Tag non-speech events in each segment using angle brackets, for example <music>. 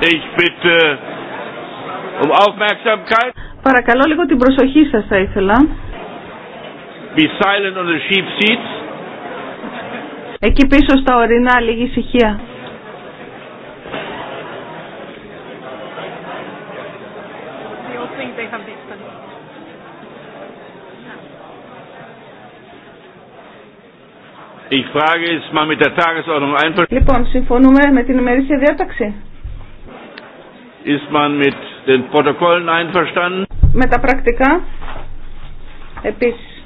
Um Παρακαλώ λίγο την προσοχή σας θα ήθελα. on the Εκεί πίσω στα ορεινά λίγη ησυχία. Λοιπόν, συμφωνούμε με την ημερήσια διάταξη. Ist man mit den Protokollen einverstanden? Με τα πρακτικά, επίσης.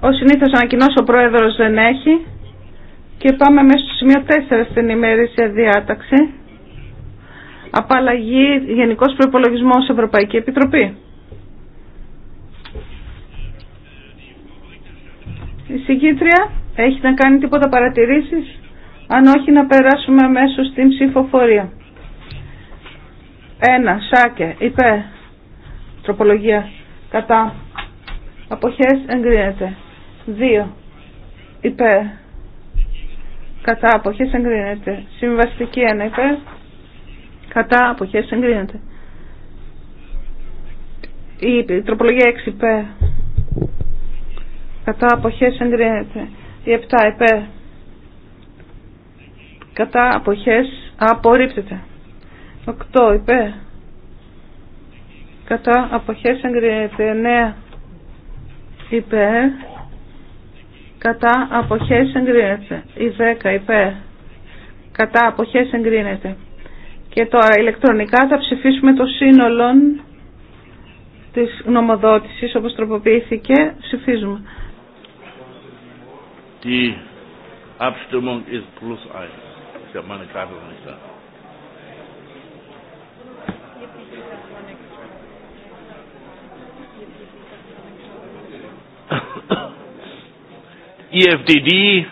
Ο συνήθως ανακοινός ο Πρόεδρος δεν έχει. Και πάμε μέσα στο σημείο 4 στην ημέρηση διάταξη. Απαλλαγή Γενικός Προϋπολογισμός Ευρωπαϊκή Επιτροπή. Η συγκήτρια έχει να κάνει τίποτα παρατηρήσεις. Αν όχι να περάσουμε αμέσω στην ψηφοφορία. Ένα, σάκε, είπε. Τροπολογία. Κατά. Αποχές εγκρίνεται. Δύο. είπε. Κατά αποχές εγκρίνεται. Συμβαστική ένα είπε. Κατά αποχές εγκρίνεται. Η τροπολογία 6 είπε. Κατά αποχές εγκρίνεται. Η 7 είπε κατά αποχές απορρίπτεται. 8 υπέρ κατά αποχές εγκρίνεται. 9 υπέρ κατά αποχές εγκρίνεται. Η 10 υπέρ κατά αποχές εγκρίνεται. Και τώρα ηλεκτρονικά θα ψηφίσουμε το σύνολο της νομοδότησης όπως τροποποιήθηκε. Ψηφίζουμε. Die Abstimmung ist plus Ich habe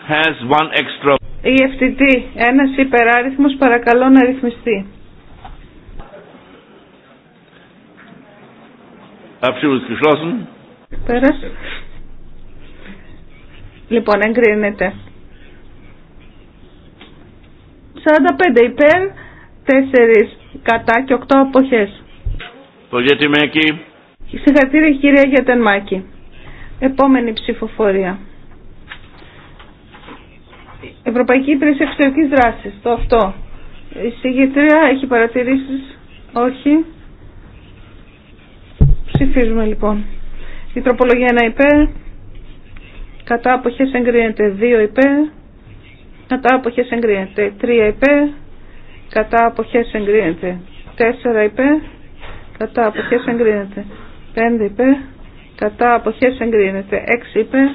has one extra. EFTD, ένας υπεράριθμος παρακαλώ να ρυθμιστεί. Λοιπόν, εγκρίνεται. 45 υπέρ, 4 κατά και 8 αποχές. Το Γετιμέκη. Συγχαρητήρια κυρία Γετενμάκη. Επόμενη ψηφοφορία. Ευρωπαϊκή Υπηρεσία Εξωτερική Δράση. το αυτό. Η έχει παρατηρήσει όχι. Ψηφίζουμε λοιπόν. Η τροπολογία 1 υπέρ, κατά αποχές εγκρίνεται 2 υπέρ, Κατά αποχές εγκρίνεται. 3 υπέρ. Κατά αποχές εγκρίνεται. 4 υπέρ. Κατά αποχές εγκρίνεται. 5 υπέρ. Κατά αποχές εγκρίνεται. 6 υπέρ.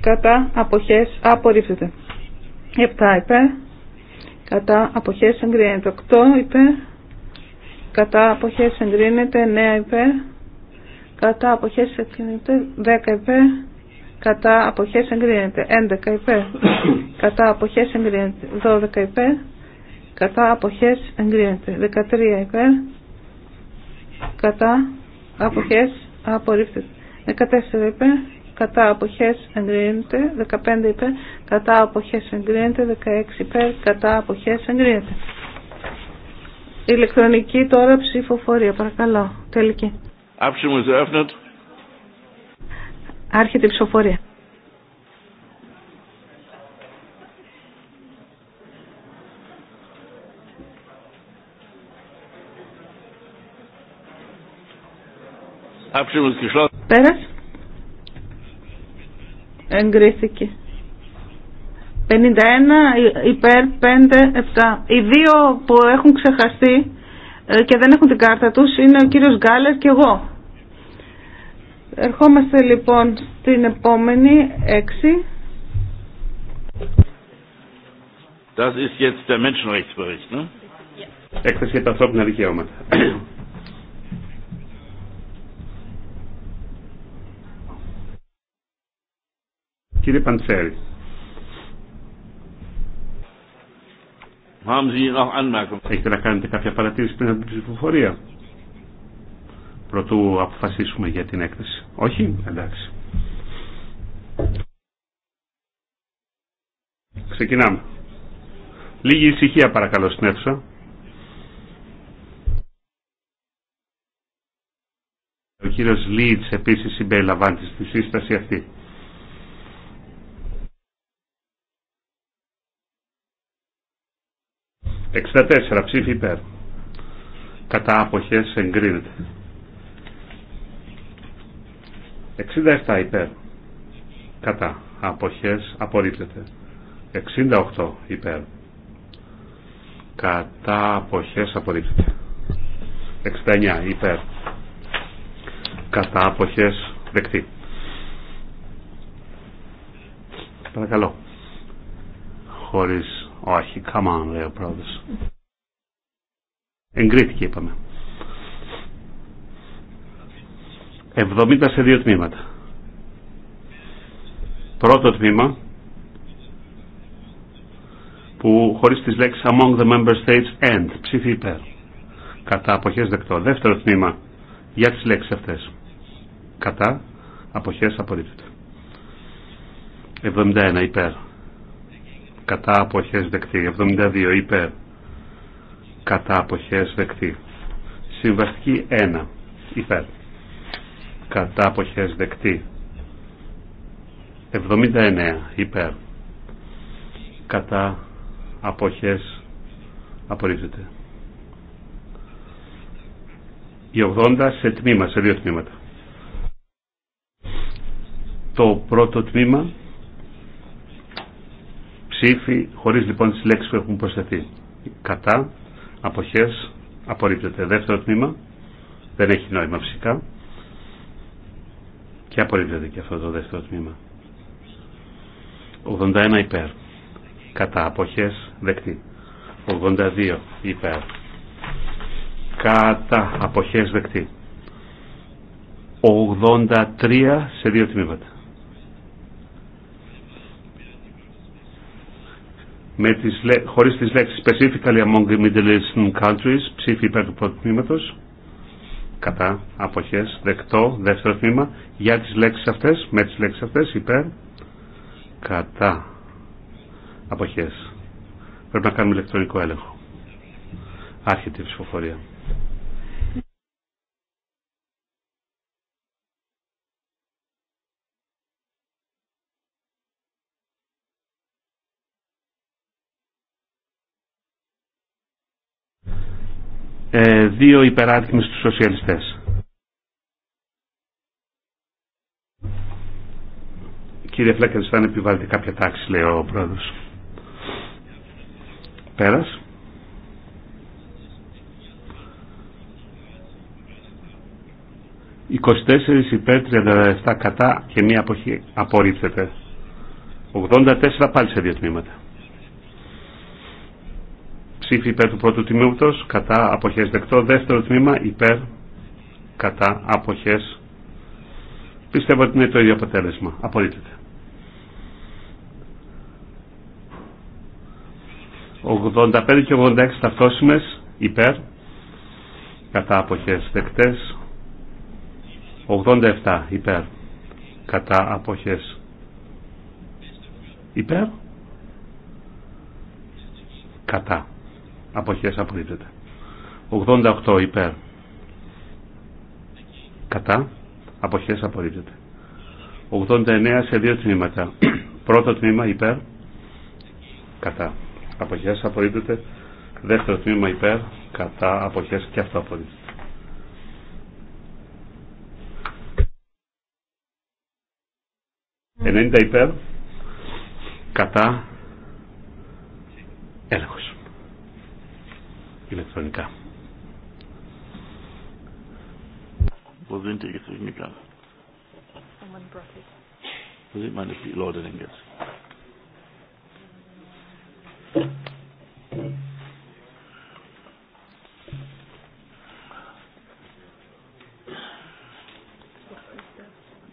Κατά αποχές απορρίπτεται. 7 υπέρ. Κατά αποχές εγκρίνεται. 8 υπέρ. Κατά αποχές εγκρίνεται. 9 υπέρ. Κατά αποχές εγκρίνεται. 10 υπέρ κατά αποχές εγκρίνεται 11 υπέρ κατά αποχές εγκρίνεται 12 υπέρ κατά αποχές εγκρίνεται 13 υπέρ κατά αποχές απορρίφθηκε. 14 υπέρ κατά αποχές εγκρίνεται 15 υπέρ κατά αποχές εγκρίνεται 16 υπέρ κατά αποχές εγκρίνεται ηλεκτρονική τώρα ψηφοφορία παρακαλώ τελική Άρχεται η ψηφοφορία. Πέρας. Εγκρίθηκε. 51 ε, υπέρ 5, 7. Οι δύο που έχουν ξεχαστεί ε, και δεν έχουν την κάρτα τους είναι ο κύριος Γκάλερ και εγώ. Ερχόμαστε λοιπόν στην επόμενη έξι. Das ist jetzt der Menschenrechtsbericht, ne? Έκθεση για τα ανθρώπινα δικαιώματα. Κύριε Παντσέρη. Έχετε να κάνετε κάποια παρατήρηση πριν από την ψηφοφορία. Προτού αποφασίσουμε για την έκθεση. Όχι, εντάξει. Ξεκινάμε. Λίγη ησυχία παρακαλώ στην αίθουσα. Ο κύριος Λίτς επίσης συμπεριλαμβάνεται στη σύσταση αυτή. Εξετατέσσερα ψήφι υπέρ. Κατά άποχες εγκρίνεται. 67 υπέρ. Κατά. Αποχές απορρίπτεται. 68 υπέρ. Κατά αποχές απορρίπτεται. 69 υπέρ. Κατά αποχές δεκτή. Παρακαλώ. Χωρίς... Όχι, come on, λέει ο πρόεδρος. Εγκρίθηκε είπαμε. 70 σε δύο τμήματα. Πρώτο τμήμα που χωρίς τις λέξεις among the member states and ψήφι υπέρ. Κατά αποχές δεκτό. Δεύτερο τμήμα για τις λέξεις αυτές. Κατά αποχές απορρίπτεται. 71 υπέρ. Κατά αποχές δεκτή. 72 υπέρ. Κατά αποχές δεκτή. Συμβαστική 1 υπέρ κατά αποχές δεκτή 79 υπέρ κατά αποχές απορρίπτεται η 80 σε τμήμα, σε δύο τμήματα το πρώτο τμήμα ψήφι χωρίς λοιπόν τις λέξεις που έχουν προσθεθεί κατά αποχές απορρίπτεται δεύτερο τμήμα δεν έχει νόημα φυσικά και απορρίπτεται και αυτό το δεύτερο τμήμα. 81 υπέρ. Κατά αποχές δεκτή. 82 υπέρ. Κατά αποχές δεκτή. 83 σε δύο τμήματα. Με τις, χωρίς τις λέξεις specifically among the Middle Eastern countries, ψήφι υπέρ του πρώτου τμήματος, κατά αποχές δεκτό δεύτερο τμήμα για τις λέξεις αυτές με τις λέξεις αυτές υπέρ κατά αποχές πρέπει να κάνουμε ηλεκτρονικό έλεγχο άρχεται η ψηφοφορία Ε, δύο υπεράριθμοι στους σοσιαλιστές. Κύριε είναι επιβάλλεται κάποια τάξη, λέει ο πρόεδρος. Πέρας. «24 υπέρ 37 κατά και μία αποχή απορρίπτεται». «84 πάλι σε δύο τμήματα». Ψήφι υπέρ του πρώτου τμήματος, κατά αποχές δεκτό. Δεύτερο τμήμα υπέρ, κατά αποχές. Πιστεύω ότι είναι το ίδιο αποτέλεσμα. Απολύτεται. 85 και 86 ταυτόσιμες υπέρ, κατά αποχές δεκτές. 87 υπέρ, κατά αποχές. Υπέρ, κατά αποχές απορρίπτεται. 88 υπέρ κατά αποχές απορρίπτεται. 89 σε δύο τμήματα. <clears throat> Πρώτο τμήμα υπέρ κατά αποχές απορρίπτεται. Δεύτερο τμήμα υπέρ κατά αποχές και αυτό απορρίπτεται. 90 υπέρ κατά έλεγχος ηλεκτρονικά. Wo sind die jetzt hingegangen? Wo sind meine Leute denn jetzt?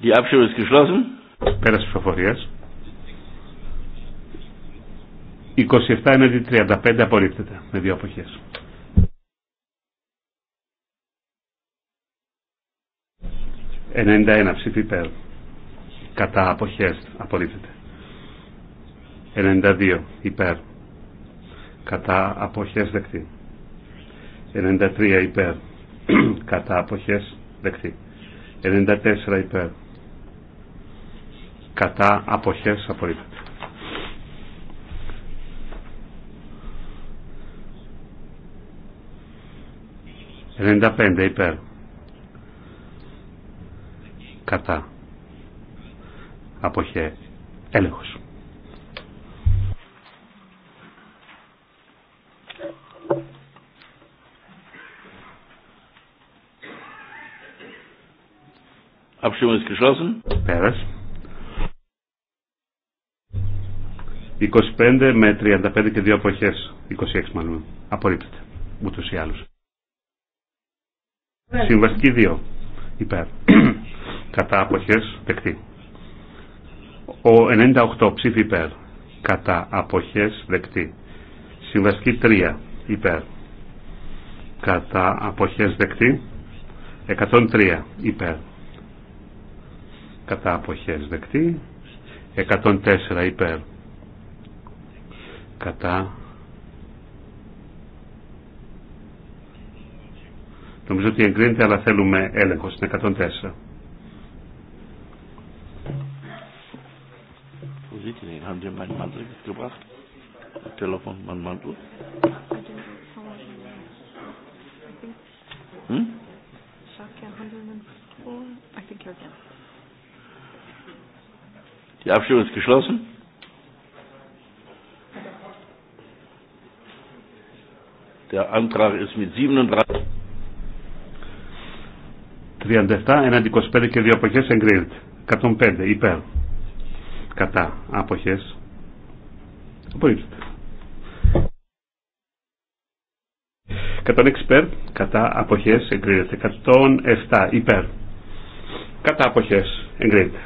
Die Abstimmung ist geschlossen. Πέρασε ψηφοφορία. 27 έναντι 35 απορρίπτεται με δύο 91 ψήφι υπέρ. Κατά αποχές απορρίπτεται. 92 υπέρ. Κατά αποχές δεκτή. 93 <clears throat> υπέρ. Κατά αποχές δεκτή. 94 υπέρ. Κατά αποχές απορρίπτεται. 95 υπέρ κατά αποχέ έλεγχος. Abstimmung 25 με 35 και 2 αποχές. 26 μάλλον. Απορρίπτεται. Ούτως ή άλλως. Συμβαστική 2. Υπέρ κατά αποχές δεκτή. Ο 98 ψήφι υπέρ κατά αποχές δεκτή. Συμβαστική 3 υπέρ κατά αποχές δεκτή. 103 υπέρ κατά αποχές δεκτή. 104 υπέρ κατά Νομίζω ότι εγκρίνεται αλλά θέλουμε έλεγχο στην 104. sieht ihn Haben Sie meinen Mantel gebracht? Telefon, mein Mantel? Hm? Die Abstimmung ist geschlossen. Der Antrag ist mit 37. 37 1, 25 και 2 αποχές εγκρίνεται. 105 υπέρ κατά αποχές απορρίπτεται 106 υπέρ κατά αποχές εγκρίνεται 107 υπέρ κατά αποχές εγκρίνεται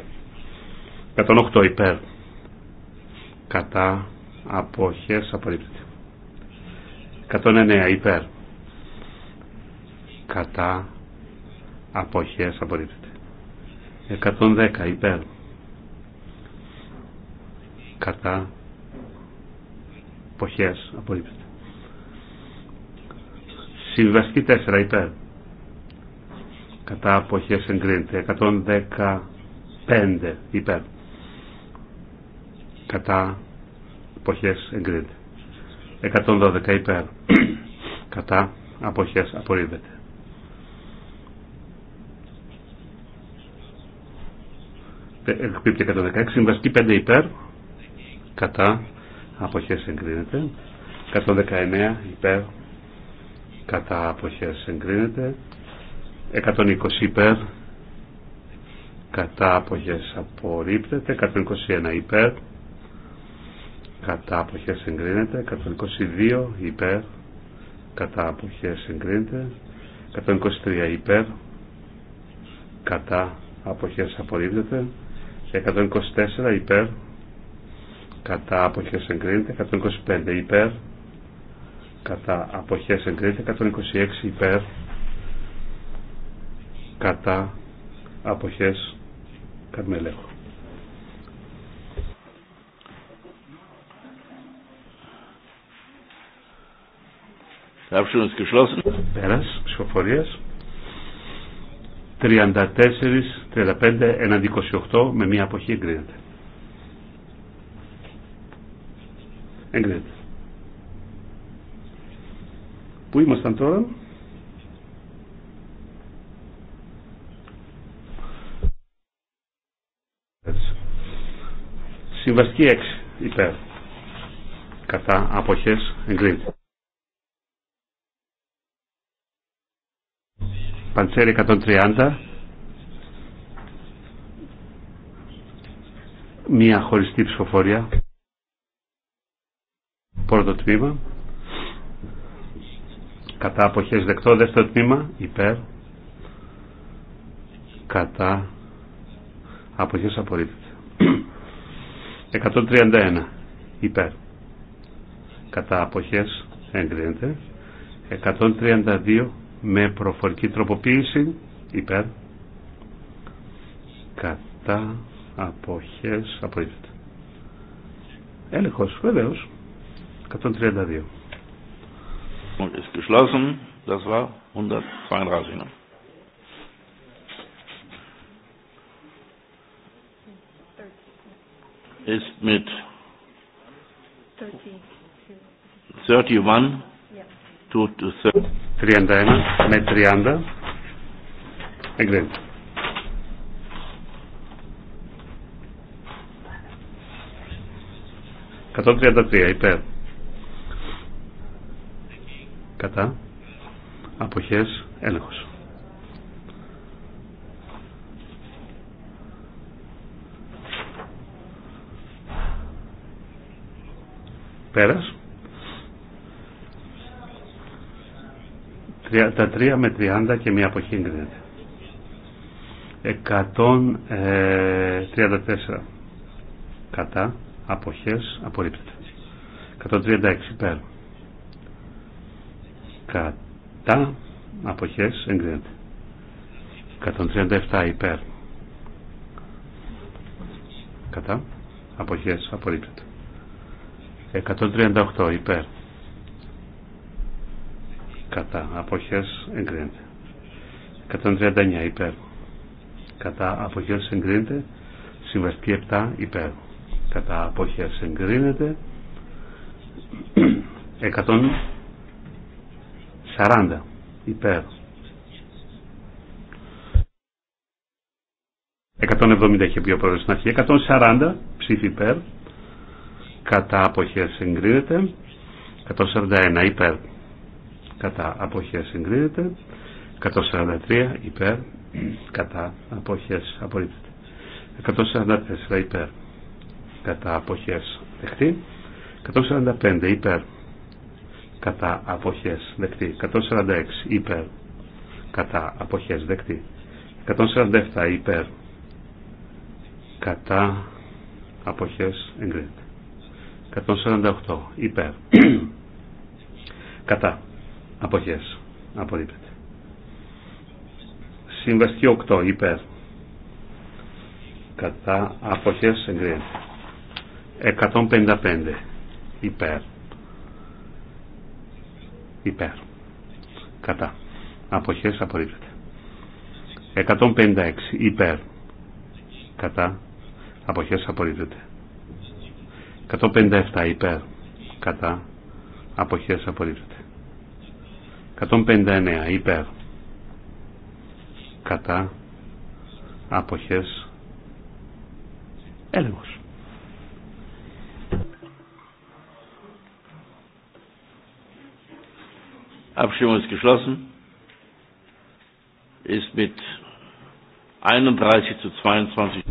108 υπέρ κατά αποχές απορρίπτεται 109 υπέρ κατά αποχές απορρίπτεται 110 υπέρ κατά εποχές απορρίπτεται. Συμβαστική 4 υπέρ κατά αποχές εγκρίνεται 115 υπέρ κατά αποχές εγκρίνεται 112 υπέρ κατά αποχές απορρίβεται ε, εκπίπτει 116 συμβαστική 5 υπέρ κατά αποχές εγκρίνεται 119 υπέρ κατά αποχές εγκρίνεται 120 υπέρ κατά αποχές απορρίπτεται 121 υπέρ κατά αποχές εγκρίνεται 122 υπέρ κατά αποχές εγκρίνεται 123 υπέρ κατά αποχές απορρίπτεται 124 υπέρ κατά αποχές εγκρίνεται 125 υπέρ κατά αποχές εγκρίνεται 126 υπέρ κατά αποχές κάνουμε ελέγχο Πέρας ψηφοφορίας 34-35 34-35-128 28 με μία αποχή εγκρίνεται Εγκρίνεται. Πού ήμασταν τώρα. Συμβαστική 6 υπέρ. Κατά αποχές εγκρίνεται. Παντσέρι 130. Μία χωριστή ψηφοφορία. Πρώτο τμήμα. Κατά αποχές δεκτό. Δεύτερο τμήμα. Υπέρ. Κατά αποχές απορρίπτεται. 131. Υπέρ. Κατά αποχές εγκρίνεται. 132 με προφορική τροποποίηση. Υπέρ. Κατά αποχές απορρίπτεται. Έλεγχος βεβαίως. 132. Und ist geschlossen. Das war 132. Ne? Ist mit 31 to, to 30. 31 με 30 εγκρίνεται. Κατώ 33 υπέρ κατά αποχές έλεγχος. Πέρας. 33 με 30 και μία αποχή εγκρίνεται. 134 ε, κατά αποχές απορρίπτεται. 136 πέρα κατά αποχές εγκρίνεται 137 υπέρ κατά αποχές απορρίπτεται 138 υπέρ κατά αποχές εγκρίνεται 139 υπέρ κατά αποχές εγκρίνεται συμβαστική 7 υπέρ κατά αποχές εγκρίνεται 40 υπέρ 170 είχε πει ο στην αρχή 140 ψήφι υπέρ κατά αποχές εγκρίνεται 141 υπέρ κατά αποχές εγκρίνεται 143 υπέρ κατά αποχές απορρίπτεται 144 υπέρ κατά αποχές δεχτεί 145 υπέρ κατά αποχές δεκτή 146 υπέρ κατά αποχές δεκτή 147 υπέρ κατά αποχές εγκρίνεται 148 υπέρ κατά αποχές απορρίπτεται συμβαστή 8 υπέρ κατά αποχές εγκρίνεται 155 υπέρ υπέρ κατά αποχές απορρίπτεται 156 υπέρ κατά αποχές απορρίπτεται 157 υπέρ κατά αποχές απορρίπτεται 159 υπέρ κατά αποχές έλεγχος Abstimmung ist geschlossen. Ist mit 31 zu 22.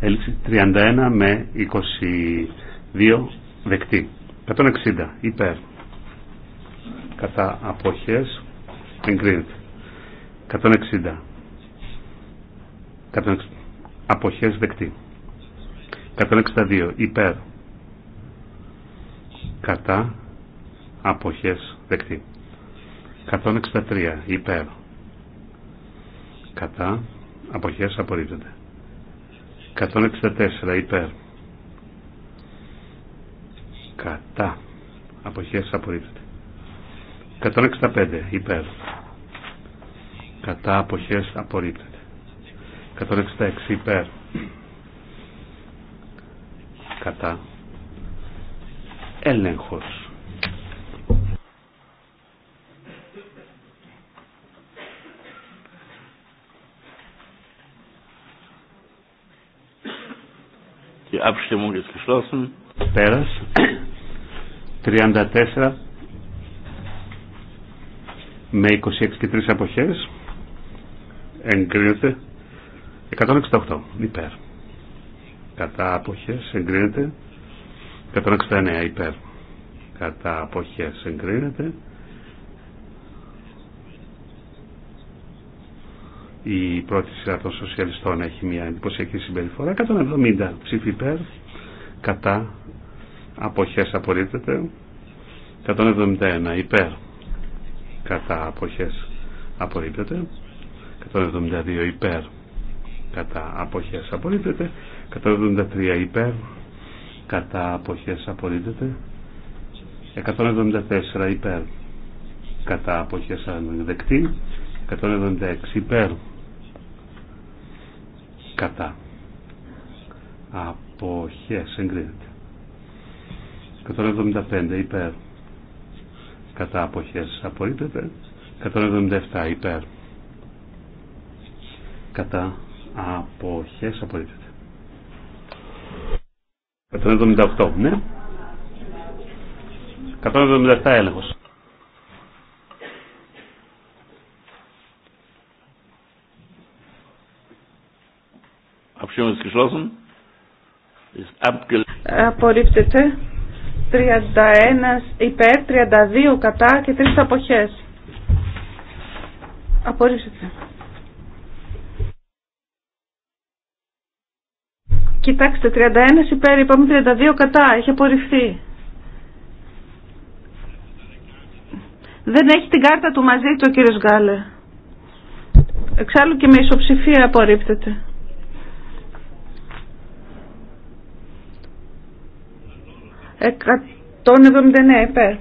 31 με 22 δεκτή. 160 υπέρ. Κατά αποχές εγκρίνεται. 160. 160. Αποχές δεκτή. 162 υπέρ. Κατά αποχές δεκτή. 163 υπέρ κατά αποχές απορρίπτεται 164 υπέρ κατά αποχές απορρίπτεται 165 υπέρ κατά αποχές απορρίπτεται 166 υπέρ κατά έλεγχος Die Abstimmung ist geschlossen. Πέρας. 34 με 26 και 3 αποχές εγκρίνεται 168 υπέρ κατά αποχές εγκρίνεται 169 υπέρ κατά αποχές εγκρίνεται η πρώτη σειρά των σοσιαλιστών έχει μια εντυπωσιακή συμπεριφορά 170 ψήφοι υπέρ κατά αποχές απορρίπτεται 171 υπέρ κατά αποχές απορρίπτεται 172 υπέρ κατά αποχές απορρίπτεται 173 υπέρ κατά αποχές απορρίπτεται 174 υπέρ κατά αποχές ανεδεκτή. 176 υπέρ κατά αποχές εγκρίνεται 175 υπέρ κατά αποχές απορρίπτεται 177 υπέρ κατά αποχές απορρίπτεται 178 ναι 177 έλεγχος Abstimmung Απορρίπτεται. 31 υπέρ, 32 κατά και 3 αποχές. Απορρίπτεται. Κοιτάξτε, 31 υπέρ, είπαμε 32 κατά, έχει απορριφθεί. Δεν έχει την κάρτα του μαζί του ο κύριος Γκάλε. Εξάλλου και με ισοψηφία απορρίπτεται. 179 υπέρ.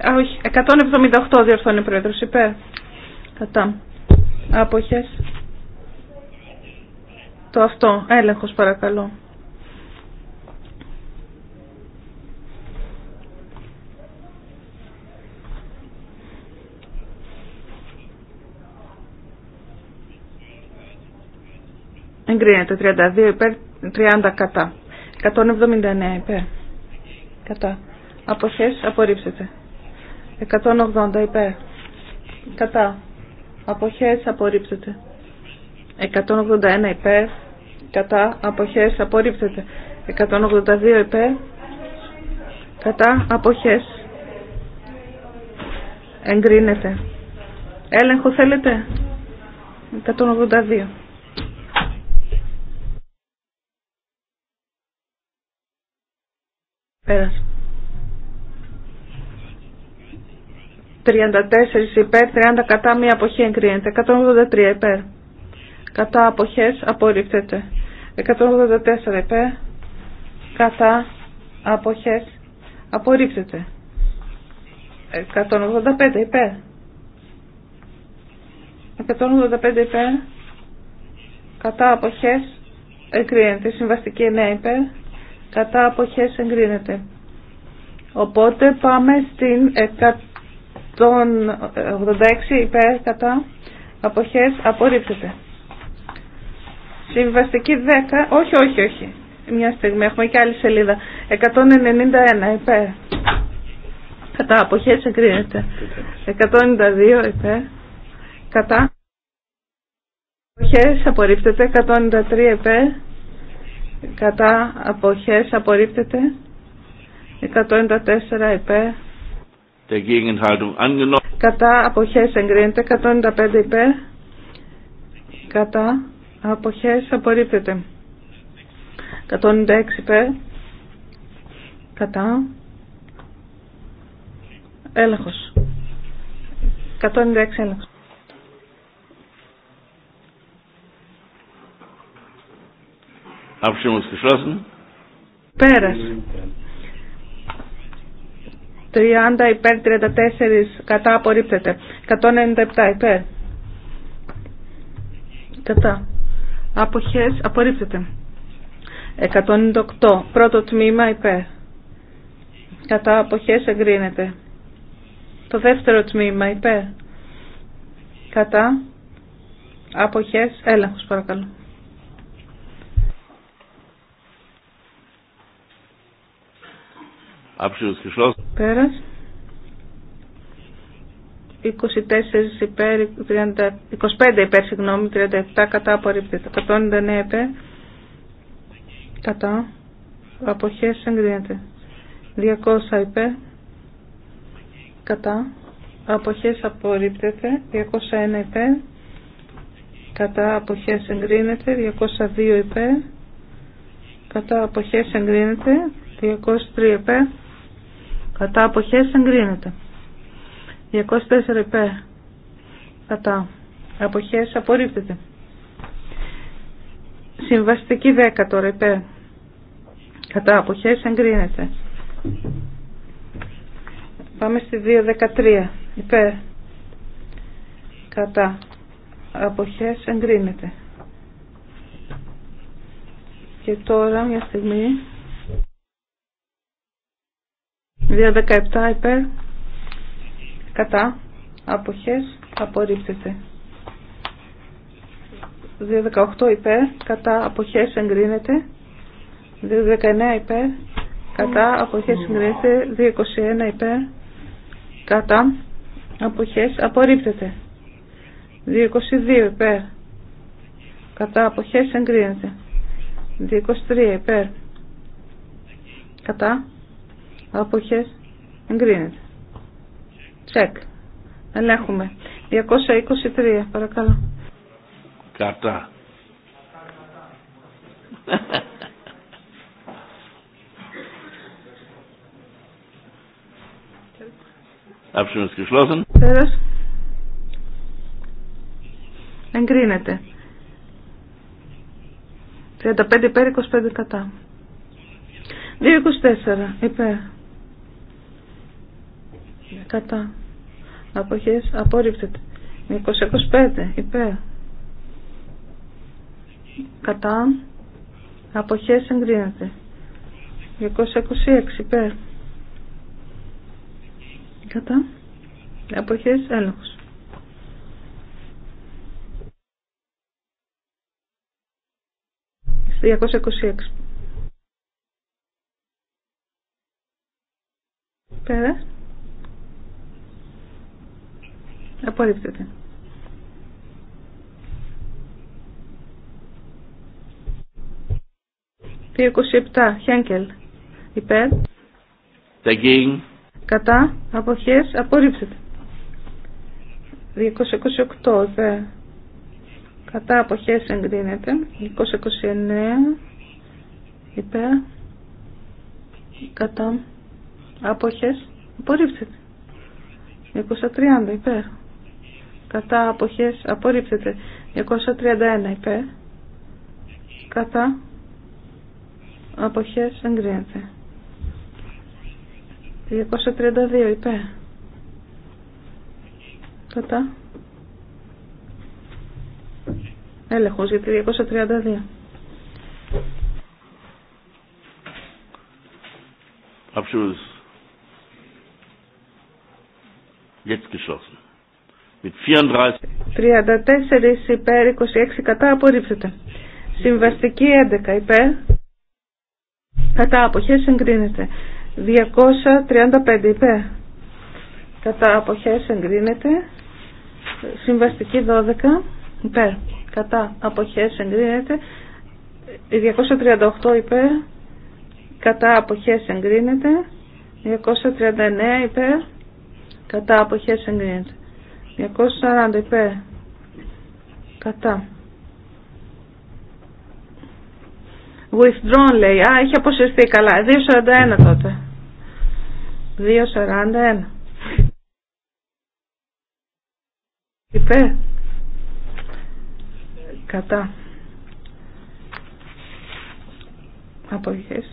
Α, 178 διορθώνει ο πρόεδρος υπέρ. Κατά. Άποχες. Το αυτό. Έλεγχος παρακαλώ. Εγκρίνεται 32 υπέρ 30 κατά. 179 υπέρ. Κατά. Αποχές απορρίψετε. 180 υπέρ. Κατά. Αποχές απορρίψετε. 181 υπέρ. Κατά. Αποχές απορρίψετε. 182 υπέρ. Κατά. Αποχές. Εγκρίνεται. Έλεγχο θέλετε. 182. 34 υπέρ, 30 κατά μία αποχή εγκρίνεται. 183 υπέρ. Κατά αποχές απορρίπτεται. 184 υπέρ. Κατά αποχές απορρίπτεται. 185 υπέρ. 185 υπέρ. Κατά αποχές εγκρίνεται. Συμβαστική 9 υπέρ κατά αποχές εγκρίνεται. Οπότε πάμε στην 186 υπέρ κατά αποχές απορρίπτεται. Συμβαστική 10, όχι, όχι, όχι. Μια στιγμή, έχουμε και άλλη σελίδα. 191 υπέρ. Κατά αποχές εγκρίνεται. 192 υπέρ. Κατά αποχές απορρίπτεται. 193 υπέρ κατά αποχές απορρίπτεται 194 υπέρ κατά αποχές εγκρίνεται 195 υπέρ κατά αποχές απορρίπτεται 196 υπέρ κατά έλεγχος 196 έλεγχος Abstimmung 30 υπέρ 34 κατά απορρίπτεται. 197 υπέρ. Κατά. Αποχές απορρίπτεται. 198. Πρώτο τμήμα υπέρ. Κατά αποχές εγκρίνεται. Το δεύτερο τμήμα υπέρ. Κατά αποχές έλεγχος παρακαλώ. Πέρας. 24 υπέρ, 30, 25 υπέρ, συγγνώμη, 37 κατά απορρίπτεται. 199 υπέρ, κατά, αποχές εγκρίνεται. 200 υπέρ, κατά, αποχές απορρίπτεται. 201 υπέρ, κατά, αποχές εγκρίνεται. 202 υπέρ, κατά, αποχές εγκρίνεται. 203 υπέρ, Κατά αποχές εγκρίνεται. 204 υπέρ. Κατά αποχές απορρίπτεται. Συμβαστική 10 τώρα υπέρ. Κατά αποχές εγκρίνεται. Πάμε στη 2.13 υπέρ. Κατά αποχές εγκρίνεται. Και τώρα μια στιγμή 2.17 υπέρ κατά αποχές απορρίπτεται 2.18 υπέρ κατά αποχές εγκρίνεται 2.19 υπέρ κατά αποχές εγκρίνεται 2.21 υπέρ κατά αποχές απορρίπτεται 2.22 υπέρ κατά αποχές εγκρίνεται 2.23 υπέρ κατά Αποχές. Εγκρίνεται. Τσεκ. Ελέγχουμε. 223. Παρακαλώ. Κατά. τις geschlossen. Πέρας. Εγκρίνεται. 35 υπέρ, 25 κατά. 2,24 υπέρ κατά αποχές Απόρριφτεται 225 υπέρ κατά αποχές εγκρίνεται 226 υπέρ κατά αποχές έλεγχος 226 πέρα Απορρίπτεται. 27. Χένκελ. Υπέρ. Dagegen. Κατά. Αποχές. Απορρίπτεται. 228. Υπέρ. Κατά. Αποχές. Εγκρίνεται. 229. Υπέρ. Κατά. Αποχές. Απορρίπτεται. 230. Υπέρ κατά αποχές απορρίπτεται 231 υπέ. κατά αποχές εγκρίνεται 232 υπέ. κατά έλεγχος για τη 232 Abschluss. Jetzt geschlossen. 34 υπέρ, 26 κατά, απορρίπτεται. Συμβαστική 11 υπέρ, κατά αποχές εγκρίνεται. 235 υπέρ, κατά αποχές εγκρίνεται. Συμβαστική 12 υπέρ, κατά αποχές εγκρίνεται. 238 υπέρ, κατά αποχές εγκρίνεται. 239 υπέρ, κατά αποχές εγκρίνεται. 240 υπέρ. Κατά. Withdrawn λέει. Α, έχει αποσυρθεί καλά. 241 τότε. 241. Υπέρ. Κατά. Αποχές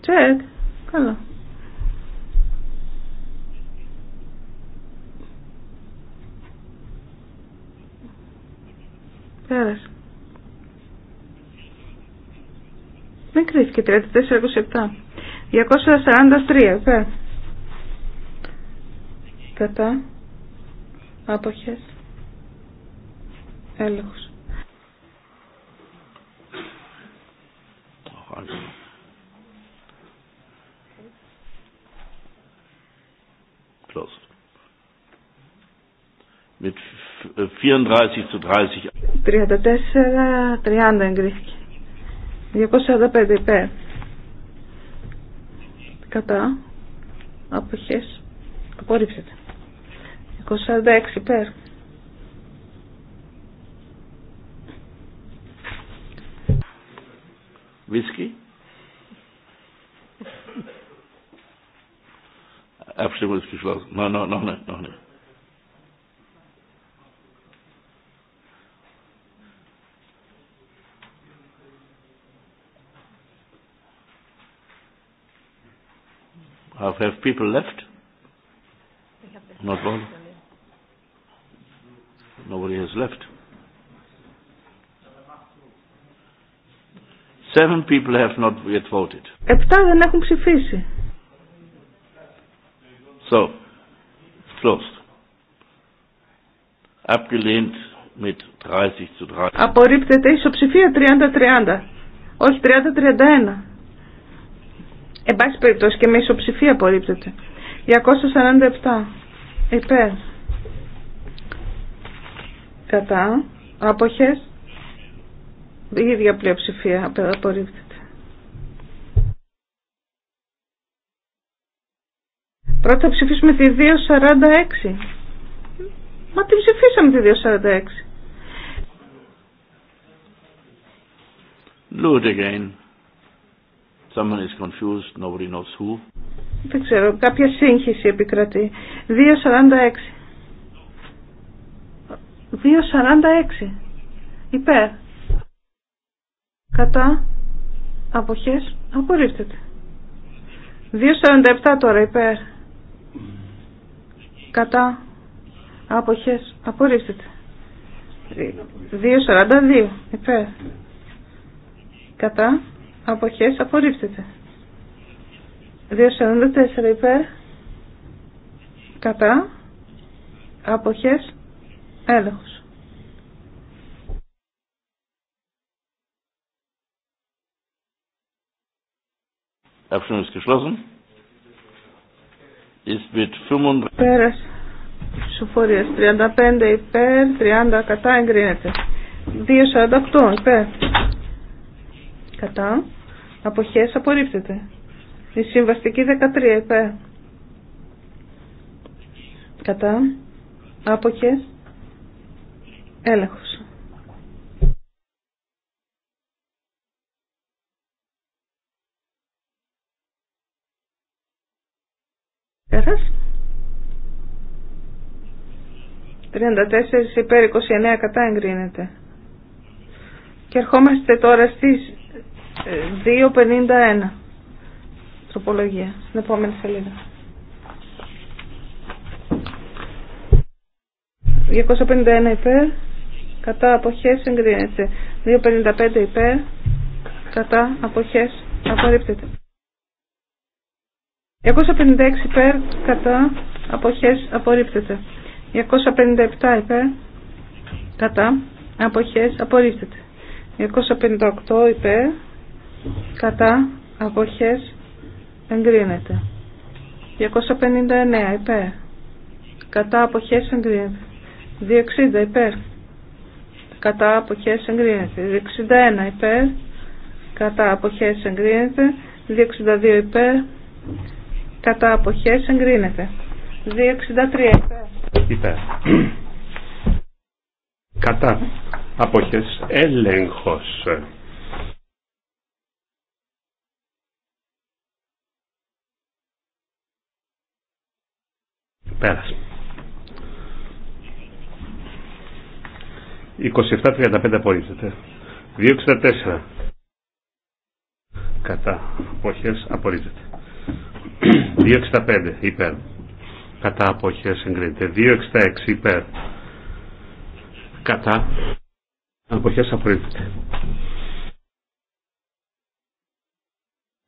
Τσεκ. Καλό. Πέρασε. Δεν κρυθηκε 34 34-27. 243, πέρα. Κατά. Άποχες. Έλεγχος. Closed. Mit 34 30. εγκρίθηκε. 245 υπέρ. Κατά. Αποχές. Απορρίψετε. 246 υπέρ. Βίσκι. Αυσίγουρες κυφλός. Ναι, ναι, ναι, ναι. have people left? Not one. Nobody has left. Seven people have not yet voted. Επτά δεν έχουν ψηφίσει. So, closed. Abgelehnt mit 30 zu 30. Απορρίπτεται ισοψηφία 30-30. Όχι 30-31. Εν πάση περιπτώσει και με ισοψηφία απορρίπτεται. 247 υπέρ κατά αποχές η ίδια πλειοψηφία απορρίπτεται. Πρώτα ψηφίσουμε τη 246. Μα τη ψηφίσαμε τη 246. Load again. Someone is confused, nobody knows who. Δεν ξέρω, κάποια σύγχυση επικρατεί. 2.46. 2.46. Υπέρ. Κατά. Αποχές. Απορρίφτεται. 2.47 τώρα υπέρ. Κατά. Αποχές. Απορρίφτεται. 2.42 υπέρ. Κατά αποχές απορρίπτεται. 2.44 υπέρ κατά αποχές έλεγχος. Abstimmung ist geschlossen. Ist mit Πέρας. 35 υπέρ, 30 κατά εγκρίνεται. 2,48 υπέρ. Κατά. Αποχές απορρίπτεται. Η συμβαστική 13 υπέρ. Κατά. Άποχες. Έλεγχος. Πέρας. 34 υπέρ 29 κατά εγκρίνεται. Και ερχόμαστε τώρα στις 2.51 τροπολογία στην επόμενη σελίδα 251 υπέρ κατά αποχές εγκρίνεται 2.55 υπέρ κατά αποχές απορρίπτεται 256 υπέρ κατά αποχές απορρίπτεται 257 υπέρ κατά αποχές απορρίπτεται 258 υπέρ κατά αποχές εγκρίνεται 259 υπέρ κατά αποχές εγκρίνεται 260 υπέρ κατά αποχές εγκρίνεται 261 υπέρ κατά αποχές εγκρίνεται 262 υπέρ κατά αποχές εγκρίνεται 263 υπέρ υπέρ κατά αποχές έλεγχος Πέρας. 27-35 απορρίπτεται. 2-64. Κατά. Αποχές απορρίπτεται. 2-65 υπέρ. Κατά αποχές εγκρίνεται. 2-66 υπέρ. Κατά. Αποχές απορρίπτεται.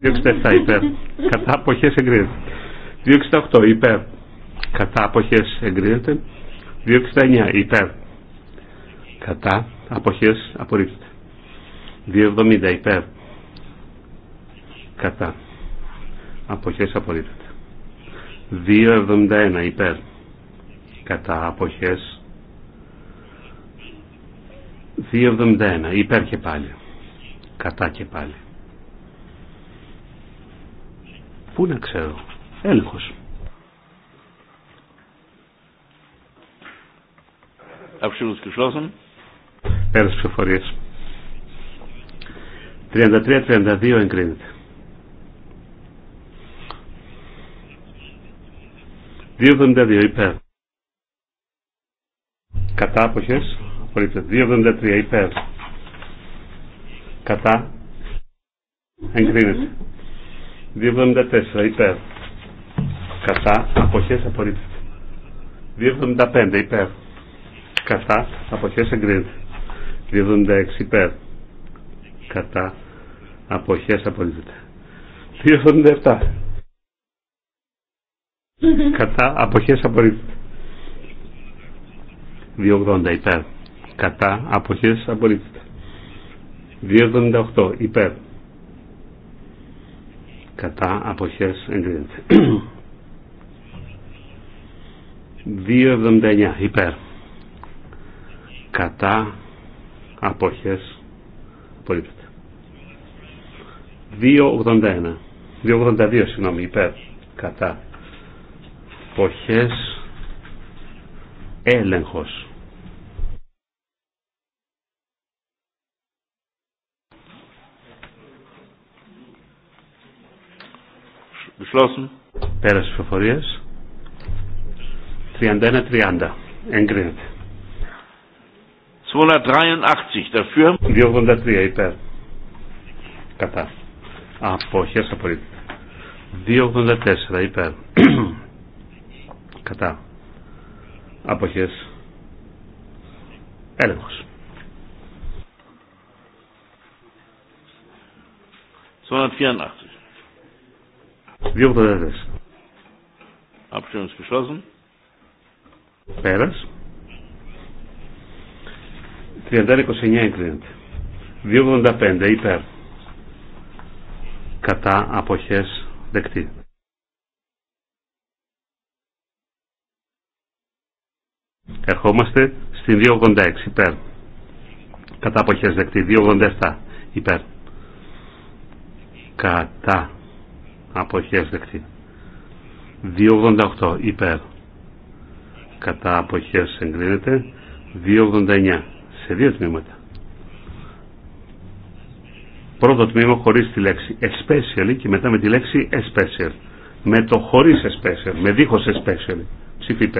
2-67 υπέρ. Κατά αποχές εγκρίνεται. 2-68 υπέρ κατά αποχές εγκρίνεται 269 υπέρ κατά αποχές απορρίπτεται 270 υπέρ κατά αποχές απορρίπτεται 271 υπέρ κατά αποχές 271 υπέρ και πάλι κατά και πάλι Πού να ξέρω. Έλεγχος. Abstimmung ist geschlossen. ψηφοφορίας. 33-32 εγκρίνεται. 2,72 υπέρ. Κατά αποχές. 2,73 υπέρ. Κατά. Εγκρίνεται. 2,74 υπέρ. Κατά αποχές απορρίπτεται. 2,75 υπέρ κατά αποχές εγκρίνεται 276 υπέρ κατά αποχές απολύτωται 277 κατά αποχές απολύτω. 280 υπέρ κατά αποχές απολύτω. 278 υπέρ κατά αποχές εγκρίνεται 279 <clears throat> υπέρ κατά αποχές απορρίπτεται 2.81 2.82 συγγνώμη υπέρ κατά αποχές έλεγχος Geschlossen. Πέρασε ψηφοφορία. 31-30. Εγκρίνεται. 283 dafür. υπέρ. Κατά. Αποχές απορρίπτεται. 284 υπέρ. <clears throat> Κατά. Αποχές. Έλεγχος. 284. 284. Abstimmung ist geschlossen. Πέρας. 329, 29 εγκρίνεται. 285 υπέρ. Κατά αποχές δεκτή. Ερχόμαστε στην 286 υπέρ. Κατά αποχές δεκτή. 287 υπέρ. Κατά αποχές δεκτή. 288 υπέρ. Κατά αποχές εγκρίνεται. 289 σε δύο τμήματα. Πρώτο τμήμα χωρίς τη λέξη especially και μετά με τη λέξη especial. Με το χωρίς especial, με δίχως especially. Ψήφι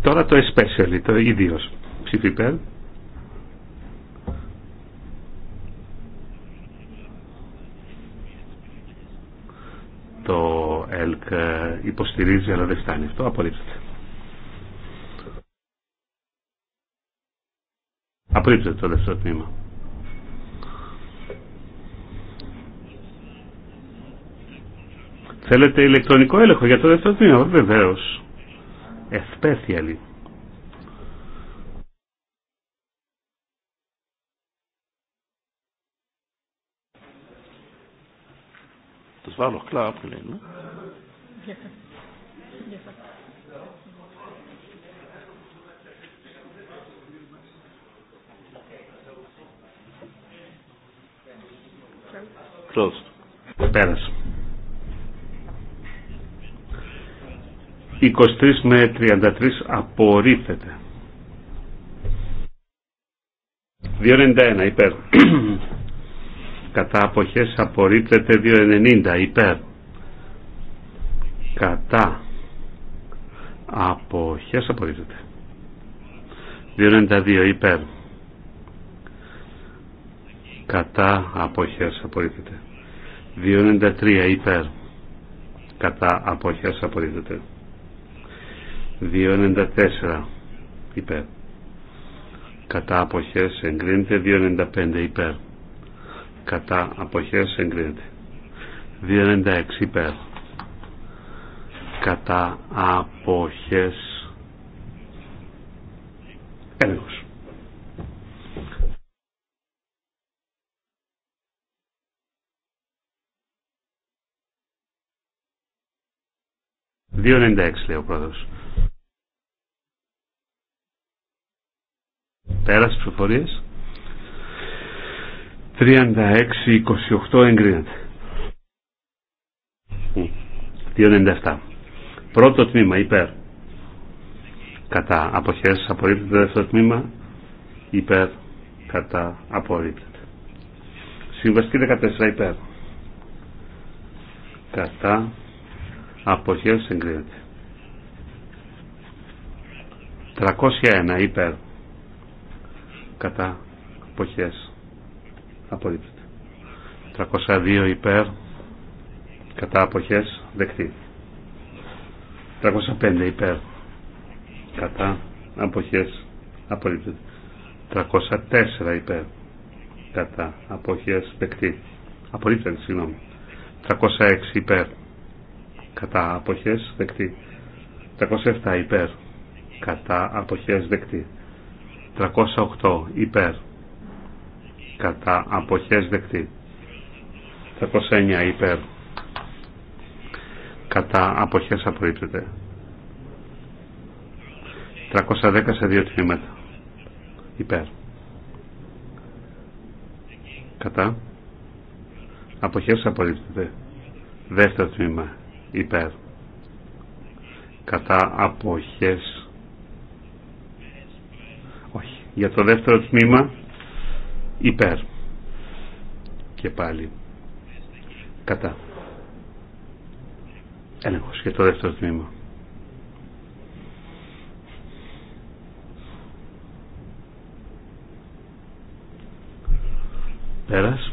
Τώρα το especially, το ιδίως. Ψήφι Το ΕΛΚ ε, υποστηρίζει, αλλά δεν φτάνει αυτό. Απορρίπτεται. Απορρίπτεται το δεύτερο τμήμα. Θέλετε ηλεκτρονικό έλεγχο για το δεύτερο τμήμα, βεβαίω. Especially. Das war doch klar abgelehnt, Πέρασε. 23 με 33 απορρίφεται 2,91 υπέρ. <clears throat> Κατά αποχές απορρίφεται 2,90 υπέρ κατά αποχές απορρίπτεται 292 υπέρ κατά αποχές απορρίπτεται 293 υπέρ κατά αποχές απορρίπτεται 294 υπέρ κατά αποχές εγκρίνεται 295 υπέρ κατά αποχές εγκρίνεται 296 υπέρ κατά αποχές έλεγχος. Δύο λέει ο πρόεδρος. Πέρασε ψηφοφορίες. 36-28 εγκρίνεται. 2,97. Πρώτο τμήμα υπέρ. Κατά αποχές απορρίπτεται. Δεύτερο τμήμα υπέρ. Κατά απορρίπτεται. Συμβαστική 14 υπέρ. Κατά αποχές εγκρίνεται. 301 υπέρ. Κατά αποχές απορρίπτεται. 302 υπέρ. Κατά αποχές δεκτή. 305 υπέρ κατά αποχές απορρίπτεται 304 υπέρ κατά αποχές δεκτή απορρίπτεται συγγνώμη 306 υπέρ κατά αποχές δεκτή 307 υπέρ κατά αποχές δεκτή 308 υπέρ κατά αποχές δεκτή 309 υπέρ κατά αποχές απορρίπτεται. 310 σε δύο τμήματα. Υπέρ. Κατά. Αποχές απορρίπτεται. Δεύτερο τμήμα. Υπέρ. Κατά αποχές. Όχι. Για το δεύτερο τμήμα. Υπέρ. Και πάλι. Κατά έλεγχος για το δεύτερο τμήμα. Πέρας.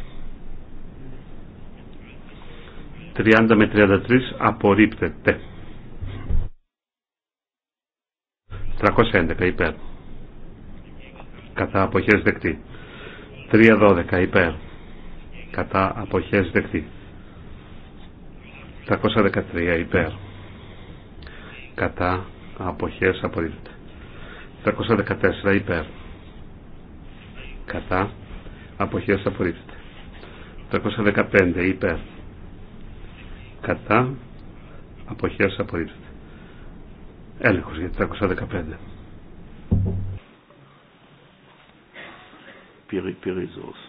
30 με 33 απορρίπτεται. 311 υπέρ. Κατά αποχές δεκτή. 312 υπέρ. Κατά αποχές δεκτή. 313 υπέρ κατά αποχές απορρίπτεται 314 υπέρ κατά αποχές απορρίπτεται 315 υπέρ κατά αποχές απορρίπτεται έλεγχος για 315 πυρίζος.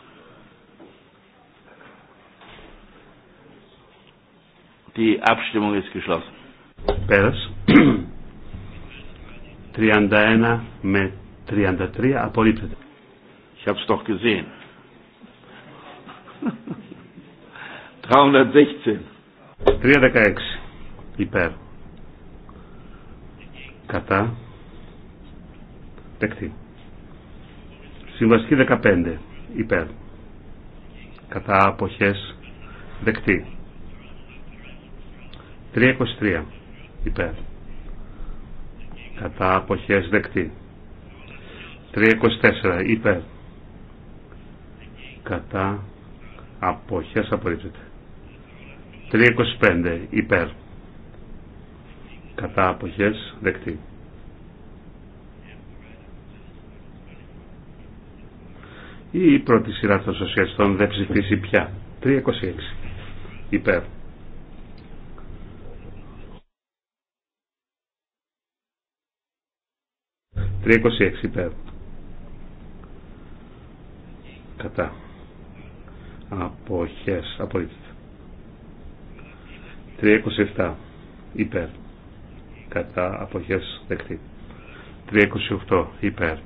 Η Abstimmung ist geschlossen. Πέρα. 31 <clears throat> με 33 απορρίπτεται. Ich doch gesehen. 316. <laughs> 316. Υπέρ. Κατά. Δεκτή. Συμβαστική 15. Υπέρ. Κατά αποχές. Δεκτή. 323 υπέρ κατά αποχές δεκτή 324 υπέρ κατά αποχές απορρίπτεται 325 υπέρ κατά αποχές δεκτή η πρώτη σειρά των σοσιαλιστών δεν ψηφίσει πια 326 υπέρ 326 υπέρ. Κατά. Αποχές. Απορρίπτεται. 327 υπέρ. Κατά. Αποχές. Δεκτή. 328 υπέρ.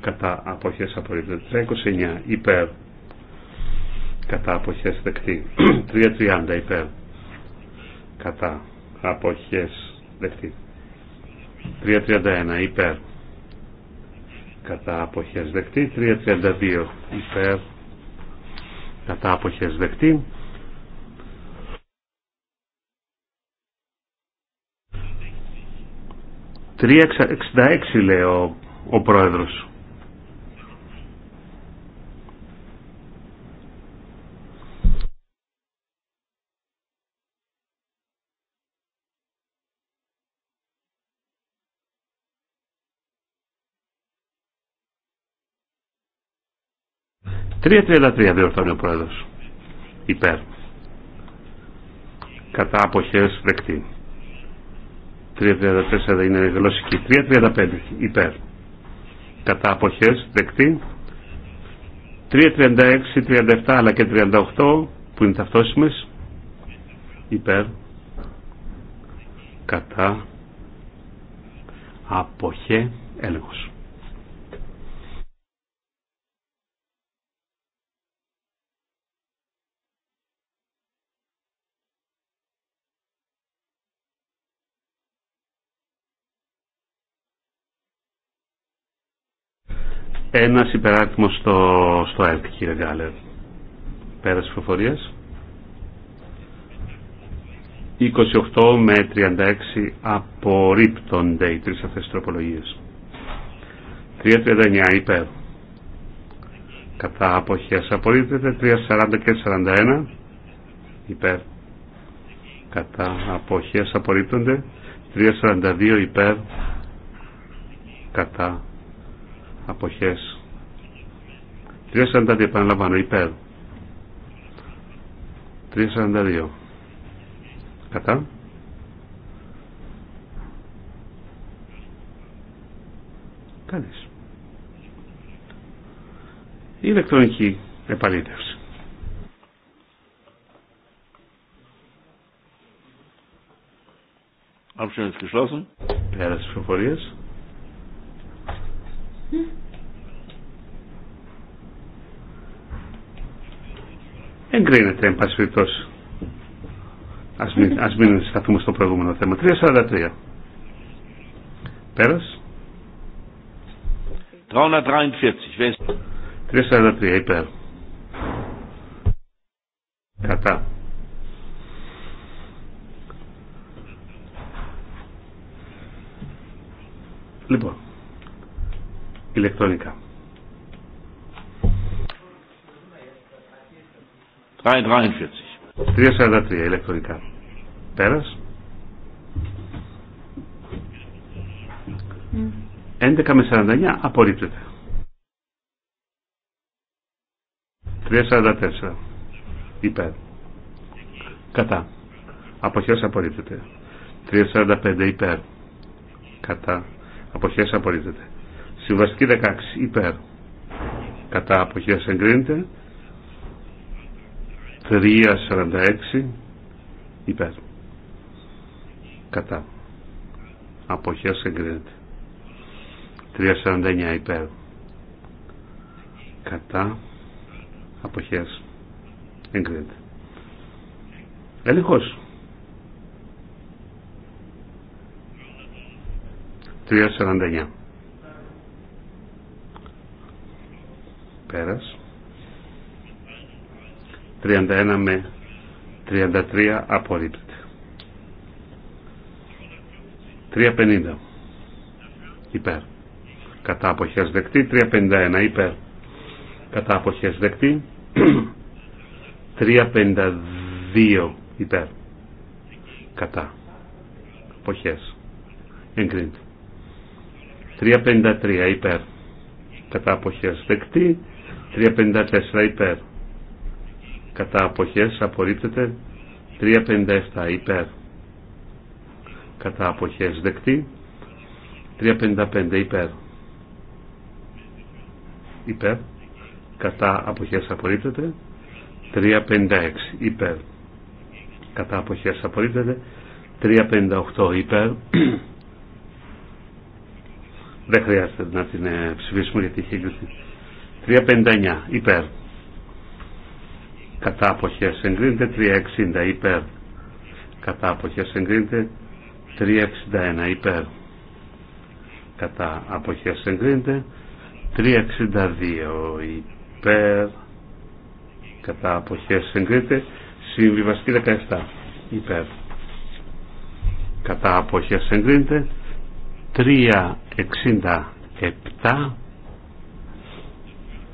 Κατά. Αποχές. Απορρίπτεται. 329 υπέρ. Κατά. Αποχές. Δεκτή. 330 <clears throat> υπέρ. Κατά. Αποχές. Δεκτή. 3.31 υπέρ κατά αποχές δεκτή 3.32 υπέρ κατά αποχές δεκτή 3.66 λέει ο, ο πρόεδρος 3.33 διορθώνει ο πρόεδρος. Υπέρ. Κατά αποχές δεκτή. 3.34 είναι γλωσσική. 3.35 υπέρ. Κατά αποχές δεκτή. 3.36, 37 αλλά και 38 που είναι ταυτόσιμες. Υπέρ. Κατά αποχέ έλεγχος. Ένα υπεράριθμος στο, στο ΕΡΤ, κύριε Γκάλερ. Πέρας ψηφοφορίας. 28 με 36 απορρίπτονται οι τρεις αυτές τροπολογίες. 3.39 υπέρ. Κατά αποχές απορρίπτεται 3.40 και 41 υπέρ. Κατά αποχές απορρίπτονται 3.42 υπέρ. Κατά αποχές 3.42 επαναλαμβάνω υπέρ 3.42 κατά κανείς ηλεκτρονική επαλήθευση Abstimmung geschlossen. Πέρα τη πληροφορία. Εγκρίνεται, εν πάση περιπτώσει. Ας μην, ας μην σταθούμε στο προηγούμενο θέμα. 3.43. Πέρας. 343. 3.43, υπέρ. Κατά. Λοιπόν, ηλεκτρονικά. 343. 343 ηλεκτρονικά. Πέρας. 11 με 49 απορρίπτεται. 344 υπέρ. Κατά. Αποχές απορρίπτεται. 345 υπέρ. Κατά. Αποχές απορρίπτεται. Συμβαστική 16 υπέρ. Κατά αποχές εγκρίνεται. 3.46 υπέρ. Κατά. Αποχές εγκρίνεται. 3.49 υπέρ. Κατά. Αποχές εγκρίνεται. Έλεγχος. 3.49 31 με 33 απορρίπτεται 350 υπέρ κατά αποχές δεκτή 351 υπέρ κατά αποχές δεκτή 352 <clears throat> υπέρ κατά αποχές εγκρίνεται 353 υπέρ κατά αποχές δεκτή 354 υπέρ. Κατά αποχές απορρίπτεται 357 υπέρ. Κατά αποχές δεκτή 355 υπέρ. Υπέρ. Κατά αποχές απορρίπτεται 356 υπέρ. Κατά αποχές απορρίπτεται 358 υπέρ. Δεν χρειάζεται να την ε, ψηφίσουμε γιατί έχει εγκριθεί. 359 υπέρ. Κατά αποχές εγκρίνεται 360 υπέρ. Κατά αποχές εγκρίνεται 361 υπέρ. Κατά αποχές εγκρίνεται 362 υπέρ. Κατά αποχές εγκρίνεται συμβιβαστή 17 υπέρ. Κατά αποχές εγκρίνεται 367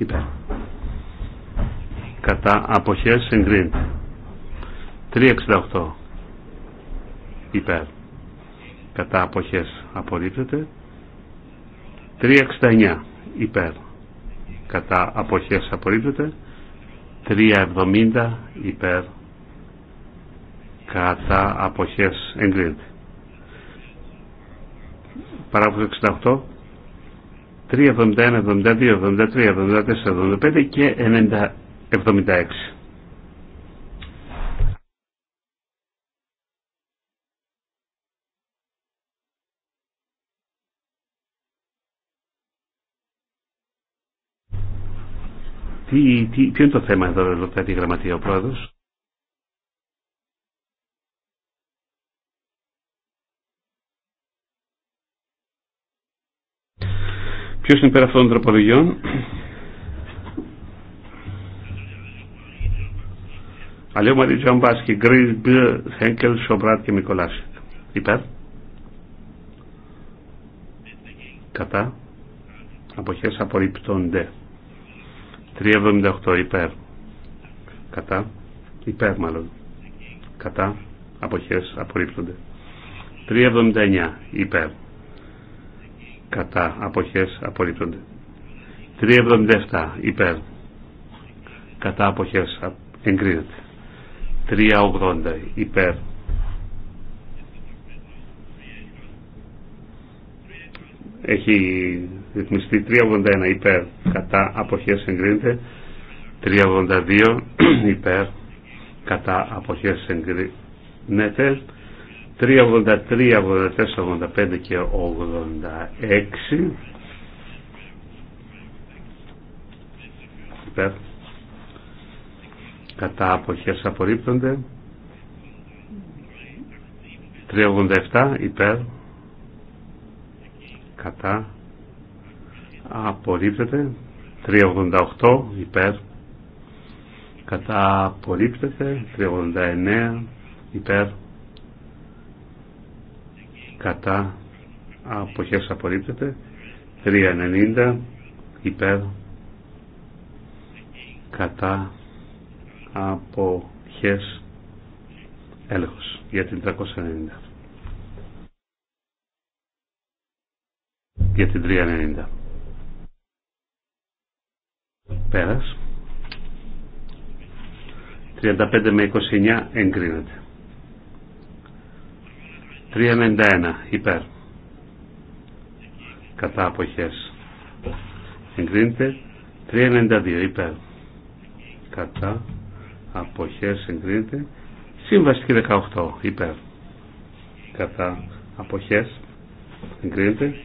υπέρ. Κατά αποχές εγκρίνεται. 368 υπέρ. Κατά αποχές απορρίπτεται. 369 υπέρ. Κατά αποχές απορρίπτεται. 370 υπέρ. Κατά αποχές εγκρίνεται. Παράγραφος 68 3, 71, 72, 73, 74, 75 και 90, ποιο είναι το θέμα εδώ, ρωτάει δηλαδή, τη γραμματεία ο πρόεδρος. Ποιος είναι υπέρ αυτών των τροπολογιών. Αλλιώ Τζον Μπάσκι, Γκριλ, Μπλε, Χέγκελ, Σομπράτ και Μικολάσιτ Υπέρ. Κατά. Αποχές απορριπτώνται 378 υπέρ. Κατά. Υπέρ μάλλον. Κατά. Αποχές απορρίπτονται. 379 υπέρ κατά αποχές απορρίπτονται 377 υπέρ κατά αποχές εγκρίνεται 380 υπέρ έχει ρυθμιστεί 381 υπέρ κατά αποχές εγκρίνεται 382 υπέρ κατά αποχές εγκρίνεται 383, 84, 85 και 86 υπέρ κατά αποχές απορρίπτονται 387 υπέρ κατά απορρίπτεται 388 υπέρ κατά απορρίπτεται 389 υπέρ κατά αποχές απορρίπτεται 3.90 υπέρ κατά αποχές έλεγχος για την 390 για την 390 πέρας 35 με 29 εγκρίνεται 391 υπέρ κατά αποχές εγκρίνεται 392 υπέρ κατά αποχές εγκρίνεται Σύμβαση 18 υπέρ κατά αποχές εγκρίνεται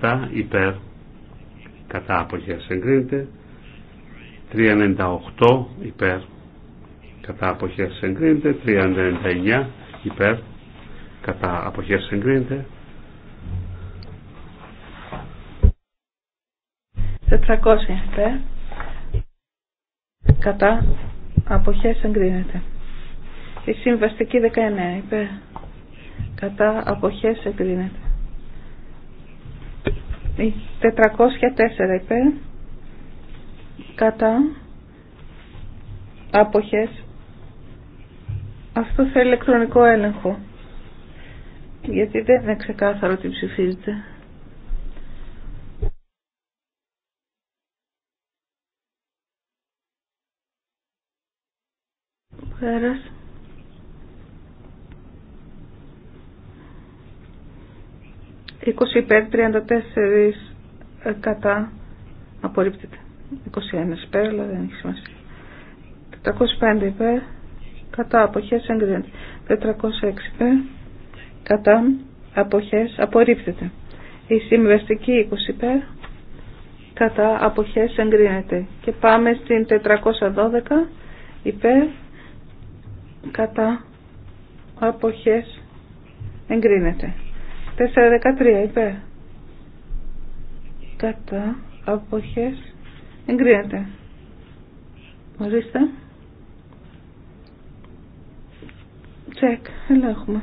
397 υπέρ κατά αποχές εγκρίνεται 398 υπέρ κατά αποχές εγκρίνεται 399 υπέρ κατά αποχές εγκρίνεται 400 υπέρ κατά αποχές εγκρίνεται η συμβαστική 19 υπέρ κατά αποχές εγκρίνεται η 404 υπέρ κατά αποχές αυτό θέλει ηλεκτρονικό έλεγχο γιατί δεν είναι ξεκάθαρο τι ψηφίζετε. Πέρας. Είκοσι 34 ε, κατά, απορρίπτεται. 21 υπέρ, αλλά δεν έχει σημασία. 405 υπέρ, κατά αποχές εγκρίνεται. 406 υπέρ, κατά αποχές απορρίπτεται. Η συμβαστική 20 κατά αποχές εγκρίνεται. Και πάμε στην 412 υπέρ κατά αποχές εγκρίνεται. 413 υπέρ κατά αποχές εγκρίνεται. Ορίστε. Τσεκ, ελέγχουμε.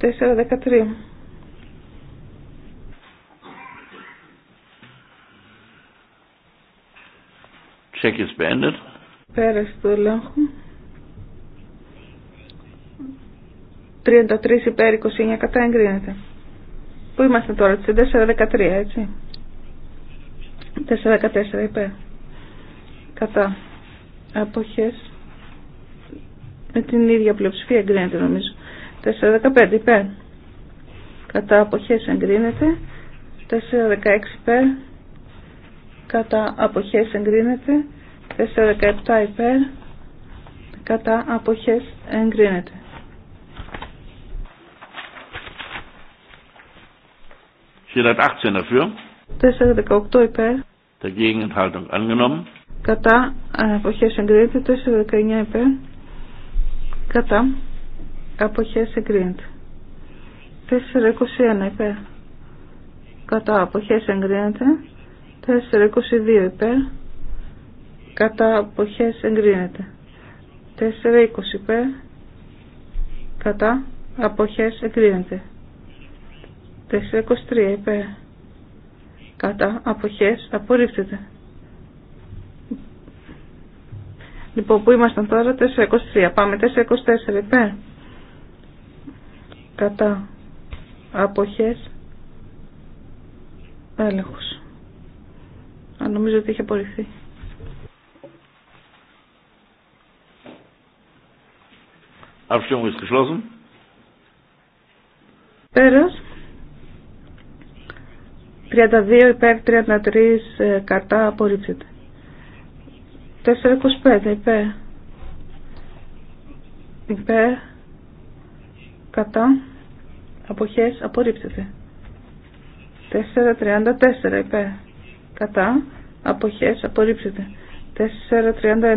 413. Check is Πέρασε το ελέγχο. 33 υπέρ 29 κατά εγκρίνεται. Πού είμαστε τώρα, τις 4.13 έτσι. 4.14 υπερ Κατά. Αποχές. Με την ίδια πλειοψηφία εγκρίνεται νομίζω. 4.15 υπέρ. Κατά αποχές εγκρίνεται. εγκρίνεται, 4-16 υπέρ. Κατά αποχές εγκρίνεται. εγκρίνεται, 4-17 υπέρ. Κατά αποχές εγκρίνεται. 4 18 dafür. 418 υπέρ. Dagegen Enthaltung angenommen. Κατά αποχές εγκρίνεται. 419 υπέρ. Κατά αποχές εγκρίνεται. 421 υπέρ. Κατά αποχές εγκρίνεται. 422 υπέρ. Κατά αποχές εγκρίνεται. 420 υπέρ. Κατά αποχές εγκρίνεται. 423 υπέρ. Κατά αποχές απορρίφθηκε. Λοιπόν, πού πού τώρα, 423. Πάμε 424 υπέρ κατά αποχές έλεγχος. Αν νομίζω ότι είχε απορριφθεί. Abstimmung Πέρας. 32 υπέρ 33 ε, κατά απορρίψεται. 425 υπέρ. Υπέρ κατά αποχές απορρίπτεται 4.34 υπέρ κατά αποχές απορρίπτεται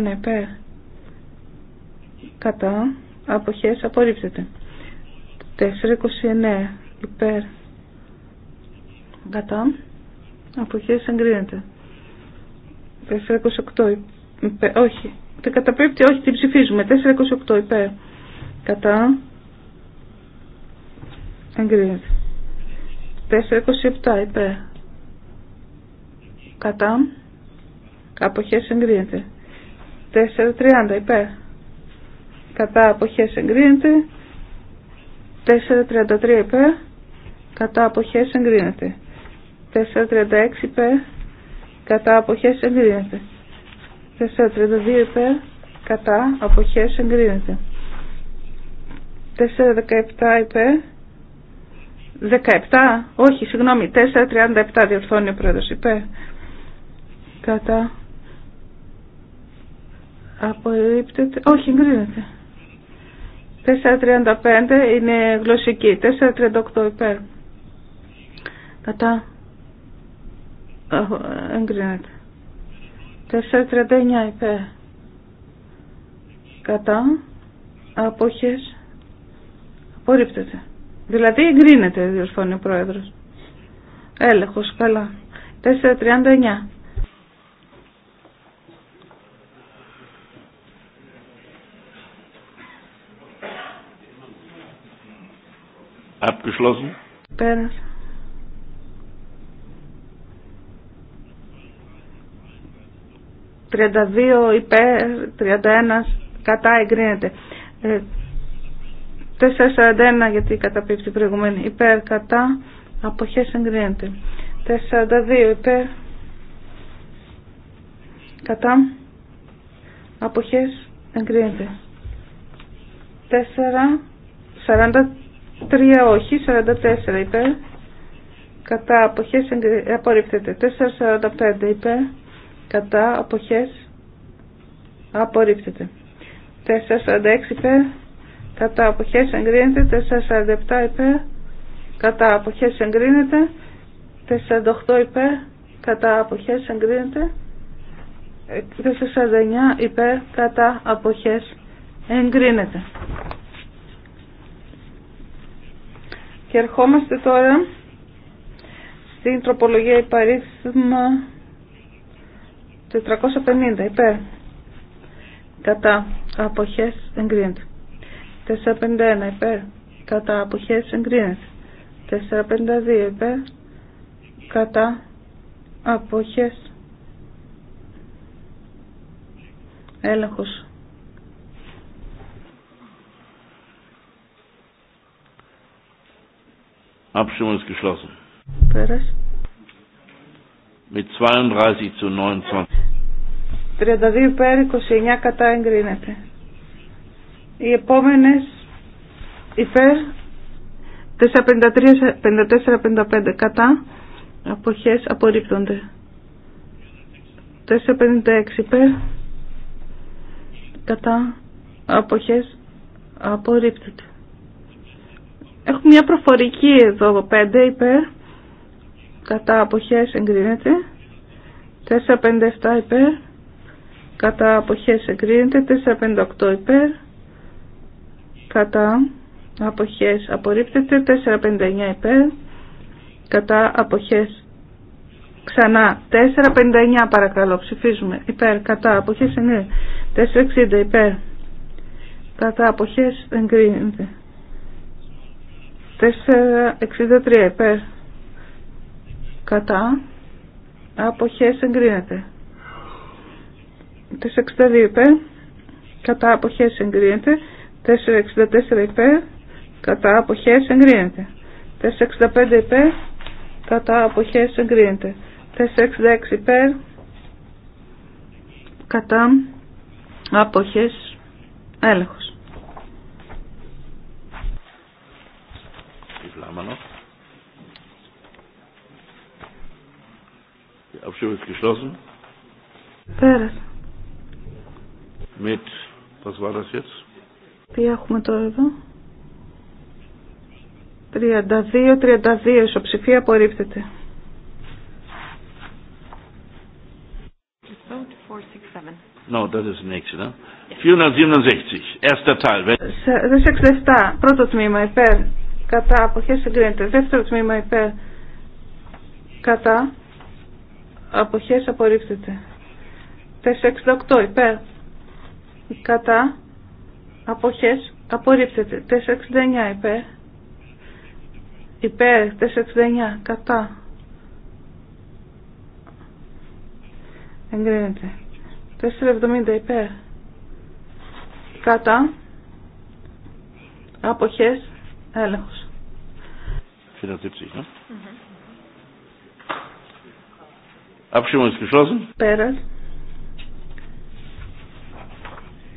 4.31 υπέρ κατά αποχές απορρίπτεται 4.29 υπέρ κατά αποχές εγκρίνεται 4.28 υπέρ όχι την καταπέμπτει, όχι την ψηφίζουμε 4.28 υπέρ κατά Εγκρίνεται. 427 ειπε Κατά. Αποχέ εγκρίνεται. 430 υπέρ. Κατά αποχε εγκρίνεται. 433 υπέρ. Κατά αποχέ εγκρίνεται. 436 υπέρ. Κατά αποχέ εγκρίνεται. 432 υπέρ. Κατά αποχέ εγκρίνεται. 417 υπέρ 17, όχι, συγγνώμη, 4.37 διορθώνει ο πρόεδρος, υπέρ. Κατά. Απορρίπτεται, όχι, εγκρίνεται. 4.35 είναι γλωσσική, 4.38 υπέρ. Κατά. Εγκρίνεται. 4.39 υπέρ. Κατά. Απόχες. Απορρίπτεται. Δηλαδή εγκρίνεται, διορθώνει ο πρόεδρος. Έλεγχος, καλά. 4.39. Abgeschlossen. Πέρασε. 32 υπέρ, 31 κατά εγκρίνεται. Ε, 441 γιατί καταπίπτει προηγουμένη. Υπέρ, κατά, αποχές εγκρίνεται. 442 υπέρ, κατά, αποχές εγκρίνεται. 4, 43 όχι, 44 υπέρ, κατά, αποχές εγκρίνεται. Απορρίπτεται. 445 υπέρ, κατά, αποχές απορρίπτεται. 446 υπέρ, κατά αποχές εγκρίνεται 447 υπέρ κατά αποχές εγκρίνεται 48 υπέρ κατά αποχές εγκρίνεται 449 υπέρ κατά αποχές εγκρίνεται και ερχόμαστε τώρα στην τροπολογία υπαρίθμα 450 υπέρ κατά αποχές εγκρίνεται 451 υπέρ κατά αποχές εγκρίνεται 452 υπέρ κατά αποχές έλεγχος Abstimmung ist geschlossen. Peres. Mit 32 zu 29. 32 υπέρ 29 κατά εγκρίνεται. Οι επόμενες υπέρ 453, 54, 55 κατά αποχές απορρίπτονται. 456 υπέρ κατά αποχές απορρίπτονται. Έχουμε μια προφορική εδώ 5 υπέρ κατά αποχές εγκρίνεται. 457 υπέρ κατά αποχές εγκρίνεται. 458 υπέρ κατά αποχές απορρίπτεται 459 υπέρ κατά αποχές ξανά 459 παρακαλώ ψηφίζουμε υπέρ κατά αποχές ενέ 460 υπέρ κατά αποχές εγκρίνεται 463 υπέρ κατά αποχές εγκρίνεται 462 υπέρ κατά αποχές εγκρίνεται 464 υπέρ κατά αποχές εγκρίνεται. 465 υπέρ κατά αποχές εγκρίνεται. 466 υπέρ κατά αποχές έλεγχος. Πέρασε. ist geschlossen. Mit, was war das jetzt? Τι έχουμε τώρα εδώ. 32-32 ισοψηφία απορρίπτεται. 467. Πρώτο τμήμα υπέρ. Κατά. Αποχές συγκρίνεται. Δεύτερο τμήμα υπέρ. Κατά. Αποχές απορρίπτεται. 468 υπέρ. Κατά. Αποχές. Απορρίπτεται. 469 υπέρ. Υπέρ. 469. Κατά. Εγκρίνεται. 470 υπέρ. Κατά. Αποχές. Έλεγχος. 74, ε. Πέρας.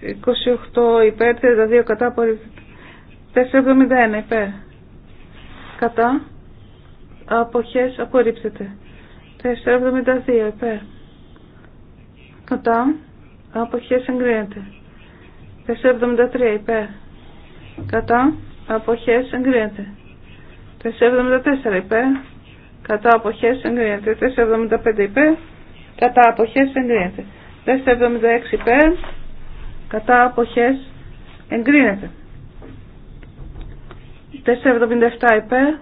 28 υπέρ, 32 κατά, 471 υπέρ. Κατά, αποχές, απορρίπτεται. 472 υπέρ. Κατά, αποχές, εγκρίνεται. 473 υπέρ. Κατά, αποχές, εγκρίνεται. 474 υπέρ. Κατά, αποχές, εγκρίνεται. 475 υπέρ. Κατά, αποχές, εγκρίνεται. 476 υπέρ κατά αποχές εγκρίνεται. 477 υπέρ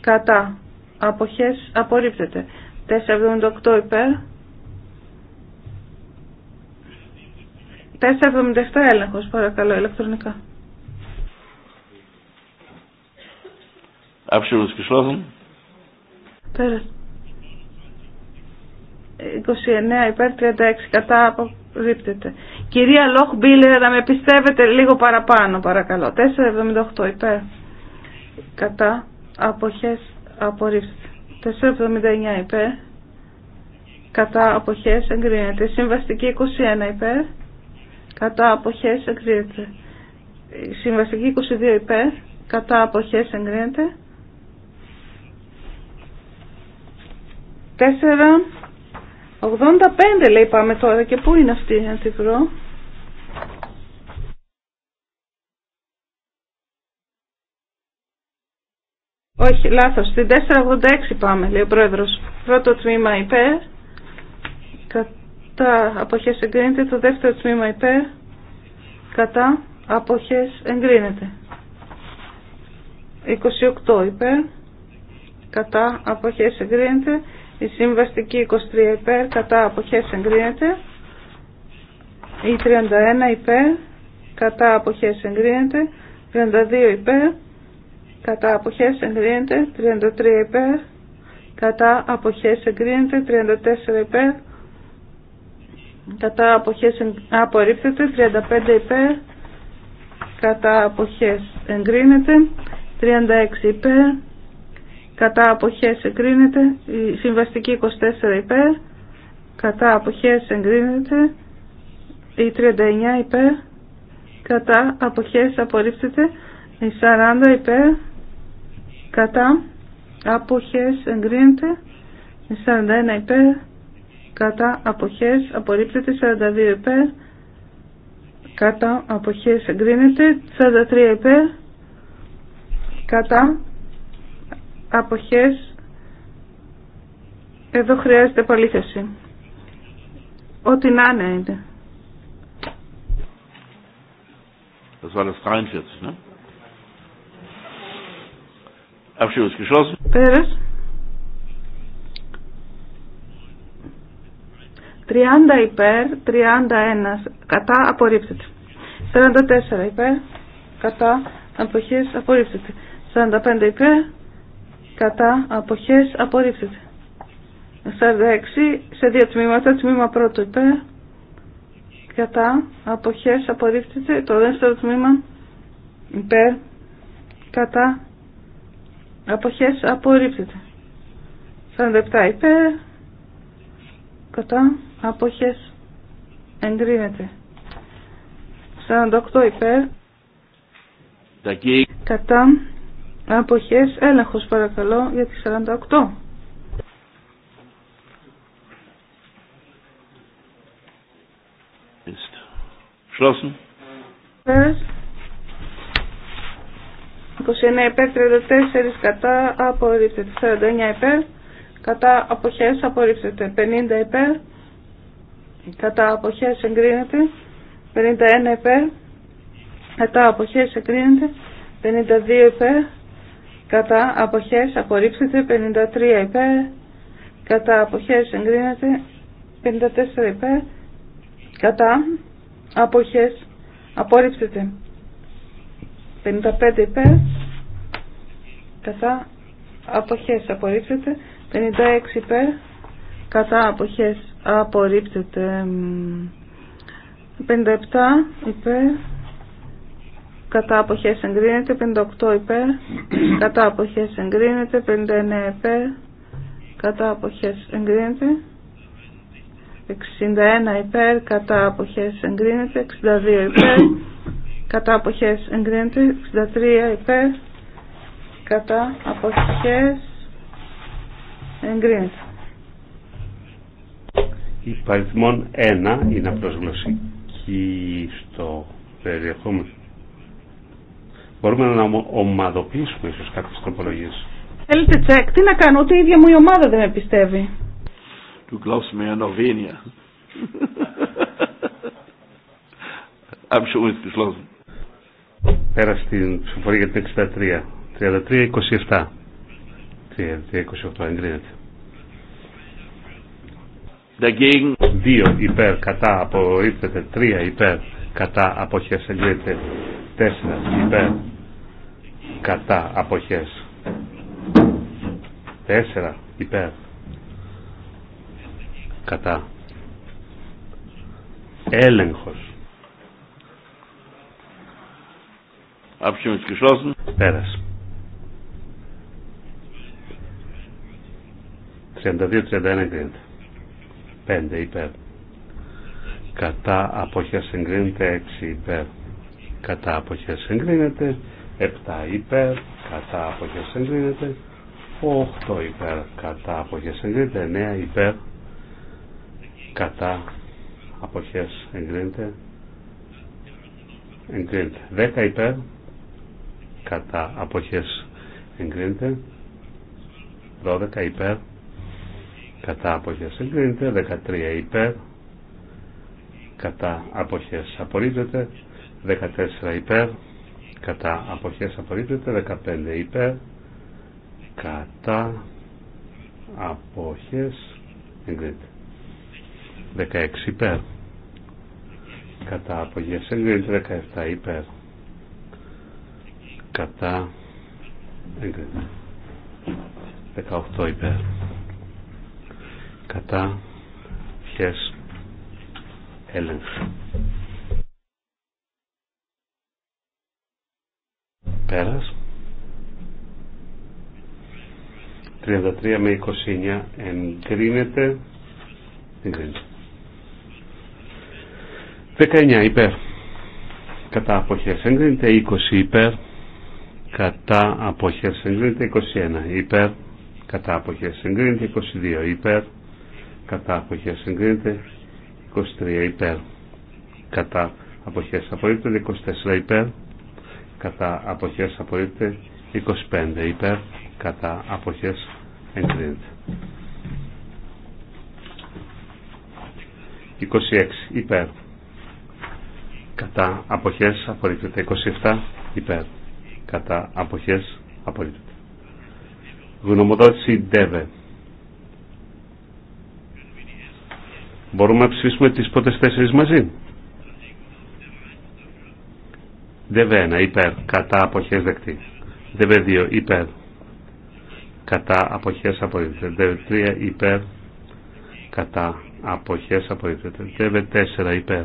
κατά αποχές απορρίπτεται. 478 υπέρ 477 έλεγχος παρακαλώ ηλεκτρονικά. 29 υπέρ 36 κατά αποχές. Κυρία Λόχ Μπίλερ, να με πιστεύετε λίγο παραπάνω, παρακαλώ. 4,78 υπέρ. Κατά. Αποχές. απορρίφθηκε. 4,79 υπέρ. Κατά. Αποχές. Εγκρίνεται. Συμβαστική 21 υπέρ. Κατά. Αποχές. Εγκρίνεται. Συμβαστική 22 υπέρ. Κατά. Αποχές. Εγκρίνεται. 4. 85 λέει πάμε τώρα και πού είναι αυτή να τη βρω. Όχι, λάθος. Στην 486 πάμε, λέει ο πρόεδρος. Πρώτο τμήμα υπέρ. Κατά αποχές εγκρίνεται. Το δεύτερο τμήμα υπέρ. Κατά αποχές εγκρίνεται. 28 υπέρ. Κατά αποχές εγκρίνεται. Η συμβαστική 23 υπέρ κατά αποχές εγκρίνεται. Η 31 υπέρ κατά αποχές εγκρίνεται. 32 υπέρ κατά αποχές εγκρίνεται. 33 υπέρ κατά αποχές εγκρίνεται. 34 υπέρ κατά αποχές απορρίπτεται. 35 υπέρ κατά αποχές εγκρίνεται. 36 υπέρ κατά αποχές εγκρίνεται, η συμβαστική 24 υπέρ, κατά αποχές εγκρίνεται, η 39 υπέρ, κατά αποχές απορρίφτεται, η 40 υπέρ, κατά αποχές εγκρίνεται, η 41 υπέρ, κατά αποχές απορρίπτεται, 42 υπέρ, κατά αποχές εγκρίνεται, 43 υπέρ, κατά αποχές εδώ χρειάζεται παλήθευση. Ό,τι να είναι είναι. Das 43, ne? 30 υπέρ, 31 κατά, απορρίπτεται. 44 υπέρ, κατά, αποχές, απορρίπτεται. 45 υπέρ, κατά αποχές απορρίφθηκε. 46 σε δύο τμήματα, τμήμα πρώτο υπέρ, κατά αποχές απορρίπτεται. Το δεύτερο τμήμα υπέρ, κατά αποχές απορρίπτεται. 47 υπέρ, κατά αποχές εγκρίνεται. 48 είπε κατά Αποχές έλεγχος παρακαλώ για τη 48. 29 υπέρ, 34 κατά, απορρίπτεται. 49 υπέρ, κατά αποχές απορρίπτεται. 50 υπέρ, κατά αποχές εγκρίνεται. 51 υπέρ, κατά αποχές εγκρίνεται. 52 υπέρ, κατά αποχές απορρίψεται 53 υπέρ, κατά αποχές εγκρίνεται 54 υπέρ, κατά αποχές απορρίψεται 55 υπέρ, κατά αποχές απορρίψεται 56 υπέρ, κατά αποχές απορρίπτεται 57 υπέρ κατά αποχές εγκρίνεται 58 υπέρ, κατά αποχές εγκρίνεται 59 υπέρ, κατά αποχές εγκρίνεται 61 υπέρ, κατά αποχές εγκρίνεται 62 υπέρ, κατά αποχές εγκρίνεται 63 υπέρ, κατά αποχές εγκρίνεται. Υπαριθμόν 1 είναι γλωσσική στο περιεχόμενο Μπορούμε να ομαδοποιήσουμε ίσως κάποιες τροπολογίες. Θέλετε τσεκ. Τι να κάνω, ούτε η ίδια μου η ομάδα δεν με πιστεύει. Του glaubst mir <laughs> Πέρα στην ψηφοφορία για την 63. 33-27. 33-28 εγκρίνεται. Δύο υπέρ κατά απορρίπτεται. Τρία υπέρ κατά αποχές εγκρίνεται 4 υπέρ κατά αποχές 4 υπέρ κατά έλεγχος Πέρας. 32-31 30. 5 υπέρ κατά αποχές εγκρίνεται 6 υπέρ κατά αποχές εγκρίνεται 7 υπέρ κατά αποχές εγκρίνεται 8 υπέρ κατά αποχές εγκρίνεται 9 υπέρ κατά αποχές εγκρίνεται εγκρίνεται 10 υπέρ κατά αποχές εγκρίνεται 12 υπέρ κατά αποχές εγκρίνεται 13 υπέρ κατά αποχές απορρίπτεται 14 υπέρ κατά αποχές απορρίπτεται 15 υπέρ κατά αποχές εγκρίνεται 16 υπέρ κατά αποχές εγκρίνεται 17 υπέρ κατά εγκρίνεται 18 υπέρ κατά χες έλεγχο. Πέρας. 33 με 29 εγκρίνεται. Εγκρίνεται. 19 υπέρ. Κατά αποχές εγκρίνεται. 20 υπέρ. Κατά αποχές εγκρίνεται. 21 υπέρ. Κατά αποχές εγκρίνεται. 22 υπέρ. Κατά αποχές εγκρίνεται. 23 υπέρ κατά αποχές απορρίπτεται 24 υπέρ κατά αποχές απορρίπτεται 25 υπέρ κατά αποχές εγκρίνεται 26 υπέρ κατά αποχές απορρίπτεται 27 υπέρ κατά αποχές απορρίπτεται γνωμοδότηση ΔΕΒΕ Μπορούμε να ψηφίσουμε τις πρώτες τέσσερις μαζί. ΔΒ1 υπέρ, κατά αποχές δεκτή. ΔΒ2 υπέρ, κατά αποχές απορρίπτεται. ΔΒ3 υπέρ, κατά αποχές απορρίπτεται. ΔΒ4 υπέρ,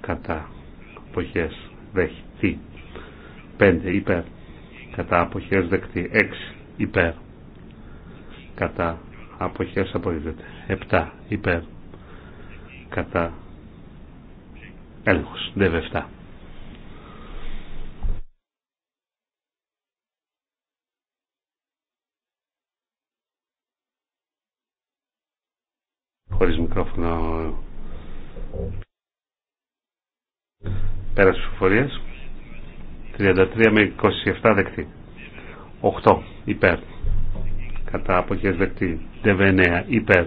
κατά αποχές δεκτή. 5 υπέρ, κατά αποχές δεκτή. 6 υπέρ, κατά αποχές απορρίπτεται. 7 υπέρ κατά έλεγχος. ΔΕΒ 7. Χωρίς μικρόφωνο πέρα της ψηφοφορίας 33 με 27 δεκτή 8 υπέρ κατά αποχές δεκτή 19 υπέρ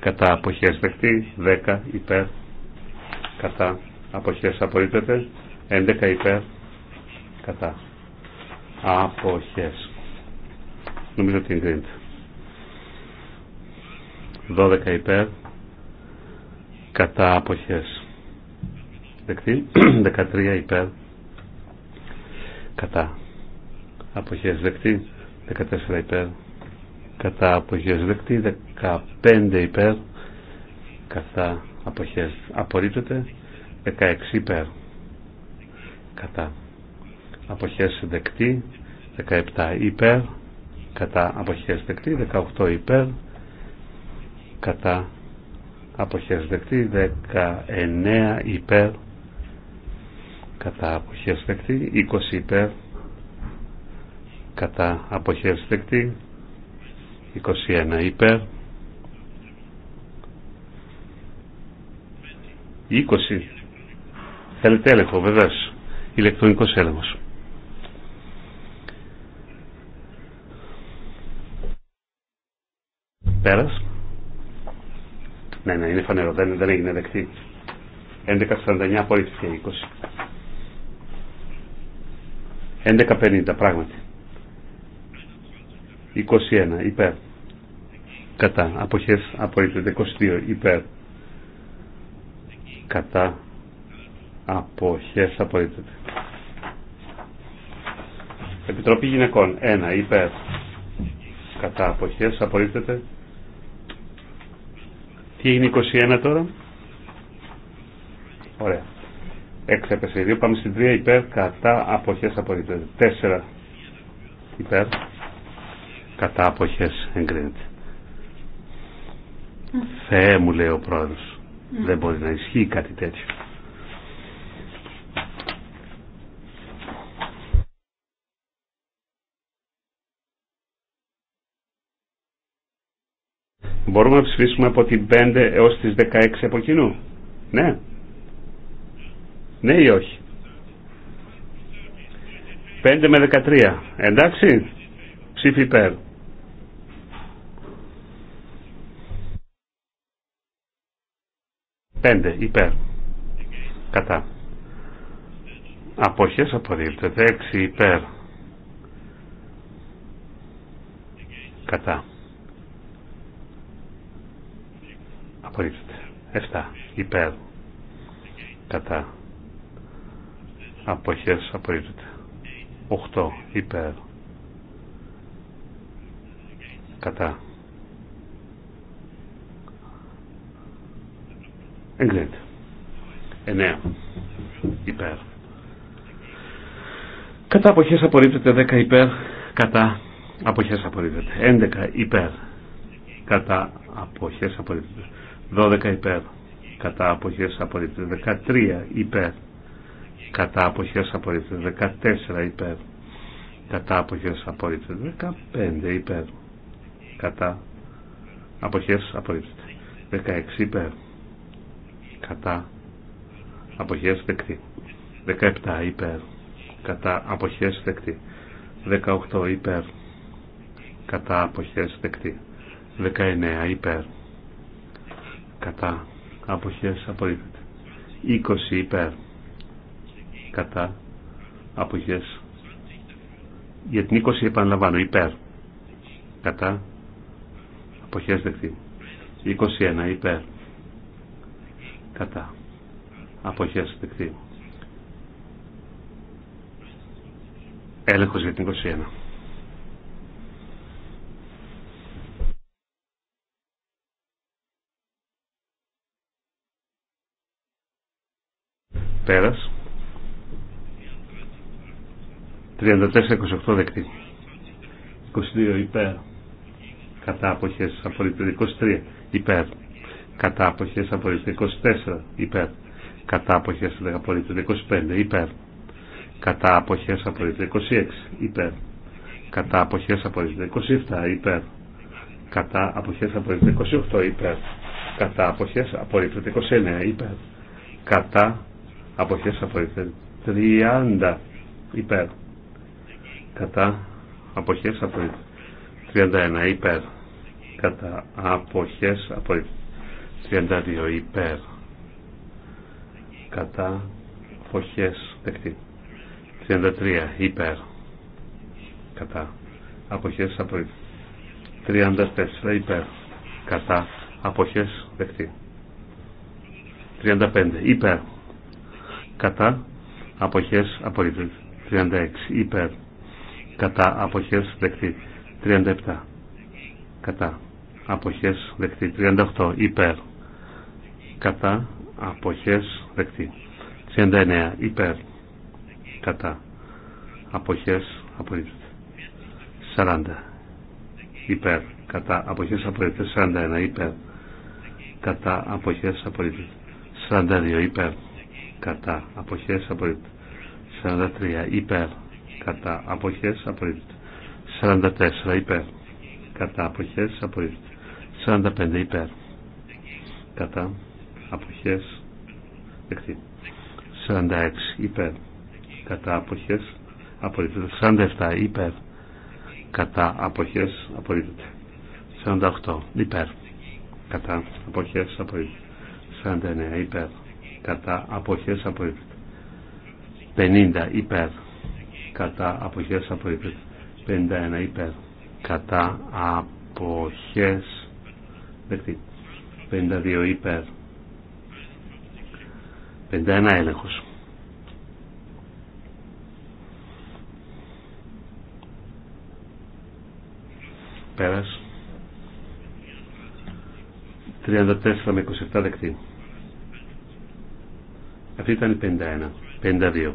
κατά αποχές δεκτή 10 υπέρ κατά αποχές απορρίπτεται 11 υπέρ κατά αποχές νομίζω ότι εγκρίνεται 12 υπέρ κατά αποχές δεκτή 13 <clears throat> υπέρ κατά αποχές δεκτή 14 υπέρ κατά αποχές δεκτή 15 υπέρ κατά αποχές απορρίπτεται 16 υπέρ κατά αποχές δεκτή 17 υπέρ κατά αποχές δεκτή 18 υπέρ κατά αποχές δεκτή 19 υπέρ κατά αποχές δεκτή 20 υπέρ κατά αποχές δεκτή 21 υπέρ 20 θέλετε έλεγχο βεβαίως ηλεκτρονικός έλεγχος πέρας ναι ναι είναι φανερό δεν, δεν έγινε δεκτή 11.49 απορρίφθηκε 20 11.50 πράγματι 21 υπέρ κατά αποχές απορρίπτεται 22 υπέρ κατά αποχές απορρίπτεται Επιτροπή Γυναικών 1 υπέρ κατά αποχές απορρίπτεται τι είναι 21 τώρα ωραία Εξέπεσε 2, πάμε στην 3 υπέρ, κατά αποχές απορρίπτεται. 4 υπέρ, κατά αποχές εγκρίνεται. Θεέ μου λέει ο πρόεδρος δεν μπορεί να ισχύει κάτι τέτοιο Μπορούμε να ψηφίσουμε από την 5 έως τις 16 από κοινού. Ναι. Ναι ή όχι. 5 με 13. Εντάξει. Ψήφι υπέρ. 5 υπέρ κατά Αποχέ απορρίπτεται 6 υπέρ κατά απορρίπτεται 7 υπέρ κατά απόχέ, απορρίπτεται 8 υπέρ κατά Εγκρίνεται. 9. Υπέρ. Κατά αποχές απορρίπτεται 10 υπέρ. Κατά αποχές απορρίπτεται. 11 υπέρ. Κατά αποχές απορρίπτεται. 12 υπέρ. Κατά αποχές απορρίπτεται. 13 υπέρ. Κατά αποχές απορρίπτεται. 14 υπέρ. Κατά αποχές απορρίπτεται. 15 υπέρ. Κατά αποχές απορρίπτεται. 16 υπέρ κατά αποχές δεκτή 17 υπέρ κατά αποχές δεκτή 18 υπέρ κατά αποχές δεκτή 19 υπέρ κατά αποχές απορρίφεται 20 υπέρ κατά αποχές για την 20 επαναλαμβάνω υπέρ κατά αποχές δεκτή 21 υπέρ κατά αποχές δεκτή. Έλεγχος για την 21. Πέρας. 34-28 δεκτή. 22 υπέρ. Κατά αποχές απορρίπτεται. 23 υπέρ κατά από 24 υπέρ κατά από απορρίπτεται 25 υπέρ κατά απόχέ απορρίπτεται 26 υπέρ κατά αποχές απορρίπτεται 27 υπέρ κατά αποχές απορρίπτεται 28 υπέρ κατά αποχές απορρίπτεται 29 υπέρ κατά αποχές απορρίπτεται 30 υπέρ κατά αποχές απορρίπτεται 31 υπέρ κατά αποχές απορρίπτεται 32 υπέρ κατά αποχές δεκτή 33 υπέρ κατά αποχές απορρίπτει 34 υπέρ κατά αποχές δεκτή 35 υπέρ κατά αποχές απορρίπτει 36 υπέρ κατά αποχές δεκτή 37 κατά αποχές δεκτή 38 υπέρ κατά αποχές δεκτή 39 υπέρ κατά αποχές απορρίπτεται 40 υπέρ κατά αποχές απορρίπτεται 41 υπέρ κατά αποχές απορρίπτεται 42 υπέρ κατά αποχές απορρίπτεται 43 υπέρ κατά αποχές απορρίπτεται 44 υπέρ κατά αποχές απορρίπτεται 45 υπέρ κατά αποχές 46 υπέρ κατά αποχές απορρίπτεται 47 υπέρ κατά αποχές απορρίπτεται 48 υπέρ κατά αποχές απορρίπτεται 49 υπέρ κατά αποχές απορρίπτεται 50 υπέρ κατά αποχές απορρίπτεται 51 υπέρ κατά αποχές δεκτή 52 υπέρ 51 έλεγχος. Πέρας. 34 με 27 δεκτή. Αυτή ήταν η 51. 52.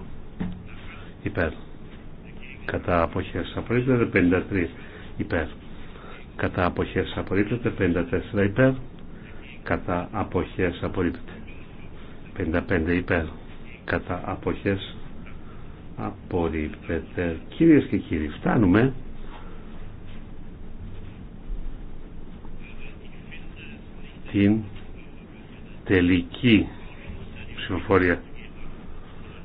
Υπέρ. Κατά αποχές απορρίπτεται 53. Υπέρ. Κατά αποχές απορρίπτεται 54. Υπέρ. Κατά αποχές απορρίπτεται. 55 υπέρ κατά αποχές απορρίπτεται. Κυρίες και κύριοι, φτάνουμε την τελική ψηφοφορία.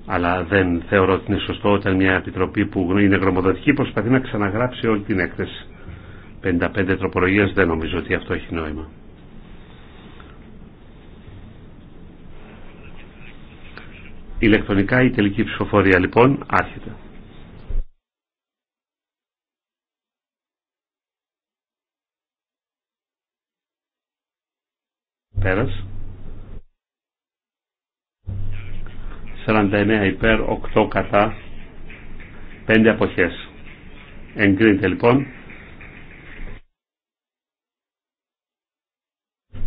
Αλλά δεν θεωρώ ότι είναι σωστό όταν μια επιτροπή που είναι γνωμοδοτική προσπαθεί να ξαναγράψει όλη την έκθεση. 55 τροπολογίες δεν νομίζω ότι αυτό έχει νόημα. ηλεκτρονικά η τελική ψηφοφορία λοιπόν άρχεται. Πέρας. 49 υπέρ, 8 κατά, 5 αποχές. Εγκρίνεται λοιπόν.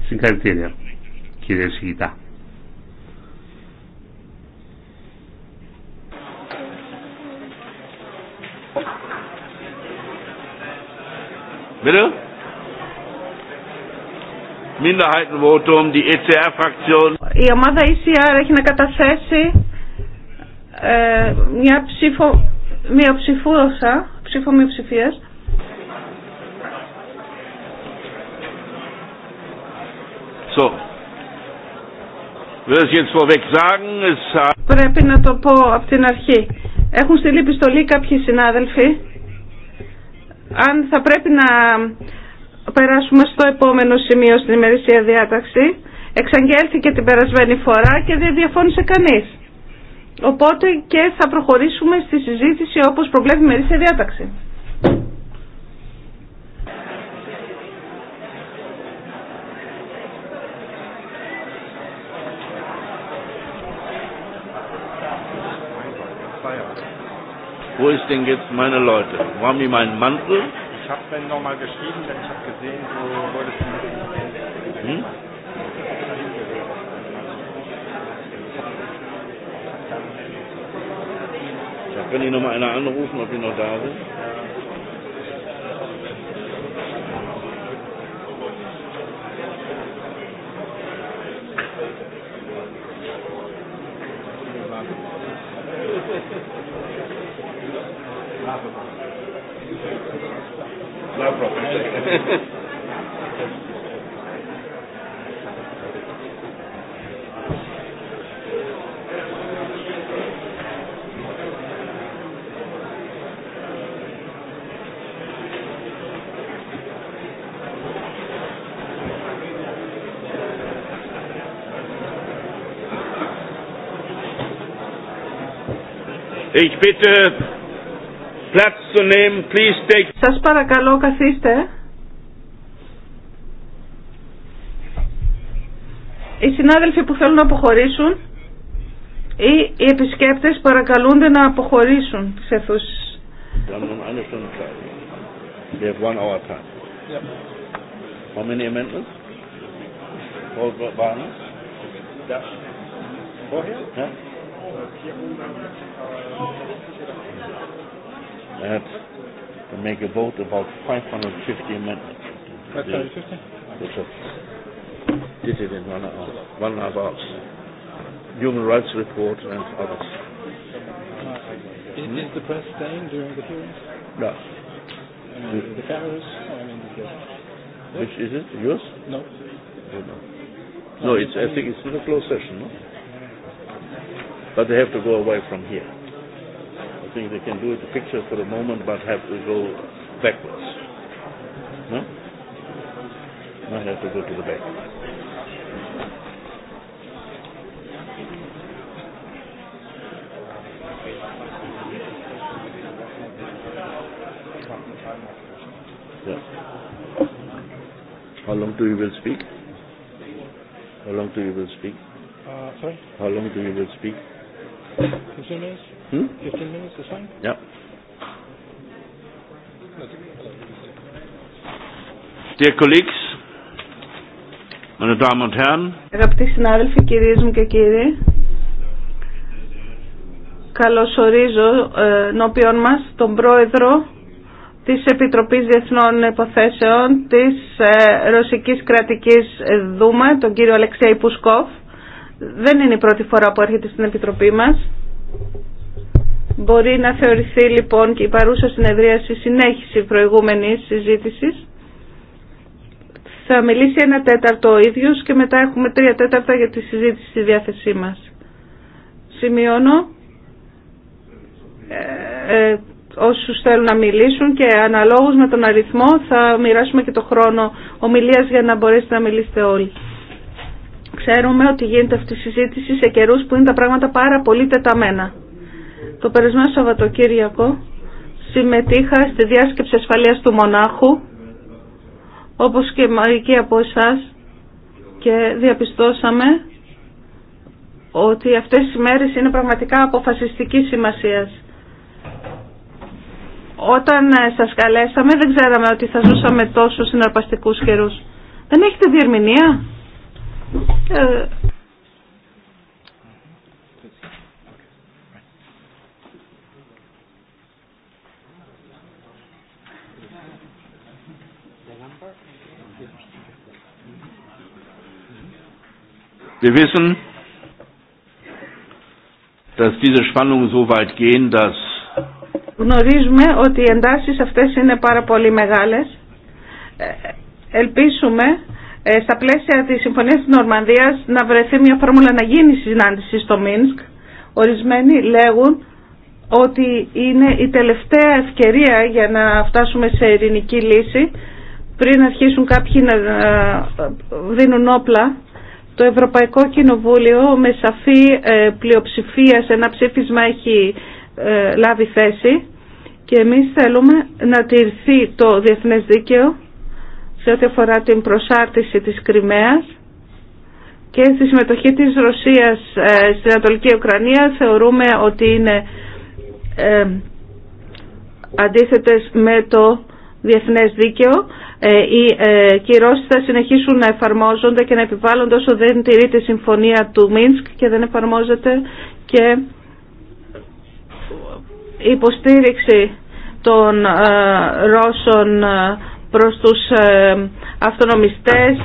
Συγχαρητήρια κύριε Σιγητά. E η ομαδα ecr εχει να καταθέσει ε, μια ψήφο, μια ψήφο μειοψηφίας. Πρέπει να το πω από την αρχή. Έχουν στείλει επιστολή κάποιοι συνάδελφοι αν θα πρέπει να περάσουμε στο επόμενο σημείο στην ημερησία διάταξη. Εξαγγέλθηκε την περασμένη φορά και δεν διαφώνησε κανείς. Οπότε και θα προχωρήσουμε στη συζήτηση όπως προβλέπει η ημερησία διάταξη. Wo ist denn jetzt meine Leute? Wo haben die meinen Mantel? Ich habe noch nochmal geschrieben, denn ich habe gesehen, wo wolltest du hm? kann ich mal einer anrufen, ob die noch da sind. no problem. Ich bitte name, Σας παρακαλώ καθίστε. Οι συνάδελφοι που θέλουν να αποχωρήσουν ή οι επισκέπτες παρακαλούνται να αποχωρήσουν σε αιθούσεις that to make a vote about 550 amendments. 550? Did it in one half, one and a half hours. Human rights report and others. Is, the press staying during the hearings? No. the cameras? I mean, Which is it? Yours? No. No, it's, I think it's in a closed session, no? But they have to go away from here. I think they can do it the pictures for a moment, but have to go backwards. No? I have to go to the back. Yeah. How long do you will speak? How long do you will speak? Uh, sorry? How long do you will speak? minutes. Hmm? 15 minutes is fine? Dear colleagues, meine Damen und Herren. Αγαπητοί συνάδελφοι, κυρίες μου και κύριοι, καλωσορίζω ε, νόπιον μας τον πρόεδρο της Επιτροπής Διεθνών Υποθέσεων της ε, Ρωσικής Κρατικής Δούμα, τον κύριο Αλεξέη Πουσκόφ. Δεν είναι η πρώτη φορά που έρχεται στην Επιτροπή μας. Μπορεί να θεωρηθεί λοιπόν και η παρούσα συνεδρίαση συνέχιση προηγούμενης συζήτησης. Θα μιλήσει ένα τέταρτο ο ίδιος και μετά έχουμε τρία τέταρτα για τη συζήτηση στη διάθεσή μας. Σημειώνω ε, ε, όσους θέλουν να μιλήσουν και αναλόγως με τον αριθμό θα μοιράσουμε και το χρόνο ομιλίας για να μπορέσετε να μιλήσετε όλοι. Ξέρουμε ότι γίνεται αυτή η συζήτηση σε καιρούς που είναι τα πράγματα πάρα πολύ τεταμένα. Το περασμένο Σαββατοκύριακο συμμετείχα στη διάσκεψη ασφαλείας του Μονάχου, όπως και μερικοί από εσά και διαπιστώσαμε ότι αυτές οι μέρες είναι πραγματικά αποφασιστικής σημασίας. Όταν ε, σας καλέσαμε δεν ξέραμε ότι θα ζούσαμε τόσο συναρπαστικούς καιρούς. Δεν έχετε διερμηνία. Ε, Wir Γνωρίζουμε ότι οι εντάσεις αυτές είναι πάρα πολύ μεγάλες. Ε, ελπίσουμε ε, στα πλαίσια της Συμφωνίας της Νορμανδίας να βρεθεί μια φόρμουλα να γίνει συνάντηση στο Μίνσκ. Ορισμένοι λέγουν ότι είναι η τελευταία ευκαιρία για να φτάσουμε σε ειρηνική λύση πριν αρχίσουν κάποιοι να ε, δίνουν όπλα το Ευρωπαϊκό Κοινοβούλιο με σαφή ε, πλειοψηφία σε ένα ψήφισμα έχει ε, λάβει θέση και εμείς θέλουμε να τηρηθεί το διεθνές δίκαιο σε ό,τι αφορά την προσάρτηση της Κρυμαίας και στη συμμετοχή της Ρωσίας ε, στην Ανατολική Ουκρανία θεωρούμε ότι είναι αντίθετες με το διεθνές δίκαιο, ε, οι ε, κυρώσεις θα συνεχίσουν να εφαρμόζονται και να επιβάλλονται όσο δεν τηρεί τη συμφωνία του Μίνσκ και δεν εφαρμόζεται και η υποστήριξη των ε, Ρώσων προς τους αυτονομιστές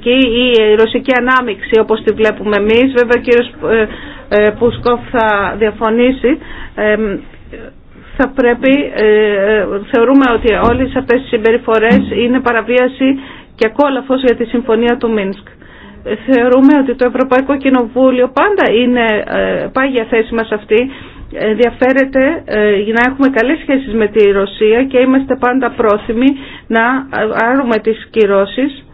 και η ρωσική ανάμιξη όπως τη βλέπουμε εμείς. Βέβαια ο κύριος Πουσκόφ θα διαφωνήσει θα πρέπει, ε, ε, θεωρούμε ότι όλες αυτές οι συμπεριφορές είναι παραβίαση και κόλαφος για τη Συμφωνία του Μίνσκ. Ε, θεωρούμε ότι το Ευρωπαϊκό Κοινοβούλιο πάντα είναι πάγια θέση μας αυτή, ενδιαφέρεται για να έχουμε καλές σχέσεις με τη Ρωσία και είμαστε πάντα πρόθυμοι να άρουμε τις κυρώσεις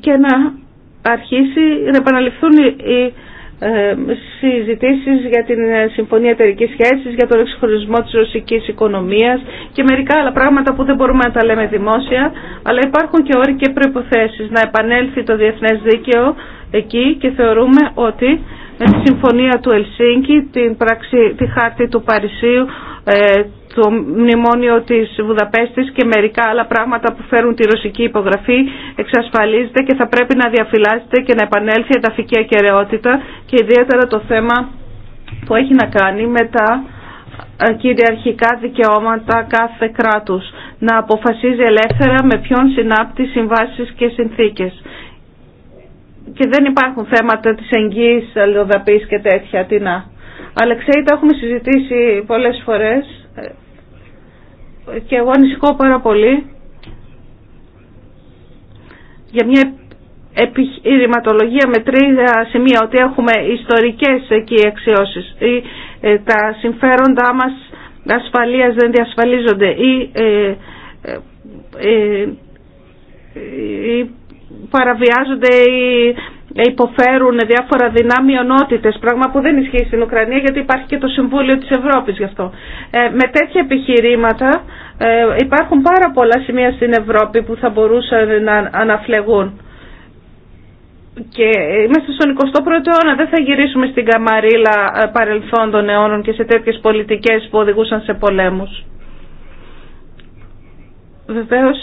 και να αρχίσει να επαναληφθούν οι ε, συζητήσεις για την Συμφωνία Εταιρική Σχέσης, για τον εξχωρισμό της ρωσικής οικονομίας και μερικά άλλα πράγματα που δεν μπορούμε να τα λέμε δημόσια, αλλά υπάρχουν και όροι και προϋποθέσεις να επανέλθει το διεθνές δίκαιο εκεί και θεωρούμε ότι με τη Συμφωνία του Ελσίνκη, την πράξη, τη χάρτη του Παρισίου, ε, το μνημόνιο της Βουδαπέστης και μερικά άλλα πράγματα που φέρουν τη ρωσική υπογραφή εξασφαλίζεται και θα πρέπει να διαφυλάσσεται και να επανέλθει η εδαφική ακαιρεότητα και ιδιαίτερα το θέμα που έχει να κάνει με τα ε, κυριαρχικά δικαιώματα κάθε κράτους να αποφασίζει ελεύθερα με ποιον συνάπτει συμβάσεις και συνθήκες. Και δεν υπάρχουν θέματα της εγγυη αλληλοδαπής και τέτοια. Τι να. Αλεξέη, τα έχουμε συζητήσει πολλές φορές ε, και εγώ ανησυχώ πάρα πολύ για μια επιχειρηματολογία με τρία σημεία ότι έχουμε ιστορικές εκεί αξιώσεις ή ε, τα συμφέροντά μας ασφαλείας δεν διασφαλίζονται ή ε, ε, παραβιάζονται υποφέρουν διάφορα δυνάμει ονότητε, πράγμα που δεν ισχύει στην Ουκρανία γιατί υπάρχει και το Συμβούλιο της Ευρώπης γι' αυτό. Ε, με τέτοια επιχειρήματα ε, υπάρχουν πάρα πολλά σημεία στην Ευρώπη που θα μπορούσαν να αναφλεγούν. Και είμαστε στον 21ο αιώνα, δεν θα γυρίσουμε στην καμαρίλα ε, παρελθόντων των αιώνων και σε τέτοιες πολιτικές που οδηγούσαν σε πολέμους. Βεβαίως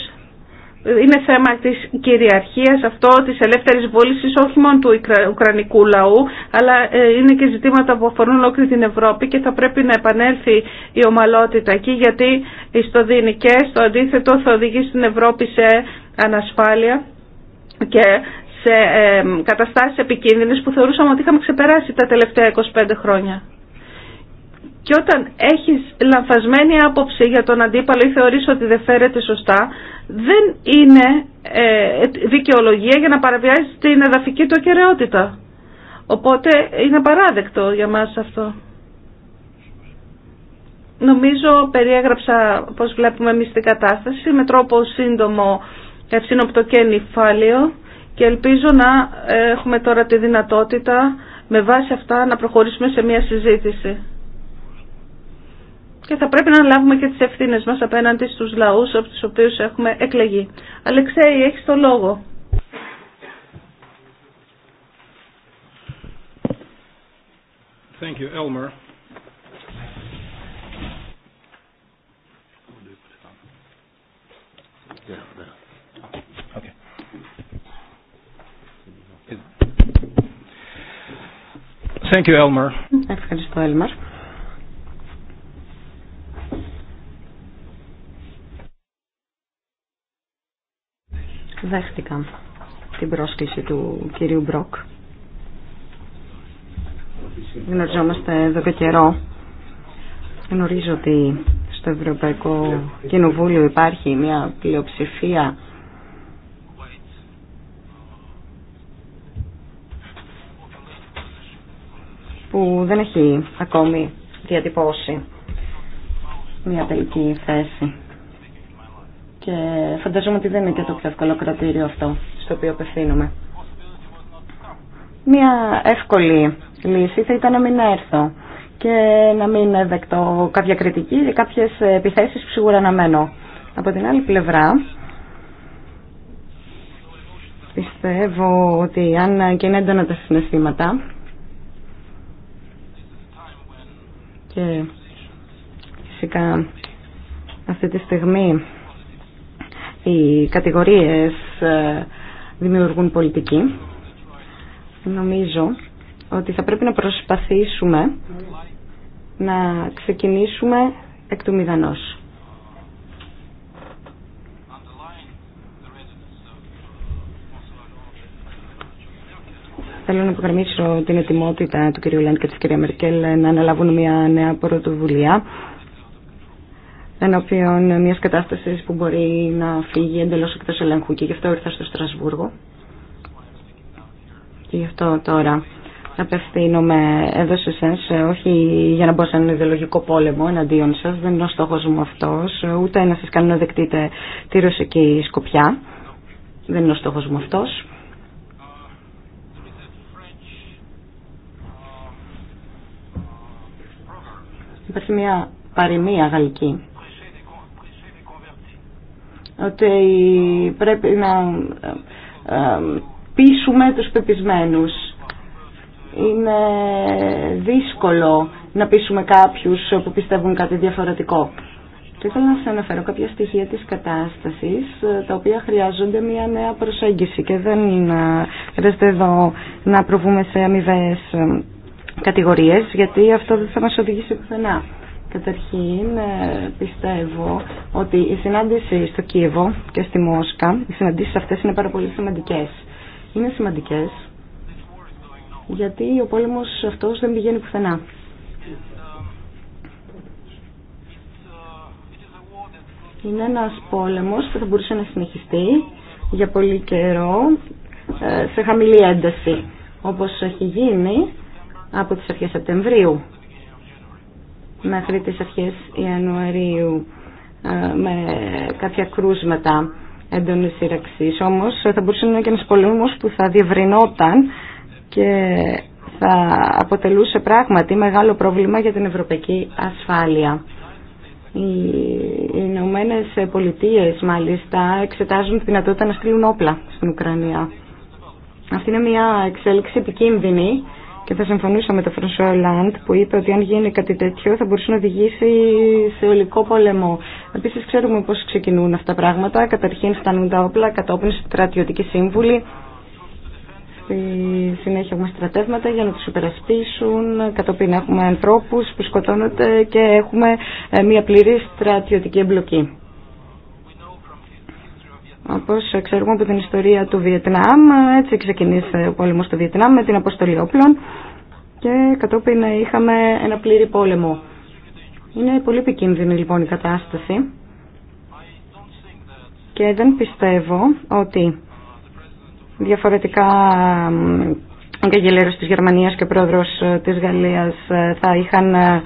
είναι θέμα της κυριαρχίας αυτό, της ελεύθερης βούλησης όχι μόνο του Ουκρανικού λαού αλλά ε, είναι και ζητήματα που αφορούν ολόκληρη την Ευρώπη και θα πρέπει να επανέλθει η ομαλότητα εκεί γιατί στο και το αντίθετο θα οδηγεί στην Ευρώπη σε ανασφάλεια και σε ε, καταστάσεις επικίνδυνες που θεωρούσαμε ότι είχαμε ξεπεράσει τα τελευταία 25 χρόνια. Και όταν έχεις λανθασμένη άποψη για τον αντίπαλο ή θεωρείς ότι δεν φέρεται σωστά, δεν είναι ε, δικαιολογία για να παραβιάζεις την εδαφική του ακαιρεότητα. Οπότε είναι παράδεκτο για μας αυτό. Νομίζω περιέγραψα πώς βλέπουμε εμείς την κατάσταση με τρόπο σύντομο ευσύνοπτο και νυφάλιο και ελπίζω να ε, έχουμε τώρα τη δυνατότητα με βάση αυτά να προχωρήσουμε σε μια συζήτηση και θα πρέπει να λάβουμε και τις ευθύνες μας απέναντι στους λαούς από τους οποίους έχουμε εκλεγεί. Αλεξέη, έχεις το λόγο. Thank you, Elmer. Thank you, Elmer. Ευχαριστώ, Elmer. δέχτηκα την πρόσκληση του κυρίου Μπροκ. Γνωριζόμαστε εδώ και καιρό. Γνωρίζω ότι στο Ευρωπαϊκό Κοινοβούλιο υπάρχει μια πλειοψηφία που δεν έχει ακόμη διατυπώσει μια τελική θέση. Και φανταζόμαι ότι δεν είναι και το πιο εύκολο κρατήριο αυτό στο οποίο απευθύνομαι. Μια εύκολη λύση θα ήταν να μην έρθω και να μην δεκτώ κάποια κριτική ή κάποιες επιθέσεις που σίγουρα να μένω. Από την άλλη πλευρά, πιστεύω ότι αν και είναι έντονα τα συναισθήματα και φυσικά αυτή τη στιγμή οι κατηγορίες ε, δημιουργούν πολιτική. Νομίζω ότι θα πρέπει να προσπαθήσουμε να ξεκινήσουμε εκ του μηδανός. Θέλω να υπογραμμίσω την ετοιμότητα του κ. Λέντ και της κ. Μερκέλ να αναλάβουν μια νέα πρωτοβουλία ενώπιον μιας κατάστασης που μπορεί να φύγει εντελώς εκτό ελέγχου και γι' αυτό ήρθα στο Στρασβούργο. Και γι' αυτό τώρα απευθύνομαι εδώ σε εσά, όχι για να μπω σε έναν ιδεολογικό πόλεμο εναντίον σα, δεν είναι ο στόχο μου αυτός, ούτε να σα κάνω να δεκτείτε τη ρωσική σκοπιά, δεν είναι ο στόχο μου αυτό. Υπάρχει μια παροιμία γαλλική ότι πρέπει να ε, ε, πείσουμε τους πεπισμένους. Είναι δύσκολο να πείσουμε κάποιους που πιστεύουν κάτι διαφορετικό. Και ήθελα να σας αναφέρω κάποια στοιχεία της κατάστασης, ε, τα οποία χρειάζονται μια νέα προσέγγιση και δεν είναι, εδώ να προβούμε σε αμοιβές κατηγορίες, γιατί αυτό δεν θα μας οδηγήσει πουθενά. Καταρχήν ε, πιστεύω ότι η συνάντηση στο Κίεβο και στη Μόσκα, οι συναντήσεις αυτές είναι πάρα πολύ σημαντικές. Είναι σημαντικές γιατί ο πόλεμος αυτός δεν πηγαίνει πουθενά. Είναι ένας πόλεμος που θα μπορούσε να συνεχιστεί για πολύ καιρό ε, σε χαμηλή ένταση, όπως έχει γίνει από τις αρχές Σεπτεμβρίου μέχρι τις αρχές Ιανουαρίου ε, με κάποια κρούσματα έντονη σύραξη. Όμως θα μπορούσε να είναι και ένας πολέμος που θα διευρυνόταν και θα αποτελούσε πράγματι μεγάλο πρόβλημα για την ευρωπαϊκή ασφάλεια. Οι Ηνωμένε Πολιτείε μάλιστα εξετάζουν τη δυνατότητα να στείλουν όπλα στην Ουκρανία. Αυτή είναι μια εξέλιξη επικίνδυνη και θα συμφωνήσω με τον Λαντ που είπε ότι αν γίνει κάτι τέτοιο θα μπορούσε να οδηγήσει σε ολικό πόλεμο. Επίση ξέρουμε πώ ξεκινούν αυτά τα πράγματα. Καταρχήν φτάνουν τα όπλα, κατόπιν στρατιωτικοί σύμβουλοι. Στη συνέχεια έχουμε στρατεύματα για να του υπερασπίσουν. Κατόπιν έχουμε ανθρώπου που σκοτώνονται και έχουμε ε, μια πλήρη στρατιωτική εμπλοκή. Όπως ξέρουμε από την ιστορία του Βιετνάμ, έτσι ξεκινήσε ο πόλεμος του Βιετνάμ με την αποστολή όπλων και κατόπιν είχαμε ένα πλήρη πόλεμο. Είναι πολύ επικίνδυνη λοιπόν η κατάσταση και δεν πιστεύω ότι διαφορετικά ο καγγελέρος της Γερμανίας και ο πρόεδρος ε, της Γαλλίας ε, θα είχαν ε,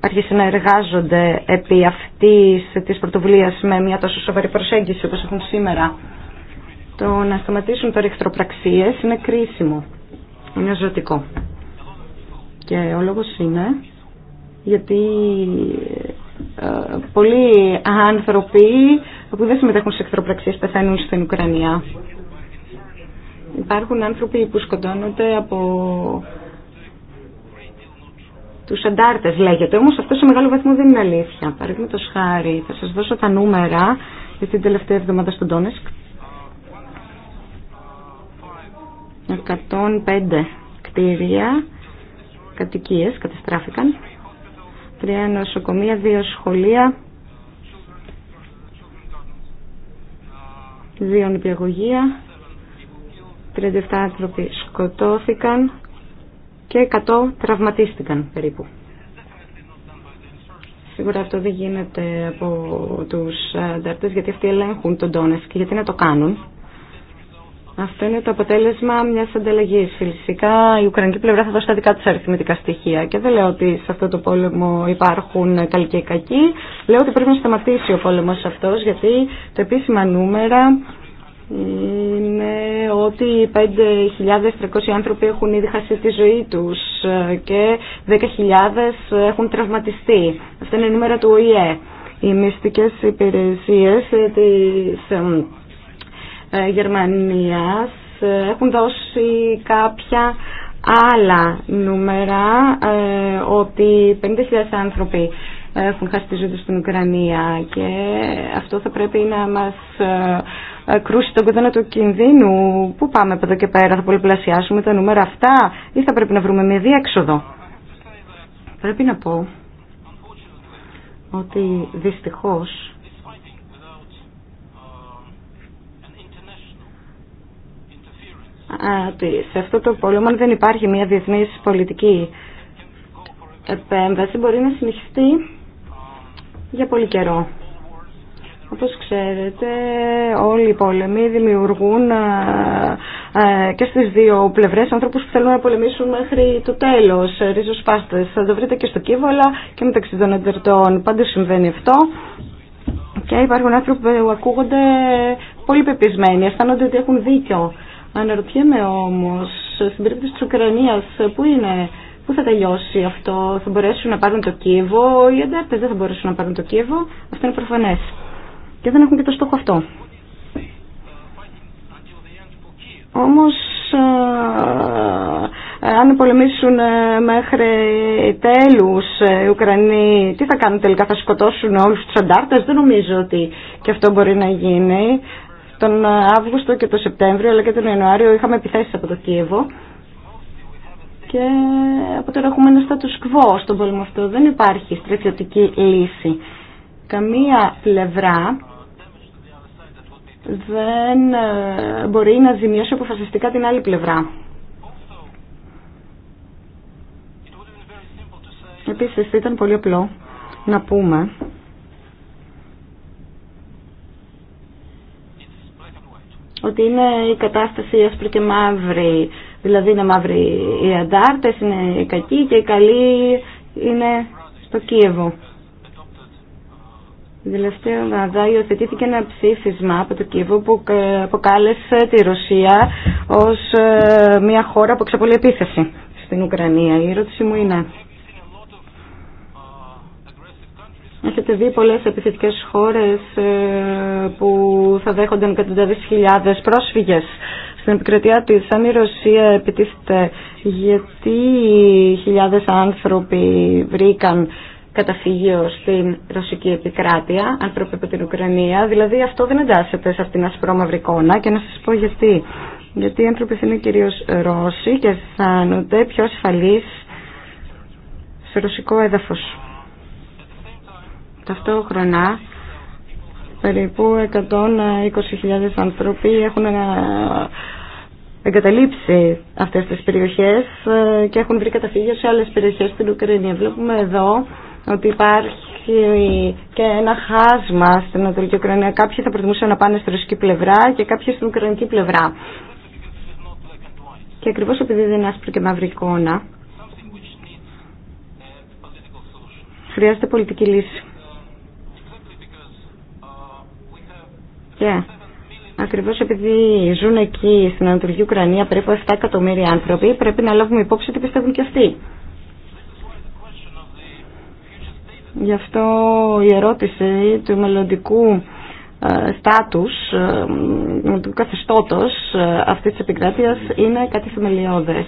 αρχίσει να εργάζονται επί της, της πρωτοβουλίας με μια τόσο σοβαρή προσέγγιση όπως έχουν σήμερα. Το να σταματήσουν τώρα οι είναι κρίσιμο, είναι ζωτικό. Και ο λόγος είναι γιατί ε, πολλοί άνθρωποι που δεν συμμετέχουν σε εχθροπραξίες πεθαίνουν στην Ουκρανία. Υπάρχουν άνθρωποι που σκοτώνονται από τους αντάρτες λέγεται, όμως αυτό σε μεγάλο βαθμό δεν είναι αλήθεια. Παραδείγματο χάρη, θα σας δώσω τα νούμερα για την τελευταία εβδομάδα στον Τόνεσκ. 105 κτίρια, κατοικίες καταστράφηκαν, 3 νοσοκομεία, 2 σχολεία, 2 νηπιαγωγεία, 37 άνθρωποι σκοτώθηκαν, και 100 τραυματίστηκαν περίπου. Σίγουρα αυτό δεν γίνεται από τους αντάρτες γιατί αυτοί ελέγχουν τον Τόνες και γιατί να το κάνουν. Αυτό είναι το αποτέλεσμα μια ανταλλαγή. Φυσικά η Ουκρανική πλευρά θα δώσει τα δικά τη αριθμητικά στοιχεία. Και δεν λέω ότι σε αυτό το πόλεμο υπάρχουν καλοί και κακοί. Λέω ότι πρέπει να σταματήσει ο πόλεμο αυτό, γιατί τα επίσημα νούμερα είναι ότι 5.300 άνθρωποι έχουν ήδη χάσει τη ζωή τους και 10.000 έχουν τραυματιστεί. Αυτά είναι νούμερα του ΟΗΕ. Οι μυστικές υπηρεσίες της ε, Γερμανίας έχουν δώσει κάποια άλλα νούμερα ε, ότι 50.000 άνθρωποι έχουν χάσει τη ζωή τους στην Ουκρανία και αυτό θα πρέπει να μας ε, κρούσει τον κόδωνα του κινδύνου. Πού πάμε από εδώ και πέρα, θα πολυπλασιάσουμε τα νούμερα αυτά ή θα πρέπει να βρούμε μια διέξοδο. Πρέπει να πω ότι δυστυχώς ότι σε αυτό το πόλεμο αν δεν υπάρχει μια διεθνής πολιτική επέμβαση μπορεί να συνεχιστεί για πολύ καιρό. Όπως ξέρετε, όλοι οι πόλεμοι δημιουργούν και στις δύο πλευρές ανθρώπους που θέλουν να πολεμήσουν μέχρι το τέλος, ρίζος πάστες. Θα το βρείτε και στο Κύβολα και μεταξύ των εντερτών. Πάντα συμβαίνει αυτό. Και υπάρχουν άνθρωποι που ακούγονται πολύ πεπισμένοι, αισθάνονται ότι έχουν δίκιο. Αναρωτιέμαι όμως, στην περίπτωση της Ουκρανίας, πού είναι Πού θα τελειώσει αυτό, θα μπορέσουν να πάρουν το κύβο, οι εντάρτες δεν θα μπορέσουν να πάρουν το Κύβο, αυτό είναι προφανές και δεν έχουν και το στόχο αυτό. Όμως αν πολεμήσουν ε, μέχρι τέλους ε, οι Ουκρανοί, τι θα κάνουν τελικά, θα σκοτώσουν όλους τους αντάρτες. Δεν νομίζω ότι και αυτό μπορεί να γίνει. Τον Αύγουστο και τον Σεπτέμβριο αλλά και τον Ιανουάριο είχαμε επιθέσεις από το Κίεβο και ε, από τώρα έχουμε ένα status quo στον πόλεμο αυτό. Δεν υπάρχει στρατιωτική λύση. Καμία πλευρά δεν ε, μπορεί να ζημιώσει αποφασιστικά την άλλη πλευρά. Επίσης ήταν πολύ απλό να πούμε ότι είναι η κατάσταση άσπρη και μαύρη. Δηλαδή είναι μαύροι οι αντάρτες, είναι οι κακοί και οι καλοί είναι στο Κίεβο. Στην τελευταία εβδομάδα υιοθετήθηκε ένα ψήφισμα από το Κίβο που ε, αποκάλεσε τη Ρωσία ως ε, μια χώρα που εξαπολύει επίθεση στην Ουκρανία. Η ερώτηση μου είναι... Έχετε δει πολλές επιθετικές χώρες ε, που θα δέχονταν εκατοντάδες χιλιάδες πρόσφυγες στην επικρατεία τη Αν η Ρωσία επιτίθεται γιατί χιλιάδες άνθρωποι βρήκαν Καταφυγείο στην ρωσική επικράτεια, αν πρέπει από την Ουκρανία. Δηλαδή αυτό δεν εντάσσεται σε αυτήν την ασπρόμαυρη εικόνα και να σα πω γιατί. Γιατί οι άνθρωποι είναι κυρίω Ρώσοι και αισθάνονται πιο ασφαλεί σε ρωσικό έδαφο. Ταυτόχρονα περίπου 120.000 άνθρωποι έχουν εγκαταλείψει αυτές τις περιοχές ε, και έχουν βρει καταφύγιο σε άλλες περιοχές στην Ουκρανία. Βλέπουμε εδώ ότι υπάρχει και ένα χάσμα στην Ανατολική Ουκρανία. Κάποιοι θα προτιμούσαν να πάνε στη ρωσική πλευρά και κάποιοι στην Ουκρανική πλευρά. Και ακριβώ επειδή δεν είναι άσπρο και μαύρη εικόνα, χρειάζεται πολιτική λύση. Και ακριβώ επειδή ζουν εκεί στην Ανατολική Ουκρανία περίπου 7 εκατομμύρια άνθρωποι, πρέπει να λάβουμε υπόψη ότι πιστεύουν και αυτοί. Γι' αυτό η ερώτηση του μελλοντικού ε, στάτους, ε, του καθεστώτος ε, αυτής της επικράτειας είναι κάτι θεμελιώδες.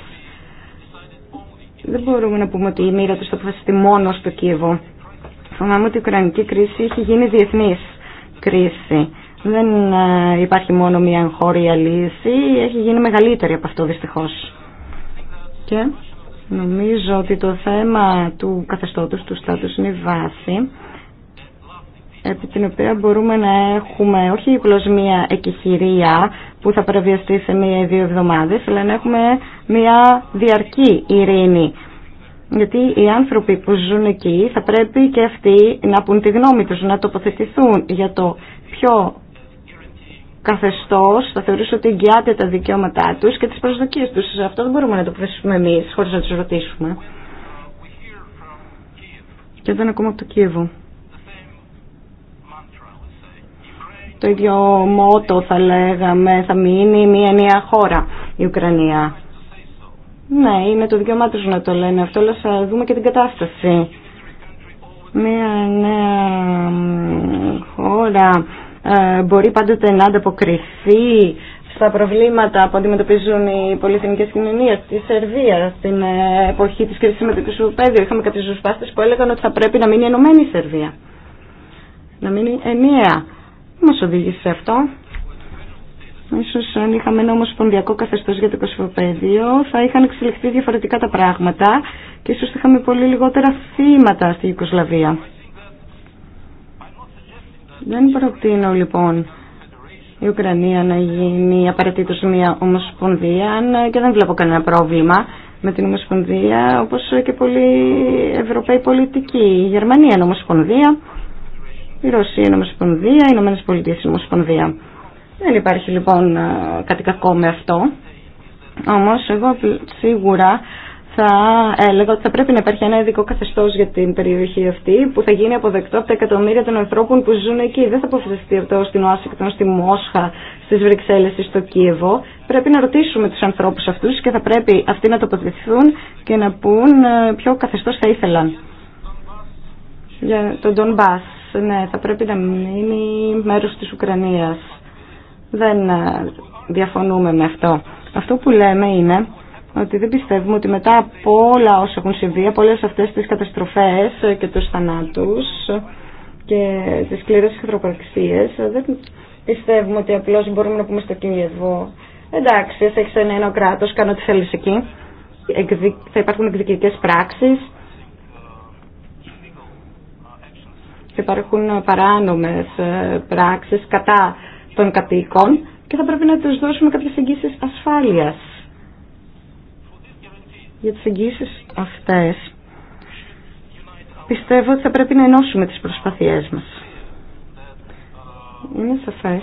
Δεν μπορούμε να πούμε ότι η μοίρα του θα αποφασιστεί μόνο στο Κίεβο. Φοβάμαι ότι η Ουκρανική κρίση έχει γίνει διεθνής κρίση. Δεν υπάρχει μόνο μια εγχώρια λύση, έχει γίνει μεγαλύτερη από αυτό δυστυχώς. Και Νομίζω ότι το θέμα του καθεστώτος, του στάτους είναι η βάση επί την οποία μπορούμε να έχουμε όχι απλώς μια εκεχηρία που θα παραβιαστεί σε μία ή δύο εβδομάδες, αλλά να έχουμε μια διαρκή ειρήνη. Γιατί οι άνθρωποι που ζουν εκεί θα πρέπει και αυτοί να πουν τη γνώμη τους, να τοποθετηθούν για το ποιο καθεστώς θα θεωρήσουν ότι εγγυάται τα δικαιώματά τους και τις προσδοκίες τους. Αυτό δεν μπορούμε να το αποφασίσουμε εμείς χωρίς να τους ρωτήσουμε. Και δεν ακόμα από το Κίεβο. Το ίδιο μότο θα λέγαμε, θα μείνει μια νέα χώρα η Ουκρανία. Ναι, είναι το δικαίωμά τους να το λένε αυτό, αλλά θα δούμε και την κατάσταση. Μια νέα χώρα ε, μπορεί πάντοτε να ανταποκριθεί στα προβλήματα που αντιμετωπίζουν οι πολυεθνικέ κοινωνίε στη Σερβία στην ε, εποχή τη κρίση με το Κουσουπέδιο. Είχαμε κάποιου ζουσπάστε που έλεγαν ότι θα πρέπει να μείνει ενωμένη η Σερβία. Να μείνει ενιαία. Μα οδήγησε αυτό. σω αν είχαμε ένα ομοσπονδιακό καθεστώ για το κοσμοπέδιο θα είχαν εξελιχθεί διαφορετικά τα πράγματα και ίσω είχαμε πολύ λιγότερα θύματα στη Ιουκοσλαβία. Δεν προτείνω λοιπόν η Ουκρανία να γίνει απαραίτητο μια ομοσπονδία και δεν βλέπω κανένα πρόβλημα με την ομοσπονδία όπως και πολλοί Ευρωπαίοι πολιτικοί. Η Γερμανία είναι ομοσπονδία, η Ρωσία είναι ομοσπονδία, οι Ηνωμένες Πολιτείες είναι ομοσπονδία. Δεν υπάρχει λοιπόν κάτι κακό με αυτό. Όμως εγώ σίγουρα θα έλεγα ότι θα πρέπει να υπάρχει ένα ειδικό καθεστώ για την περιοχή αυτή που θα γίνει αποδεκτό από τα εκατομμύρια των ανθρώπων που ζουν εκεί. Δεν θα αποφασιστεί αυτό στην Ουάσιγκτον, στη Μόσχα, στι Βρυξέλλε ή στο Κίεβο. Πρέπει να ρωτήσουμε του ανθρώπου αυτού και θα πρέπει αυτοί να τοποθετηθούν και να πούν ε, ποιο καθεστώ θα ήθελαν. Για τον Ντόν Μπάς, ναι, θα πρέπει να μείνει μέρος της Ουκρανίας. Δεν ε, διαφωνούμε με αυτό. Αυτό που λέμε είναι ότι δεν πιστεύουμε ότι μετά από όλα όσα έχουν συμβεί, από όλες αυτές τις καταστροφές και τους θανάτους και τις σκληρές χειροπραξίες, δεν πιστεύουμε ότι απλώς μπορούμε να πούμε στο Κίεβο εντάξει, θα έχεις ένα νέο κράτος, κάνω ό,τι θέλεις εκεί, θα υπάρχουν εκδικητικές πράξεις, θα υπάρχουν παράνομες ε, πράξεις κατά των κατοίκων και θα πρέπει να τους δώσουμε κάποιες εγγύσεις ασφάλειας για τις εγγύσεις αυτές πιστεύω ότι θα πρέπει να ενώσουμε τις προσπαθειές μας. Είναι σαφές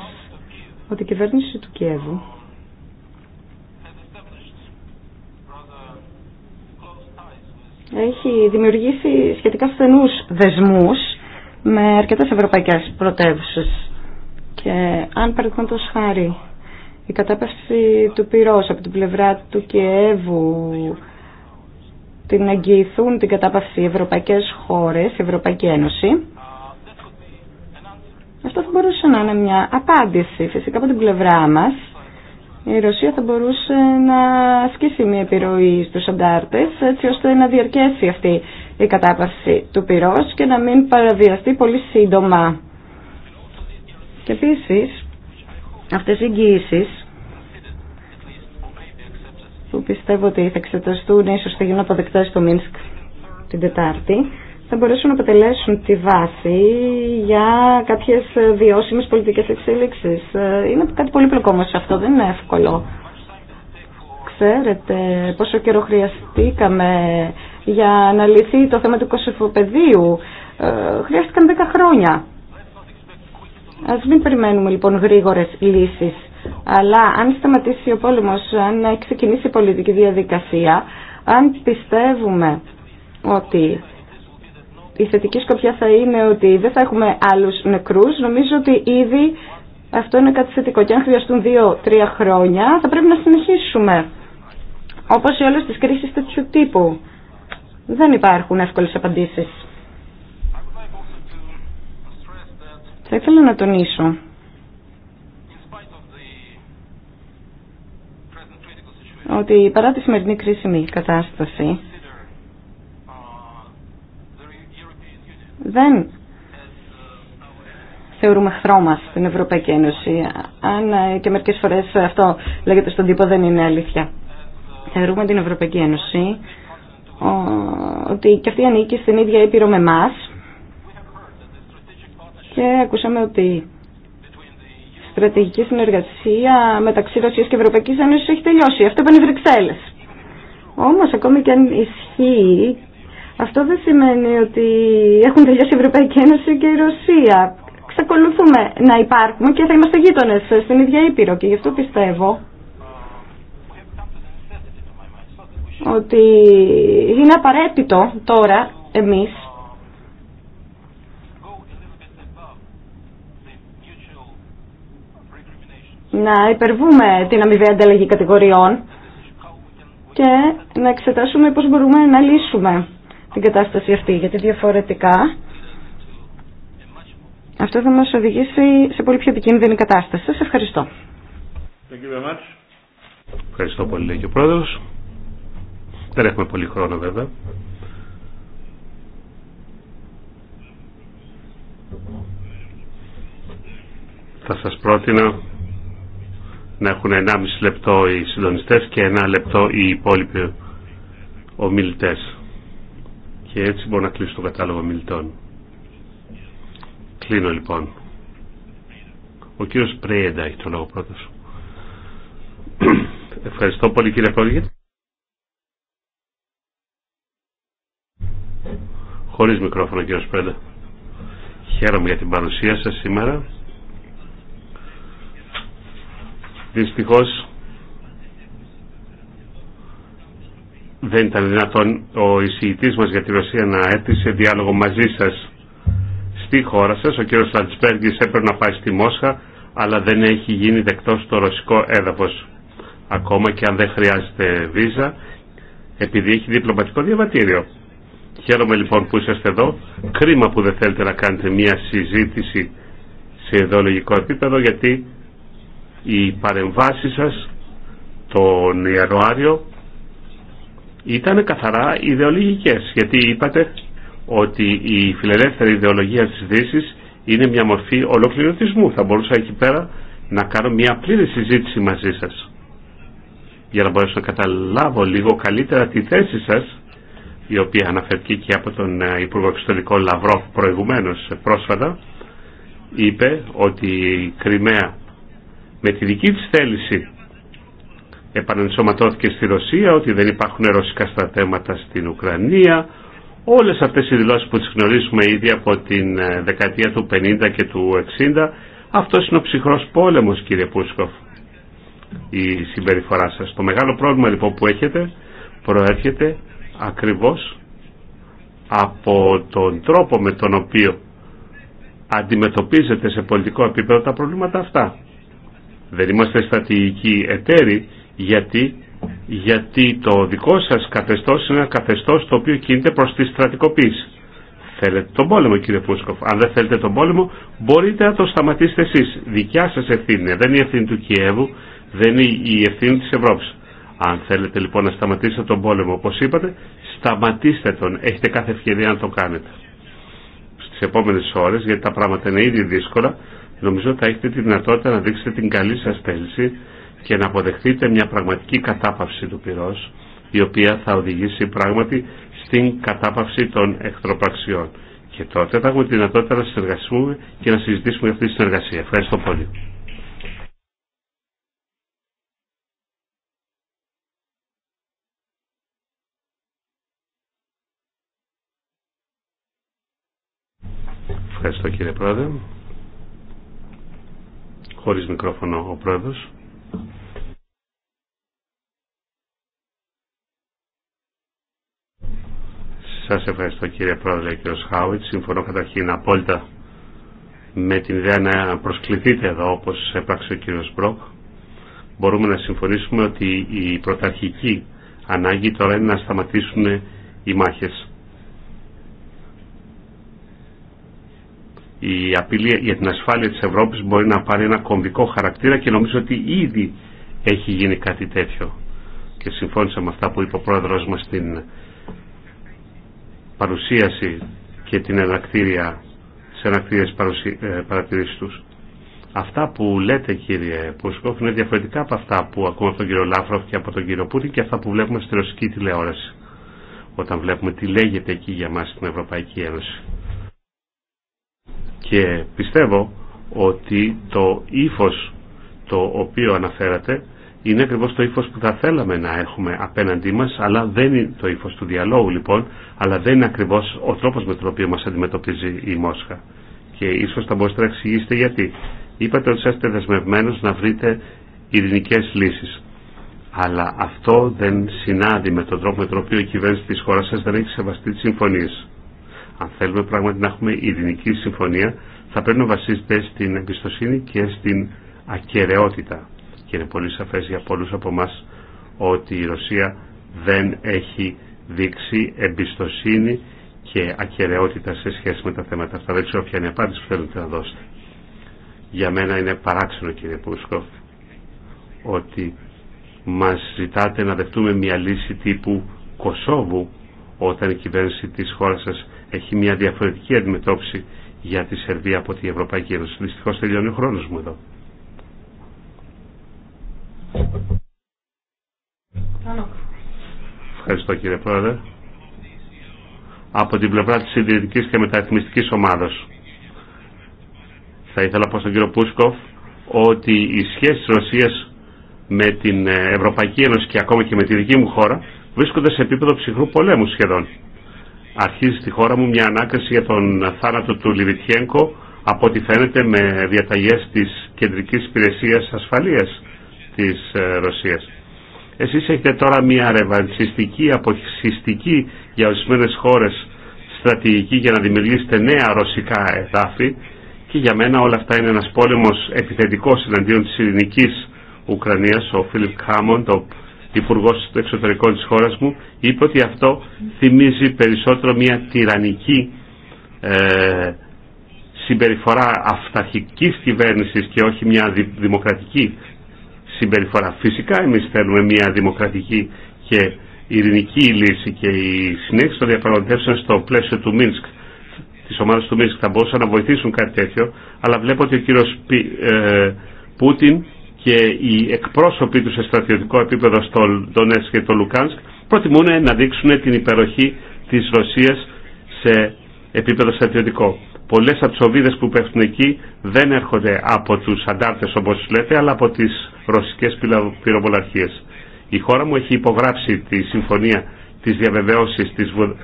ότι η κυβέρνηση του Κιέβου έχει δημιουργήσει σχετικά στενούς δεσμούς με αρκετές ευρωπαϊκές πρωτεύουσες. Και αν παραδείγματο χάρη η κατάπαυση του πυρός από την πλευρά του Κιέβου την εγγυηθούν την κατάπαυση ευρωπαϊκές χώρες, η Ευρωπαϊκή Ένωση. Αυτό θα μπορούσε να είναι μια απάντηση φυσικά από την πλευρά μας. Η Ρωσία θα μπορούσε να ασκήσει μια επιρροή στους αντάρτες έτσι ώστε να διαρκέσει αυτή η κατάπαυση του πυρός και να μην παραβιαστεί πολύ σύντομα. Και επίσης αυτές οι εγγυήσεις που πιστεύω ότι θα εξεταστούν, ίσως θα γίνουν αποδεκτά στο Μίνσκ την Τετάρτη, θα μπορέσουν να αποτελέσουν τη βάση για κάποιες βιώσιμες πολιτικές εξέλιξεις. Ε, είναι κάτι πολύ πλοκό αυτό, δεν είναι εύκολο. Ξέρετε πόσο καιρό χρειαστήκαμε για να λυθεί το θέμα του κοσυφοπεδίου. Ε, χρειάστηκαν 10 χρόνια. Ας μην περιμένουμε λοιπόν γρήγορες λύσεις. Αλλά αν σταματήσει ο πόλεμος, αν ξεκινήσει η πολιτική διαδικασία, αν πιστεύουμε ότι η θετική σκοπιά θα είναι ότι δεν θα έχουμε άλλους νεκρούς, νομίζω ότι ήδη αυτό είναι κάτι θετικό. Και αν χρειαστούν δύο-τρία χρόνια θα πρέπει να συνεχίσουμε. Όπως σε όλες τις κρίσεις τέτοιου τύπου. Δεν υπάρχουν εύκολες απαντήσεις. Θα ήθελα να τονίσω ότι παρά τη σημερινή κρίσιμη κατάσταση δεν θεωρούμε χθρό μας την Ευρωπαϊκή Ένωση αν ε, και μερικές φορές αυτό λέγεται στον τύπο δεν είναι αλήθεια θεωρούμε την Ευρωπαϊκή Ένωση ότι και αυτή ανήκει στην ίδια ήπειρο με εμάς και ακούσαμε ότι στρατηγική συνεργασία μεταξύ Ρωσία και Ευρωπαϊκή Ένωση έχει τελειώσει. Αυτό είπαν οι Βρυξέλλε. Όμω ακόμη και αν ισχύει, αυτό δεν σημαίνει ότι έχουν τελειώσει η Ευρωπαϊκή Ένωση και η Ρωσία. Ξεκολουθούμε να υπάρχουμε και θα είμαστε γείτονε στην ίδια Ήπειρο και γι' αυτό πιστεύω ότι είναι απαραίτητο τώρα εμείς να υπερβούμε την αμοιβαία ανταλλαγή κατηγοριών και να εξετάσουμε πώς μπορούμε να λύσουμε την κατάσταση αυτή, γιατί διαφορετικά αυτό θα μας οδηγήσει σε πολύ πιο επικίνδυνη κατάσταση. Σας ευχαριστώ. Ευχαριστώ πολύ, λέει και ο Πρόεδρος. Δεν έχουμε πολύ χρόνο, βέβαια. Θα σας πρότεινα να έχουν 1,5 λεπτό οι συντονιστές και 1 λεπτό οι υπόλοιποι ομιλητές. Και έτσι μπορώ να κλείσω το κατάλογο ομιλητών. Κλείνω λοιπόν. Ο κύριος Πρέιντα έχει το λόγο πρώτος. Ευχαριστώ πολύ κύριε Πρόεδρε. Χωρίς μικρόφωνο κύριο Πρέντα. Χαίρομαι για την παρουσία σας σήμερα. δυστυχώς δεν ήταν δυνατόν ο εισηγητής μας για τη Ρωσία να έρθει σε διάλογο μαζί σας στη χώρα σας. Ο κύριος Λαντσπέργης έπρεπε να πάει στη Μόσχα, αλλά δεν έχει γίνει δεκτός στο ρωσικό έδαφος. Ακόμα και αν δεν χρειάζεται βίζα, επειδή έχει διπλωματικό διαβατήριο. Χαίρομαι λοιπόν που είσαστε εδώ. Κρίμα που δεν θέλετε να κάνετε μια συζήτηση σε ιδεολογικό επίπεδο, γιατί οι παρεμβάσεις σας τον Ιανουάριο ήταν καθαρά ιδεολογικές γιατί είπατε ότι η φιλελεύθερη ιδεολογία της δύση είναι μια μορφή ολοκληρωτισμού. Θα μπορούσα εκεί πέρα να κάνω μια πλήρη συζήτηση μαζί σας για να μπορέσω να καταλάβω λίγο καλύτερα τη θέση σας η οποία αναφερθεί και από τον ε, Υπουργό Εξωτερικών Λαυρό προηγουμένως ε, πρόσφατα είπε ότι η Κρυμαία με τη δική της θέληση επανενσωματώθηκε στη Ρωσία, ότι δεν υπάρχουν ρωσικά στρατέματα στην Ουκρανία. Όλες αυτές οι δηλώσεις που τις γνωρίζουμε ήδη από την ε, δεκαετία του 50 και του 60, αυτός είναι ο ψυχρός πόλεμος κύριε Πούσκοφ, η συμπεριφορά σας. Το μεγάλο πρόβλημα λοιπόν που έχετε προέρχεται ακριβώς από τον τρόπο με τον οποίο αντιμετωπίζετε σε πολιτικό επίπεδο τα προβλήματα αυτά δεν είμαστε στρατηγικοί εταίροι γιατί, γιατί το δικό σας καθεστώς είναι ένα καθεστώς το οποίο κινείται προς τη στρατικοποίηση. Θέλετε τον πόλεμο κύριε Πούσκοφ. Αν δεν θέλετε τον πόλεμο μπορείτε να το σταματήσετε εσείς. Δικιά σας ευθύνη δεν είναι η ευθύνη του Κιέβου, δεν είναι η ευθύνη της Ευρώπης. Αν θέλετε λοιπόν να σταματήσετε τον πόλεμο όπως είπατε, σταματήστε τον. Έχετε κάθε ευκαιρία να το κάνετε. Στις επόμενες ώρες, γιατί τα πράγματα είναι ήδη δύσκολα, Νομίζω θα έχετε τη δυνατότητα να δείξετε την καλή σας θέληση και να αποδεχτείτε μια πραγματική κατάπαυση του πυρός, η οποία θα οδηγήσει πράγματι στην κατάπαυση των εχθροπραξιών. Και τότε θα έχουμε τη δυνατότητα να συνεργαστούμε και να συζητήσουμε αυτή τη συνεργασία. Ευχαριστώ πολύ. Ευχαριστώ κύριε Πρόεδρε χωρίς μικρόφωνο ο πρόεδρος. Σας ευχαριστώ κύριε πρόεδρε και κύριος Χάουιτ. Συμφωνώ καταρχήν απόλυτα με την ιδέα να προσκληθείτε εδώ όπως έπραξε ο κύριος Μπροκ. Μπορούμε να συμφωνήσουμε ότι η πρωταρχική ανάγκη τώρα είναι να σταματήσουν οι μάχες. η απειλή για την ασφάλεια της Ευρώπης μπορεί να πάρει ένα κομβικό χαρακτήρα και νομίζω ότι ήδη έχει γίνει κάτι τέτοιο. Και συμφώνησα με αυτά που είπε ο πρόεδρος μας στην παρουσίαση και την ενακτήρια, τις παρουσί... Ε, παρατηρήσεις τους. Αυτά που λέτε κύριε Πουσκόφ είναι διαφορετικά από αυτά που ακούμε από τον κύριο Λάφροφ και από τον κύριο Πούτιν και αυτά που βλέπουμε στη ρωσική τηλεόραση. Όταν βλέπουμε τι λέγεται εκεί για μας στην Ευρωπαϊκή Ένωση. Και πιστεύω ότι το ύφος το οποίο αναφέρατε είναι ακριβώς το ύφος που θα θέλαμε να έχουμε απέναντί μας αλλά δεν είναι το ύφος του διαλόγου λοιπόν, αλλά δεν είναι ακριβώς ο τρόπος με τον οποίο μας αντιμετωπίζει η Μόσχα. Και ίσως θα μπορούσατε να εξηγήσετε γιατί. Είπατε ότι είστε δεσμευμένου να βρείτε ειρηνικέ λύσεις. Αλλά αυτό δεν συνάδει με τον τρόπο με τον οποίο η κυβέρνηση τη χώρα σα δεν έχει σεβαστεί τι συμφωνίε. Αν θέλουμε πράγματι να έχουμε ειρηνική συμφωνία, θα πρέπει να βασίζεται στην εμπιστοσύνη και στην ακαιρεότητα. Και είναι πολύ σαφές για πολλούς από εμά ότι η Ρωσία δεν έχει δείξει εμπιστοσύνη και ακαιρεότητα σε σχέση με τα θέματα αυτά. Δεν ξέρω ποια είναι η απάντηση που θέλετε να δώσετε. Για μένα είναι παράξενο κύριε Πούσκοφ ότι μας ζητάτε να δεχτούμε μια λύση τύπου Κωσόβου όταν η κυβέρνηση της χώρας σας έχει μια διαφορετική αντιμετώπιση για τη Σερβία από την Ευρωπαϊκή Ένωση. Δυστυχώ τελειώνει ο χρόνο μου εδώ. Ευχαριστώ κύριε Πρόεδρε. Από την πλευρά της συντηρητικής και μεταρρυθμιστικής ομάδας. Θα ήθελα να πω στον κύριο Πούσκοφ ότι οι σχέσεις της Ρωσίας με την Ευρωπαϊκή Ένωση και ακόμα και με τη δική μου χώρα βρίσκονται σε επίπεδο ψυχρού πολέμου σχεδόν αρχίζει στη χώρα μου μια ανάκριση για τον θάνατο του Λιβιτιένκο από ό,τι φαίνεται με διαταγές της Κεντρικής Υπηρεσίας Ασφαλείας της ε, Ρωσίας. Εσείς έχετε τώρα μια ρεβανσιστική, αποχυσιστική για ορισμένε χώρες στρατηγική για να δημιουργήσετε νέα ρωσικά εδάφη και για μένα όλα αυτά είναι ένας πόλεμος επιθετικός εναντίον της ειρηνικής Ουκρανίας, ο Φίλιπ Κάμοντ, υπουργό εξωτερικών της χώρας μου, είπε ότι αυτό θυμίζει περισσότερο μια τυραννική ε, συμπεριφορά αυταρχικής κυβέρνηση και όχι μια δημοκρατική συμπεριφορά. Φυσικά εμείς θέλουμε μια δημοκρατική και ειρηνική λύση και η συνέχιση των διαπραγματεύσεων στο πλαίσιο του Μίνσκ τη ομάδα του Μίνσκ θα μπορούσαν να βοηθήσουν κάτι τέτοιο, αλλά βλέπω ότι ο κύριο ε, Πούτιν και οι εκπρόσωποι του σε στρατιωτικό επίπεδο στο Ντονέτσκ και το Λουκάνσκ προτιμούν να δείξουν την υπεροχή της Ρωσίας σε επίπεδο στρατιωτικό. Πολλές από τι οβίδες που πέφτουν εκεί δεν έρχονται από τους αντάρτες όπως λέτε αλλά από τις ρωσικές πυροβολαρχίες. Η χώρα μου έχει υπογράψει τη συμφωνία της διαβεβαίωσης της, Βου...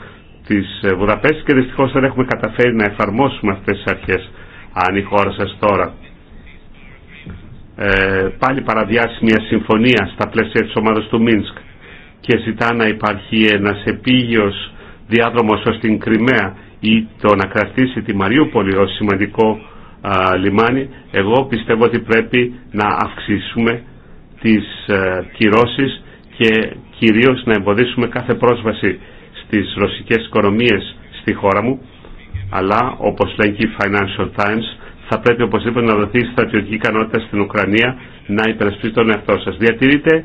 της Βουδαπέστης και δυστυχώς δεν έχουμε καταφέρει να εφαρμόσουμε αυτές τις αρχές. Αν η χώρα σας τώρα ε, πάλι παραδιάσει μια συμφωνία στα πλαίσια της ομάδας του Μίνσκ και ζητά να υπάρχει ένας επίγειος διάδρομος ως την Κρυμαία ή το να κρατήσει τη Μαριούπολη ως σημαντικό λιμάνι, εγώ πιστεύω ότι πρέπει να αυξήσουμε τις ε, κυρώσεις και κυρίως να εμποδίσουμε κάθε πρόσβαση στις ρωσικές οικονομίες στη χώρα μου αλλά όπως λέει η Financial Times θα πρέπει οπωσδήποτε να δοθεί στρατιωτική ικανότητα στην Ουκρανία να υπερασπίσει τον εαυτό σας. Διατηρείτε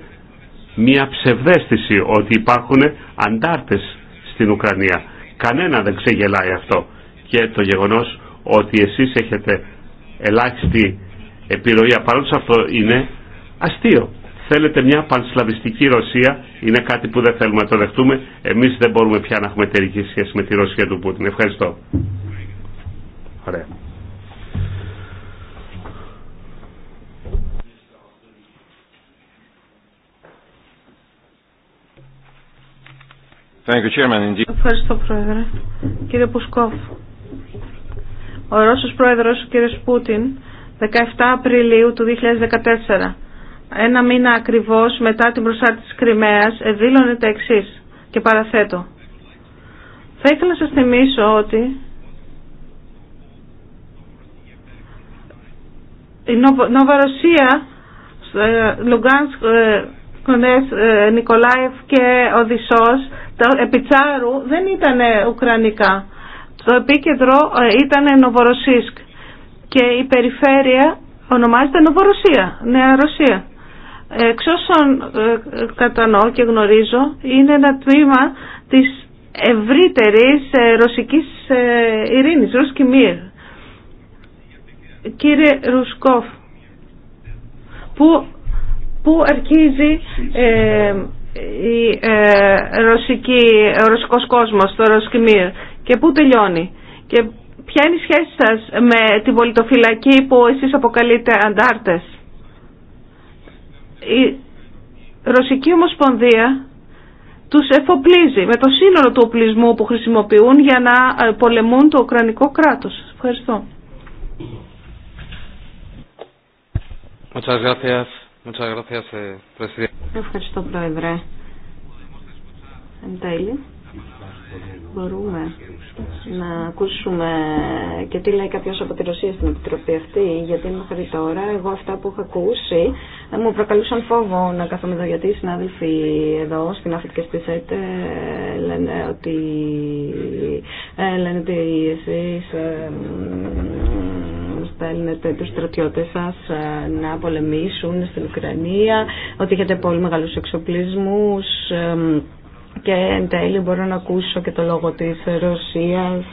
μια ψευδέστηση ότι υπάρχουν αντάρτες στην Ουκρανία. Κανένα δεν ξεγελάει αυτό. Και το γεγονός ότι εσείς έχετε ελάχιστη επιρροή απαραίτητος αυτό είναι αστείο. Θέλετε μια πανσλαβιστική Ρωσία, είναι κάτι που δεν θέλουμε να το δεχτούμε. Εμείς δεν μπορούμε πια να έχουμε εταιρική σχέση με τη Ρωσία του Πούτιν. Ευχαριστώ. Ωραία. Ευχαριστώ, Πρόεδρε. Κύριε Πουσκόφ, ο Ρώσος Πρόεδρος, ο κύριος Πούτιν, 17 Απριλίου του 2014, ένα μήνα ακριβώς μετά την προσάρτηση της Κρυμαίας, δήλωνε τα εξή και παραθέτω. Θα ήθελα να σας θυμίσω ότι η Νόβα Ρωσία, ε, Λουγκάνσκ, ε, ε, Νικολάευ και Οδυσσός το επιτσάρου δεν ήταν ουκρανικά. Το επίκεντρο ε, ήταν Νοβοροσίσκ και η περιφέρεια ονομάζεται Νοβοροσία, Νέα Ρωσία. Εξ όσων ε, ε, κατανοώ και γνωρίζω είναι ένα τμήμα της ευρύτερης ρωσικής ειρήνης, Ρούσκι Κύριε Ρουσκόφ, που, που αρχίζει η, ε, ρωσική, ο ρωσικός κόσμος, το Ροσκιμίρ και πού τελειώνει και ποια είναι η σχέση σας με την πολιτοφυλακή που εσείς αποκαλείτε αντάρτες. Η Ρωσική Ομοσπονδία τους εφοπλίζει με το σύνολο του οπλισμού που χρησιμοποιούν για να ε, πολεμούν το Ουκρανικό κράτος. Ευχαριστώ. Muchas gracias. Eh, Ευχαριστώ, Πρόεδρε. Εν τέλει, μπορούμε να ακούσουμε και τι λέει κάποιο από τη Ρωσία στην Επιτροπή αυτή, γιατί μέχρι τώρα εγώ αυτά που έχω ακούσει μου προκαλούσαν φόβο να κάθομαι εδώ, γιατί οι συνάδελφοι εδώ στην Αφρική και στη ΣΕΤ ε, λένε ότι, ε, λένε ότι εσείς ε, στέλνετε τους στρατιώτες σας ε, να πολεμήσουν στην Ουκρανία, ότι έχετε πολύ μεγάλους εξοπλισμούς και εν τέλει μπορώ να ακούσω και το λόγο της Ρωσίας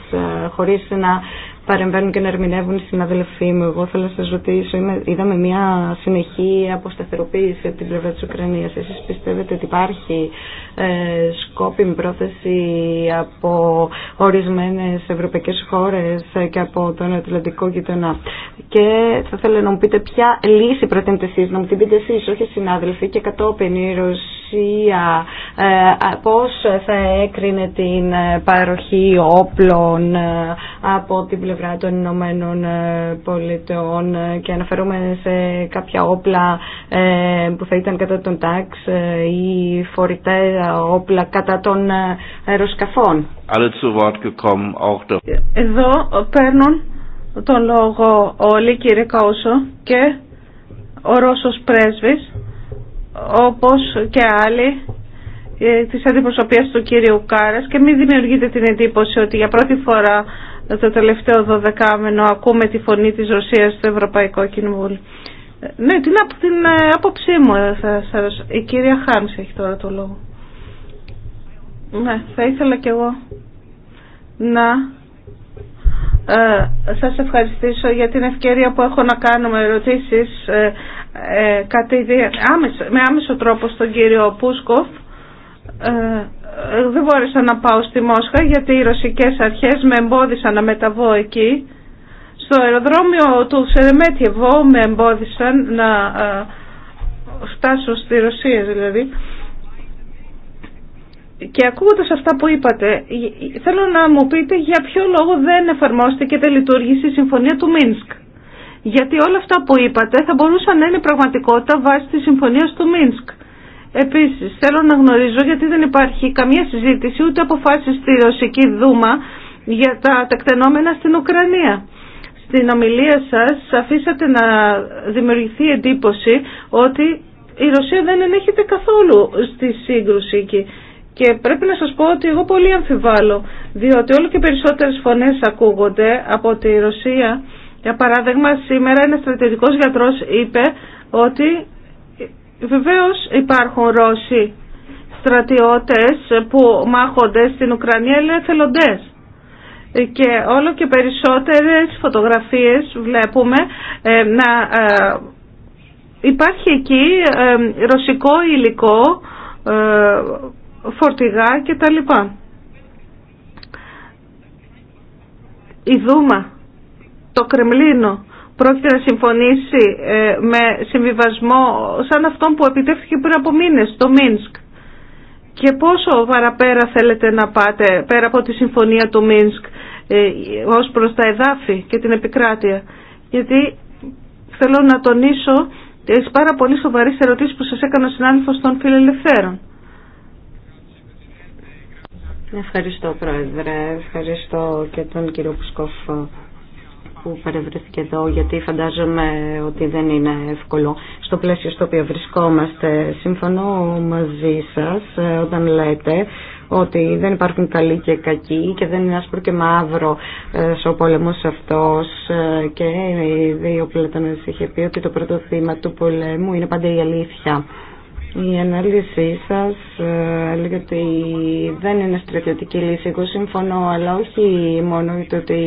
ε, χωρίς να παρεμβαίνουν και να ερμηνεύουν στην αδελφή μου. Εγώ θέλω να σας ρωτήσω, είδαμε μια συνεχή αποσταθεροποίηση από την πλευρά της Ουκρανίας. Εσείς πιστεύετε ότι υπάρχει ε, σκόπιμη πρόθεση από ορισμένες ευρωπαϊκές χώρες και από τον Ατλαντικό γειτονά. Και θα ήθελα να μου πείτε ποια λύση προτείνετε εσείς, να μου την πείτε εσείς, όχι συνάδελφοι και κατόπιν η Ρωσία, ε, πώς θα έκρινε την παροχή όπλων ε, από την πλευρά των Ηνωμένων Πολιτεών και αναφέρομαι σε κάποια όπλα που θα ήταν κατά τον τάξ ή φορητέ όπλα κατά των ε, αεροσκαφών. Εδώ παίρνουν τον λόγο όλοι κύριε Καούσο και ο Ρώσος πρέσβης όπως και άλλοι ε, της αντιπροσωπείας του κύριου Κάρας και μην δημιουργείτε την εντύπωση ότι για πρώτη φορά το τελευταίο δωδεκάμενο ακούμε τη φωνή της Ρωσίας στο Ευρωπαϊκό Κοινοβούλιο. Ε, ναι, την, άποψή μου θα σας... Η κυρία Χάμς έχει τώρα το λόγο. Ναι, θα ήθελα κι εγώ να ε, σας ευχαριστήσω για την ευκαιρία που έχω να κάνουμε ερωτήσεις ε, ε, κάτι, με άμεσο τρόπο στον κύριο Πούσκοφ. Ε, ε, δεν μπόρεσα να πάω στη Μόσχα γιατί οι ρωσικές αρχές με εμπόδισαν να μεταβώ εκεί. Στο αεροδρόμιο του Σερεμέτιεβο με εμπόδισαν να ε, φτάσω στη Ρωσία δηλαδή. Και ακούγοντας αυτά που είπατε, ε, ε, θέλω να μου πείτε για ποιο λόγο δεν εφαρμόστηκε και δεν η συμφωνία του Μίνσκ. Γιατί όλα αυτά που είπατε θα μπορούσαν να είναι πραγματικότητα βάσει της Συμφωνία του Μίνσκ. Επίσης, θέλω να γνωρίζω γιατί δεν υπάρχει καμία συζήτηση ούτε αποφάσεις στη Ρωσική Δούμα για τα τεκτενόμενα στην Ουκρανία. Στην ομιλία σας αφήσατε να δημιουργηθεί εντύπωση ότι η Ρωσία δεν ενέχεται καθόλου στη σύγκρουση εκεί. Και πρέπει να σας πω ότι εγώ πολύ αμφιβάλλω, διότι όλο και περισσότερες φωνές ακούγονται από τη Ρωσία. Για παράδειγμα, σήμερα ένας στρατηγικός γιατρός είπε ότι βεβαίως υπάρχουν Ρώσοι στρατιώτες που μάχονται στην Ουκρανία, είναι εθελοντές. Και όλο και περισσότερες φωτογραφίες βλέπουμε ε, να ε, υπάρχει εκεί ε, ρωσικό υλικό φορτηγά λοιπά. Η Δούμα, το Κρεμλίνο, πρόκειται να συμφωνήσει ε, με συμβιβασμό σαν αυτόν που επιτεύχθηκε πριν από μήνες το Μίνσκ. Και πόσο παραπέρα θέλετε να πάτε πέρα από τη συμφωνία του Μίνσκ ε, ως προς τα εδάφη και την επικράτεια. Γιατί θέλω να τονίσω τις πάρα πολύ σοβαρές ερωτήσεις που σας έκανα ο συνάδελφος των φιλελευθέρων. Ευχαριστώ Πρόεδρε, ευχαριστώ και τον κύριο Πουσκόφ που παρευρέθηκε εδώ γιατί φαντάζομαι ότι δεν είναι εύκολο στο πλαίσιο στο οποίο βρισκόμαστε. Συμφωνώ μαζί σας ε, όταν λέτε ότι δεν υπάρχουν καλοί και κακοί και δεν είναι άσπρο και μαύρο ε, ο πόλεμο αυτός ε, και ο Πλατώνας είχε πει ότι το πρώτο θύμα του πολέμου είναι πάντα η αλήθεια. Η ανάλυση σας ε, έλεγε ότι δεν είναι στρατιωτική λύση. Εγώ συμφωνώ, αλλά όχι μόνο το ότι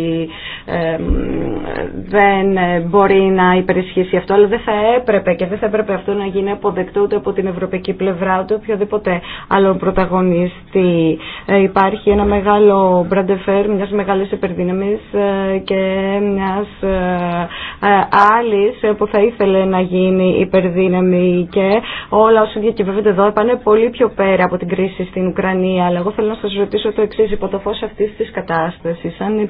δεν μπορεί να υπερισχύσει αυτό, αλλά δεν θα έπρεπε και δεν θα έπρεπε αυτό να γίνει αποδεκτό ούτε από την ευρωπαϊκή πλευρά, ούτε οποιοδήποτε άλλο πρωταγωνίστη. Ε, υπάρχει ένα μεγάλο μπραντεφέρ μιας μεγάλης υπερδύναμης ε, και μιας άλλη που θα ήθελε να γίνει υπερδύναμη και όλα όσοι και διακυβεύεται εδώ πάνε πολύ πιο πέρα από την κρίση στην Ουκρανία. Αλλά εγώ θέλω να σα ρωτήσω το εξή. Υπό το φω αυτή τη κατάσταση, αν,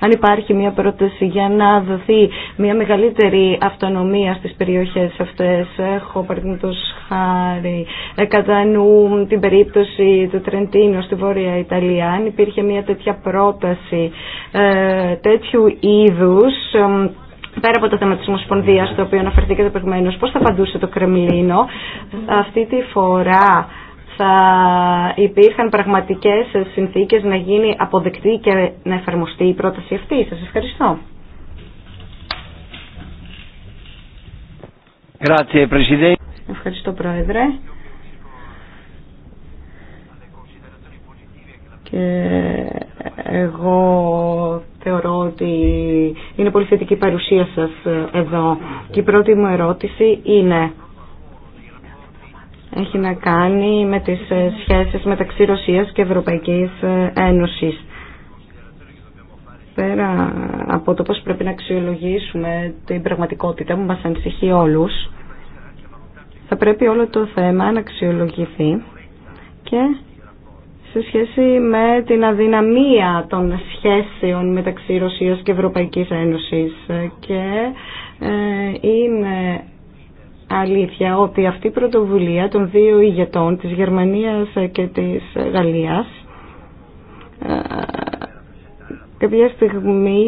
αν υπάρχει μια πρόταση για να δοθεί μια μεγαλύτερη αυτονομία στι περιοχέ αυτέ, έχω παραδείγματο χάρη ε, κατά νου την περίπτωση του Τρεντίνο στη Βόρεια Ιταλία. Αν υπήρχε μια τέτοια πρόταση ε, τέτοιου είδου πέρα από το θέμα της Ομοσπονδίας, το οποίο αναφερθήκατε προηγουμένως, πώς θα απαντούσε το Κρεμλίνο αυτή τη φορά θα υπήρχαν πραγματικές συνθήκες να γίνει αποδεκτή και να εφαρμοστεί η πρόταση αυτή. Σας ευχαριστώ. Ευχαριστώ Πρόεδρε. Και εγώ θεωρώ ότι είναι πολύ θετική η παρουσία σας εδώ και η πρώτη μου ερώτηση είναι έχει να κάνει με τις σχέσεις μεταξύ Ρωσίας και Ευρωπαϊκής Ένωσης. Πέρα από το πώς πρέπει να αξιολογήσουμε την πραγματικότητα που μας ανησυχεί όλους, θα πρέπει όλο το θέμα να αξιολογηθεί και σε σχέση με την αδυναμία των σχέσεων μεταξύ Ρωσίας και Ευρωπαϊκής Ένωσης και ε, είναι αλήθεια ότι αυτή η πρωτοβουλία των δύο ηγετών της Γερμανίας και της Γαλλίας ε, κάποια στιγμή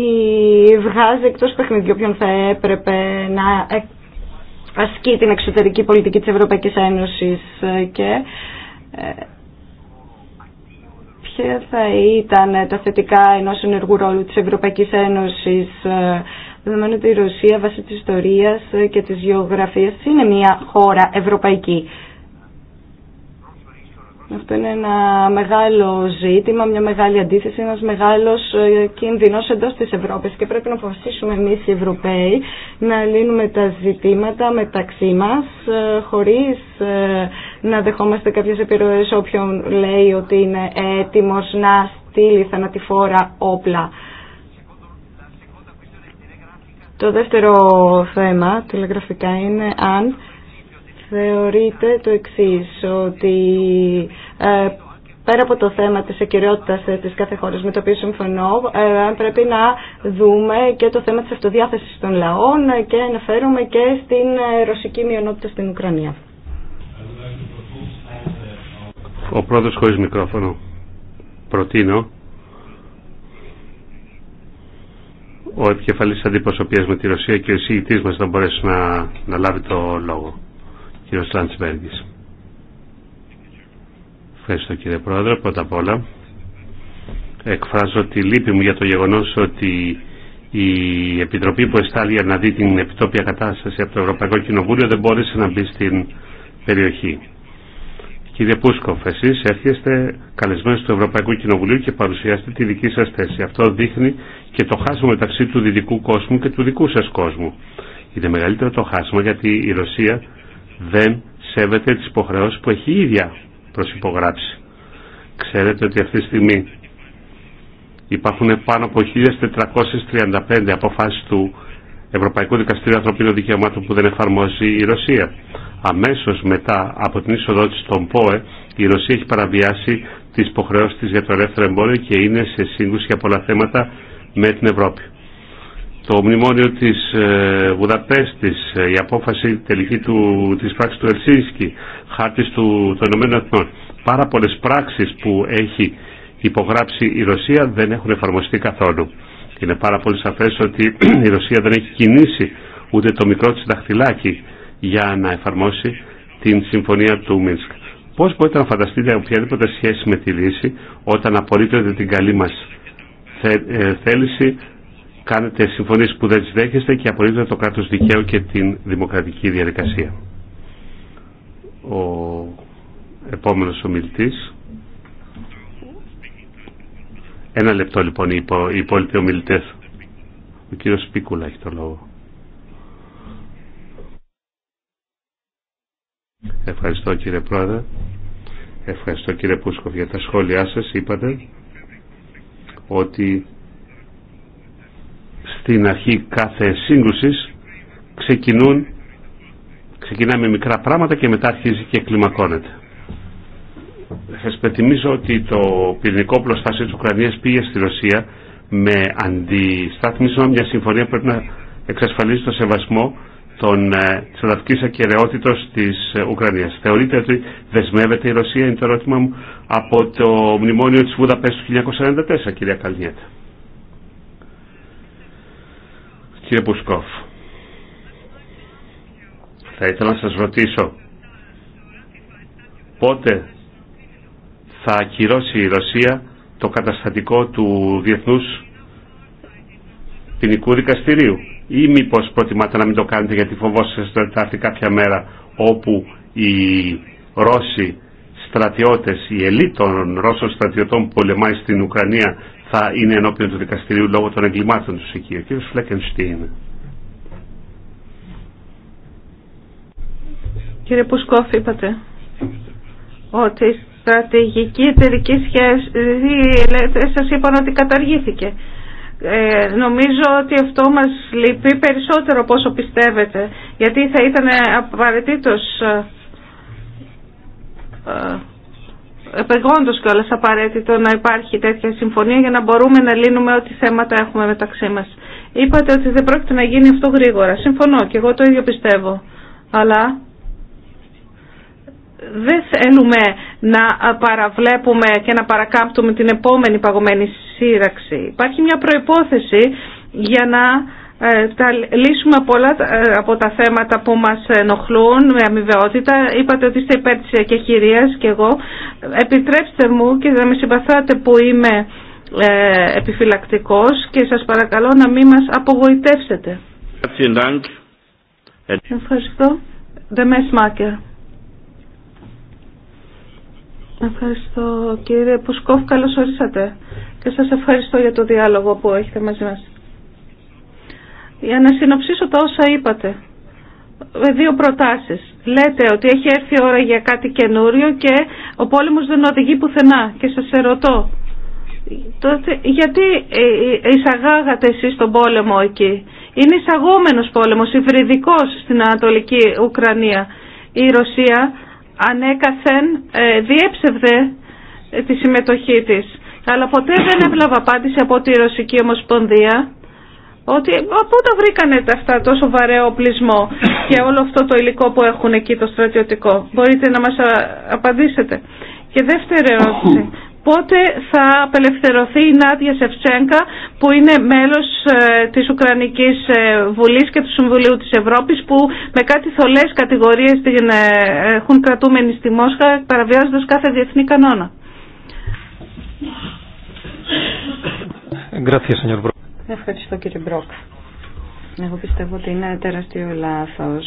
βγάζει εκτός παιχνιδιού ποιον θα έπρεπε να ε, ασκεί την εξωτερική πολιτική της Ευρωπαϊκής Ένωσης και και θα ήταν τα θετικά ενός ενεργού ρόλου της Ευρωπαϊκής Ένωσης ε, δεδομένου ότι η Ρωσία βάσει της ιστορίας και της γεωγραφίας είναι μια χώρα ευρωπαϊκή. Αυτό είναι ένα μεγάλο ζήτημα, μια μεγάλη αντίθεση, ένας μεγάλος ε, κίνδυνος εντός της Ευρώπης και πρέπει να αποφασίσουμε εμείς οι Ευρωπαίοι να λύνουμε τα ζητήματα μεταξύ μας ε, χωρίς να δεχόμαστε κάποιες επιρροές όποιον λέει ότι είναι έτοιμος να στείλει θανατηφόρα όπλα. Το δεύτερο θέμα, τηλεγραφικά, είναι αν θεωρείτε το εξής, ότι ε, πέρα από το θέμα της ακυριότητας ε, της κάθε χώρας με το οποίο συμφωνώ, ε, πρέπει να δούμε και το θέμα της αυτοδιάθεσης των λαών ε, και να φέρουμε και στην ρωσική μειονότητα στην Ουκρανία. Ο πρόεδρος χωρίς μικρόφωνο. Προτείνω ο επικεφαλής αντιπροσωπείας με τη Ρωσία και ο εισηγητής μας να μπορέσει να, λάβει το λόγο. Κύριος Λαντσβέργης. Ευχαριστώ κύριε Πρόεδρε. Πρώτα απ' όλα εκφράζω τη λύπη μου για το γεγονός ότι η Επιτροπή που εστάλει να δει την επιτόπια κατάσταση από το Ευρωπαϊκό Κοινοβούλιο δεν μπόρεσε να μπει στην περιοχή. Κύριε Πούσκοφ, εσεί έρχεστε καλεσμένοι στο Ευρωπαϊκό Κοινοβουλίο και παρουσιάστε τη δική σα θέση. Αυτό δείχνει και το χάσμα μεταξύ του δυτικού κόσμου και του δικού σα κόσμου. Είναι μεγαλύτερο το χάσμα γιατί η Ρωσία δεν σέβεται τι υποχρεώσει που έχει ίδια προσυπογράψει. Ξέρετε ότι αυτή τη στιγμή υπάρχουν πάνω από 1.435 αποφάσει του Ευρωπαϊκού Δικαστηρίου Ανθρωπίνων Δικαιωμάτων που δεν εφαρμόζει η Ρωσία αμέσως μετά από την είσοδό της στον ΠΟΕ η Ρωσία έχει παραβιάσει τις υποχρεώσεις της για το ελεύθερο εμπόριο και είναι σε σύγκρουση για πολλά θέματα με την Ευρώπη. Το μνημόνιο της ε, Βουδαπέστης, ε, η απόφαση τελική του, της πράξης του Ελσίνσκι, χάρτης του, των Ηνωμένων Εθνών, πάρα πολλές πράξεις που έχει υπογράψει η Ρωσία δεν έχουν εφαρμοστεί καθόλου. Είναι πάρα πολύ σαφές ότι <clears throat> η Ρωσία δεν έχει κινήσει ούτε το μικρό της δαχτυλάκι για να εφαρμόσει την συμφωνία του Μίνσκ. Πώς μπορείτε να φανταστείτε οποιαδήποτε σχέση με τη λύση όταν απορρίπτετε την καλή μας ε, θέληση, κάνετε συμφωνίες που δεν τις δέχεστε και απορρίπτετε το κράτος δικαίου και την δημοκρατική διαδικασία. Ο επόμενος ομιλητής. Ένα λεπτό λοιπόν οι υπόλοιποι ομιλητές. Ο κύριος Πίκουλα έχει το λόγο. Ευχαριστώ κύριε Πρόεδρε. Ευχαριστώ κύριε Πούσκοφ για τα σχόλιά σας. Είπατε ότι στην αρχή κάθε σύγκρουσης ξεκινούν, ξεκινάμε μικρά πράγματα και μετά αρχίζει και κλιμακώνεται. Σα ότι το πυρηνικό πλωστάσιο τη Ουκρανίας πήγε στη Ρωσία με αντιστάθμισμα μια συμφωνία που πρέπει να εξασφαλίσει το σεβασμό των, ε, της εδαφικής της ε, Ουκρανίας. Θεωρείτε ότι δεσμεύεται η Ρωσία, είναι το ερώτημα μου, από το μνημόνιο της Βουδαπές του 1944, κυρία Καλνιέτα. Κύριε Πουσκόφ, θα ήθελα να σας ρωτήσω πότε θα ακυρώσει η Ρωσία το καταστατικό του Διεθνούς Ποινικού Δικαστηρίου ή μήπω προτιμάτε να μην το κάνετε γιατί φοβόσαστε ότι θα έρθει κάποια μέρα όπου οι Ρώσοι στρατιώτες, η ελίτ των Ρώσων στρατιωτών που πολεμάει στην Ουκρανία θα είναι ενώπιον του δικαστηρίου λόγω των εγκλημάτων τους εκεί. Ο κ. Φλέκενστίν. Κύριε Πουσκόφ, είπατε ότι η στρατηγική εταιρική σχέση σα ε, ε, ε, σας είπαν ότι καταργήθηκε. Ε, νομίζω ότι αυτό μας λείπει περισσότερο από όσο πιστεύετε, γιατί θα ήταν απαραίτητος ε, ε, επεγόντως κιόλας απαραίτητο να υπάρχει τέτοια συμφωνία για να μπορούμε να λύνουμε ό,τι θέματα έχουμε μεταξύ μας. Είπατε ότι δεν πρόκειται να γίνει αυτό γρήγορα. Συμφωνώ και εγώ το ίδιο πιστεύω. Αλλά δεν θέλουμε να παραβλέπουμε και να παρακάμπτουμε την επόμενη παγωμένη σύραξη. Υπάρχει μια προϋπόθεση για να ε, τα λύσουμε πολλά ε, από τα θέματα που μας ενοχλούν με αμοιβαιότητα. Είπατε ότι είστε υπέρ της εκεχηρίας και εγώ. Επιτρέψτε μου και να με συμπαθάτε που είμαι ε, επιφυλακτικός και σας παρακαλώ να μην μας απογοητεύσετε. Ευχαριστώ. Ευχαριστώ. Ευχαριστώ κύριε Πουσκόφ. καλώς ορίσατε και σας ευχαριστώ για το διάλογο που έχετε μαζί μας. Για να συνοψίσω τα όσα είπατε, δύο προτάσεις. Λέτε ότι έχει έρθει η ώρα για κάτι καινούριο και ο πόλεμος δεν οδηγεί πουθενά και σας ερωτώ. γιατί ε, ε, εισαγάγατε εσείς τον πόλεμο εκεί. Είναι εισαγόμενος πόλεμος, υβριδικός στην Ανατολική Ουκρανία. Η Ρωσία ανέκαθεν ε, διέψευδε τη συμμετοχή της. Αλλά ποτέ δεν έβλαβα απάντηση από τη Ρωσική Ομοσπονδία ότι πού τα βρήκανε αυτά τόσο βαρέο πλισμό και όλο αυτό το υλικό που έχουν οπλισμο και ολο αυτο το στρατιωτικό. Μπορείτε να μας απαντήσετε. Και δεύτερη ερώτηση πότε θα απελευθερωθεί η Νάτια Σευτσένκα που είναι μέλος ε, της Ουκρανικής ε, Βουλής και του Συμβουλίου της Ευρώπης που με κάτι θολές κατηγορίες την ε, έχουν κρατούμενη στη Μόσχα παραβιάζοντας κάθε διεθνή κανόνα. Ευχαριστώ κύριε Μπρόκ. Εγώ πιστεύω ότι είναι τεράστιο λάθος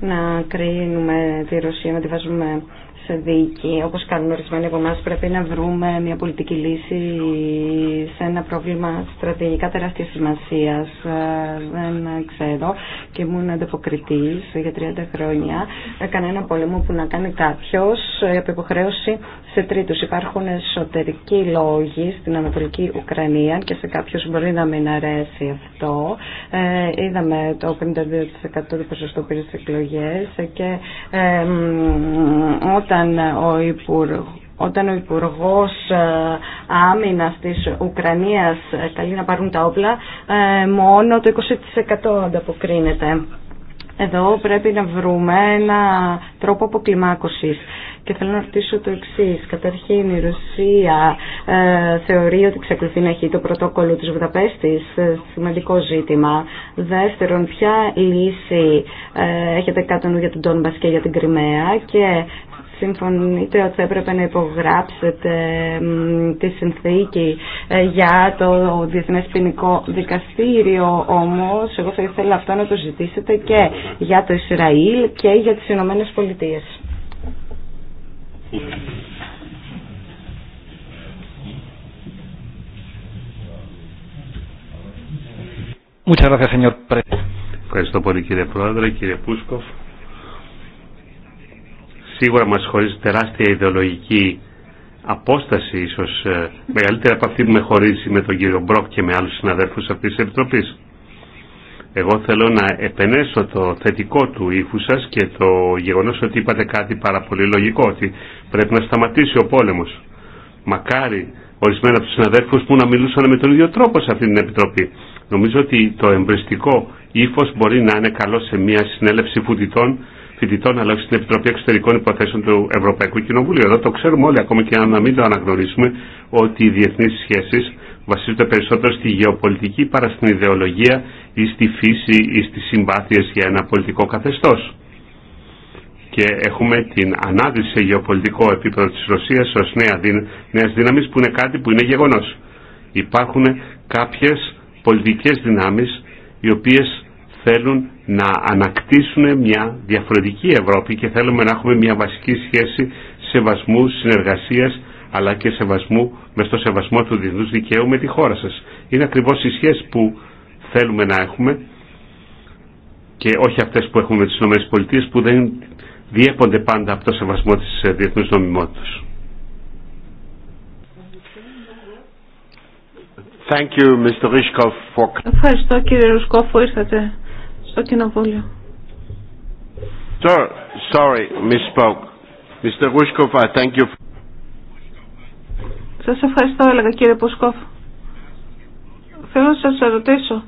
να κρίνουμε τη Ρωσία, να τη βάζουμε σε δίκη, όπως κάνουν ορισμένοι από εμάς, πρέπει να βρούμε μια πολιτική λύση σε ένα πρόβλημα στρατηγικά τεράστια σημασία. Ε, δεν ξέρω και ήμουν ανταποκριτής για 30 χρόνια. Έκανα ε, ένα πόλεμο που να κάνει κάποιος ε, από υποχρέωση σε τρίτους. Υπάρχουν εσωτερικοί λόγοι στην Ανατολική Ουκρανία και σε κάποιους μπορεί να μην αρέσει αυτό. είδαμε το 52% του ποσοστού πήρε και όταν ο Υπουργός όταν ε, ο Υπουργό Άμυνα τη Ουκρανία ε, καλεί να πάρουν τα όπλα, ε, μόνο το 20% ανταποκρίνεται. Εδώ πρέπει να βρούμε ένα τρόπο αποκλιμάκωση. Και θέλω να ρωτήσω το εξή. Καταρχήν, η Ρωσία ε, θεωρεί ότι ξεκολουθεί να έχει το πρωτόκολλο τη Βουδαπέστη. Ε, σημαντικό ζήτημα. Δεύτερον, ποια λύση έχετε κάτω νου για τον Τόνμπα και για την Κρυμαία. Και συμφωνείτε ότι θα έπρεπε να υπογράψετε τη συνθήκη ε, για το Διεθνές Ποινικό Δικαστήριο όμως εγώ θα ήθελα αυτό να το ζητήσετε και για το Ισραήλ και για τις Ηνωμένες Πολιτείες. Ευχαριστώ πολύ κύριε Πρόεδρε, κύριε Πούσκοφ σίγουρα μας χωρίζει τεράστια ιδεολογική απόσταση ίσως ε, μεγαλύτερη από αυτή που με χωρίζει με τον κύριο Μπρόκ και με άλλους συναδέλφους αυτής της Επιτροπής. Εγώ θέλω να επενέσω το θετικό του ύφου σα και το γεγονός ότι είπατε κάτι πάρα πολύ λογικό, ότι πρέπει να σταματήσει ο πόλεμος. Μακάρι ορισμένα από τους συναδέλφους που να μιλούσαν με τον ίδιο τρόπο σε αυτή την Επιτροπή. Νομίζω ότι το εμπριστικό ύφο μπορεί να είναι καλό σε μια συνέλευση φοιτητών φοιτητών αλλά όχι στην Επιτροπή Εξωτερικών Υποθέσεων του Ευρωπαϊκού Κοινοβουλίου. Εδώ το ξέρουμε όλοι, ακόμα και αν μην το αναγνωρίσουμε, ότι οι διεθνεί σχέσει βασίζονται περισσότερο στη γεωπολιτική παρά στην ιδεολογία ή στη φύση ή στι συμπάθειε για ένα πολιτικό καθεστώ. Και έχουμε την ανάδυση σε γεωπολιτικό επίπεδο τη Ρωσία ω νέα δύναμη που είναι κάτι που είναι γεγονό. Υπάρχουν κάποιε πολιτικέ δυνάμει οι οποίε θέλουν να ανακτήσουν μια διαφορετική Ευρώπη και θέλουμε να έχουμε μια βασική σχέση σεβασμού, συνεργασίας αλλά και σεβασμού, με το σεβασμό του διεθνούς δικαίου με τη χώρα σας. Είναι ακριβώς οι σχέσεις που θέλουμε να έχουμε και όχι αυτές που έχουμε με τις ΗΠΑ που δεν διέπονται πάντα από το σεβασμό της ε, διεθνούς νομιμότητας. Thank you, Mr. Rishkov, Ευχαριστώ κύριε Ρουσκόφ ήρθατε στο κοινοβούλιο. Sorry, misspoke. Mr. thank Σας ευχαριστώ, έλεγα κύριε Πουσκόφ. Θέλω να σας ρωτήσω.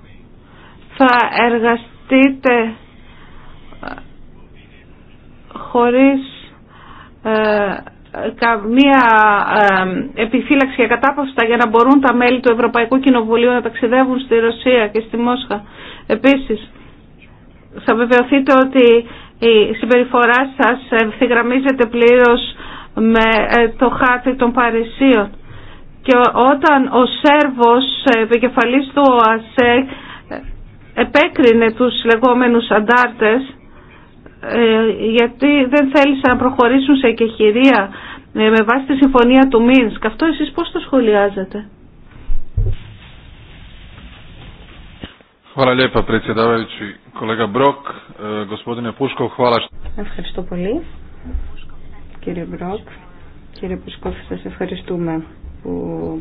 Θα εργαστείτε ε, χωρίς ε, καμία ε, επιφύλαξη για κατάπαυστα για να μπορούν τα μέλη του Ευρωπαϊκού Κοινοβουλίου να ταξιδεύουν στη Ρωσία και στη Μόσχα. Επίσης, θα βεβαιωθείτε ότι η συμπεριφορά σας ευθυγραμμίζεται πλήρως με ε, το χάρτη των Παρισίων. Και όταν ο Σέρβος ε, επικεφαλής του ΟΑΣΕ ε, επέκρινε τους λεγόμενους αντάρτες γιατί δεν θέλησαν να προχωρήσουν σε εκεχηρία με βάση τη συμφωνία του Μίνσκ. Αυτό εσείς πώς το σχολιάζετε. Hvala lijepa predsjedavajući kolega Brok, e, gospodine Puškov, hvala što... Ευχαριστώ πολύ, κύριε Μπροκ. Κύριε Πουσκόφ, σας ευχαριστούμε που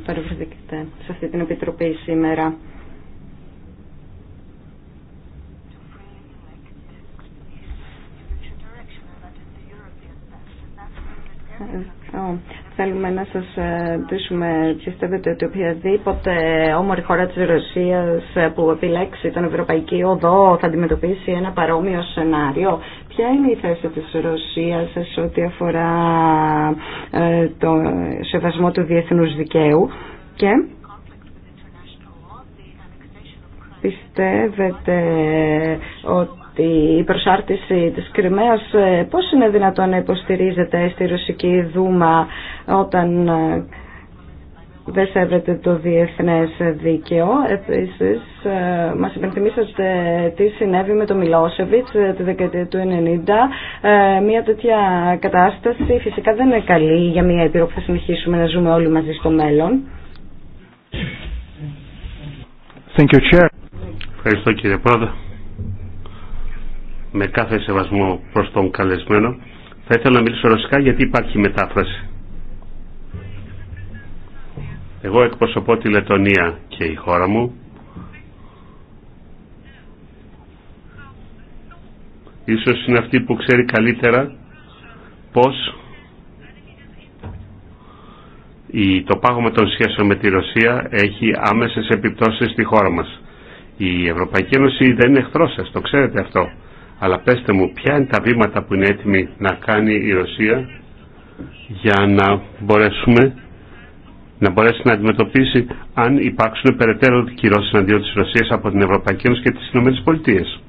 παρευρεθήκατε σε αυτή την επιτροπή σήμερα. Θέλουμε να σας ε, ρωτήσουμε πιστεύετε ότι οποιαδήποτε όμορφη χώρα της Ρωσίας ε, που επιλέξει τον Ευρωπαϊκή Οδό θα αντιμετωπίσει ένα παρόμοιο σενάριο. Ποια είναι η θέση της Ρωσίας σε ό,τι αφορά ε, το σεβασμό του διεθνούς δικαίου και πιστεύετε ότι η προσάρτηση της Κρυμαίας ε, πώς είναι δυνατόν να υποστηρίζεται στη Ρωσική Δούμα όταν ε, δεν σέβεται το διεθνές δίκαιο. Επίσης, ε, μας υπενθυμίσατε τι συνέβη με το Μιλόσεβιτς τη δεκαετία του 90. Μια τέτοια κατάσταση φυσικά δεν είναι καλή για μια επίρροπη που θα συνεχίσουμε να ζούμε όλοι μαζί στο μέλλον. Thank you, Chair. Ευχαριστώ κύριε Πρόεδρε με κάθε σεβασμό προς τον καλεσμένο. Θα ήθελα να μιλήσω ρωσικά γιατί υπάρχει μετάφραση. Εγώ εκπροσωπώ τη Λετωνία και η χώρα μου. Ίσως είναι αυτή που ξέρει καλύτερα πώς το πάγωμα των σχέσεων με τη Ρωσία έχει άμεσες επιπτώσεις στη χώρα μας. Η Ευρωπαϊκή Ένωση δεν είναι εχθρός σας, το ξέρετε αυτό. Αλλά πέστε μου ποια είναι τα βήματα που είναι έτοιμη να κάνει η Ρωσία για να μπορέσουμε να μπορέσει να αντιμετωπίσει αν υπάρξουν περαιτέρω κυρώσεις εναντίον της Ρωσίας από την Ευρωπαϊκή Ένωση και τις Ηνωμένες Πολιτείες.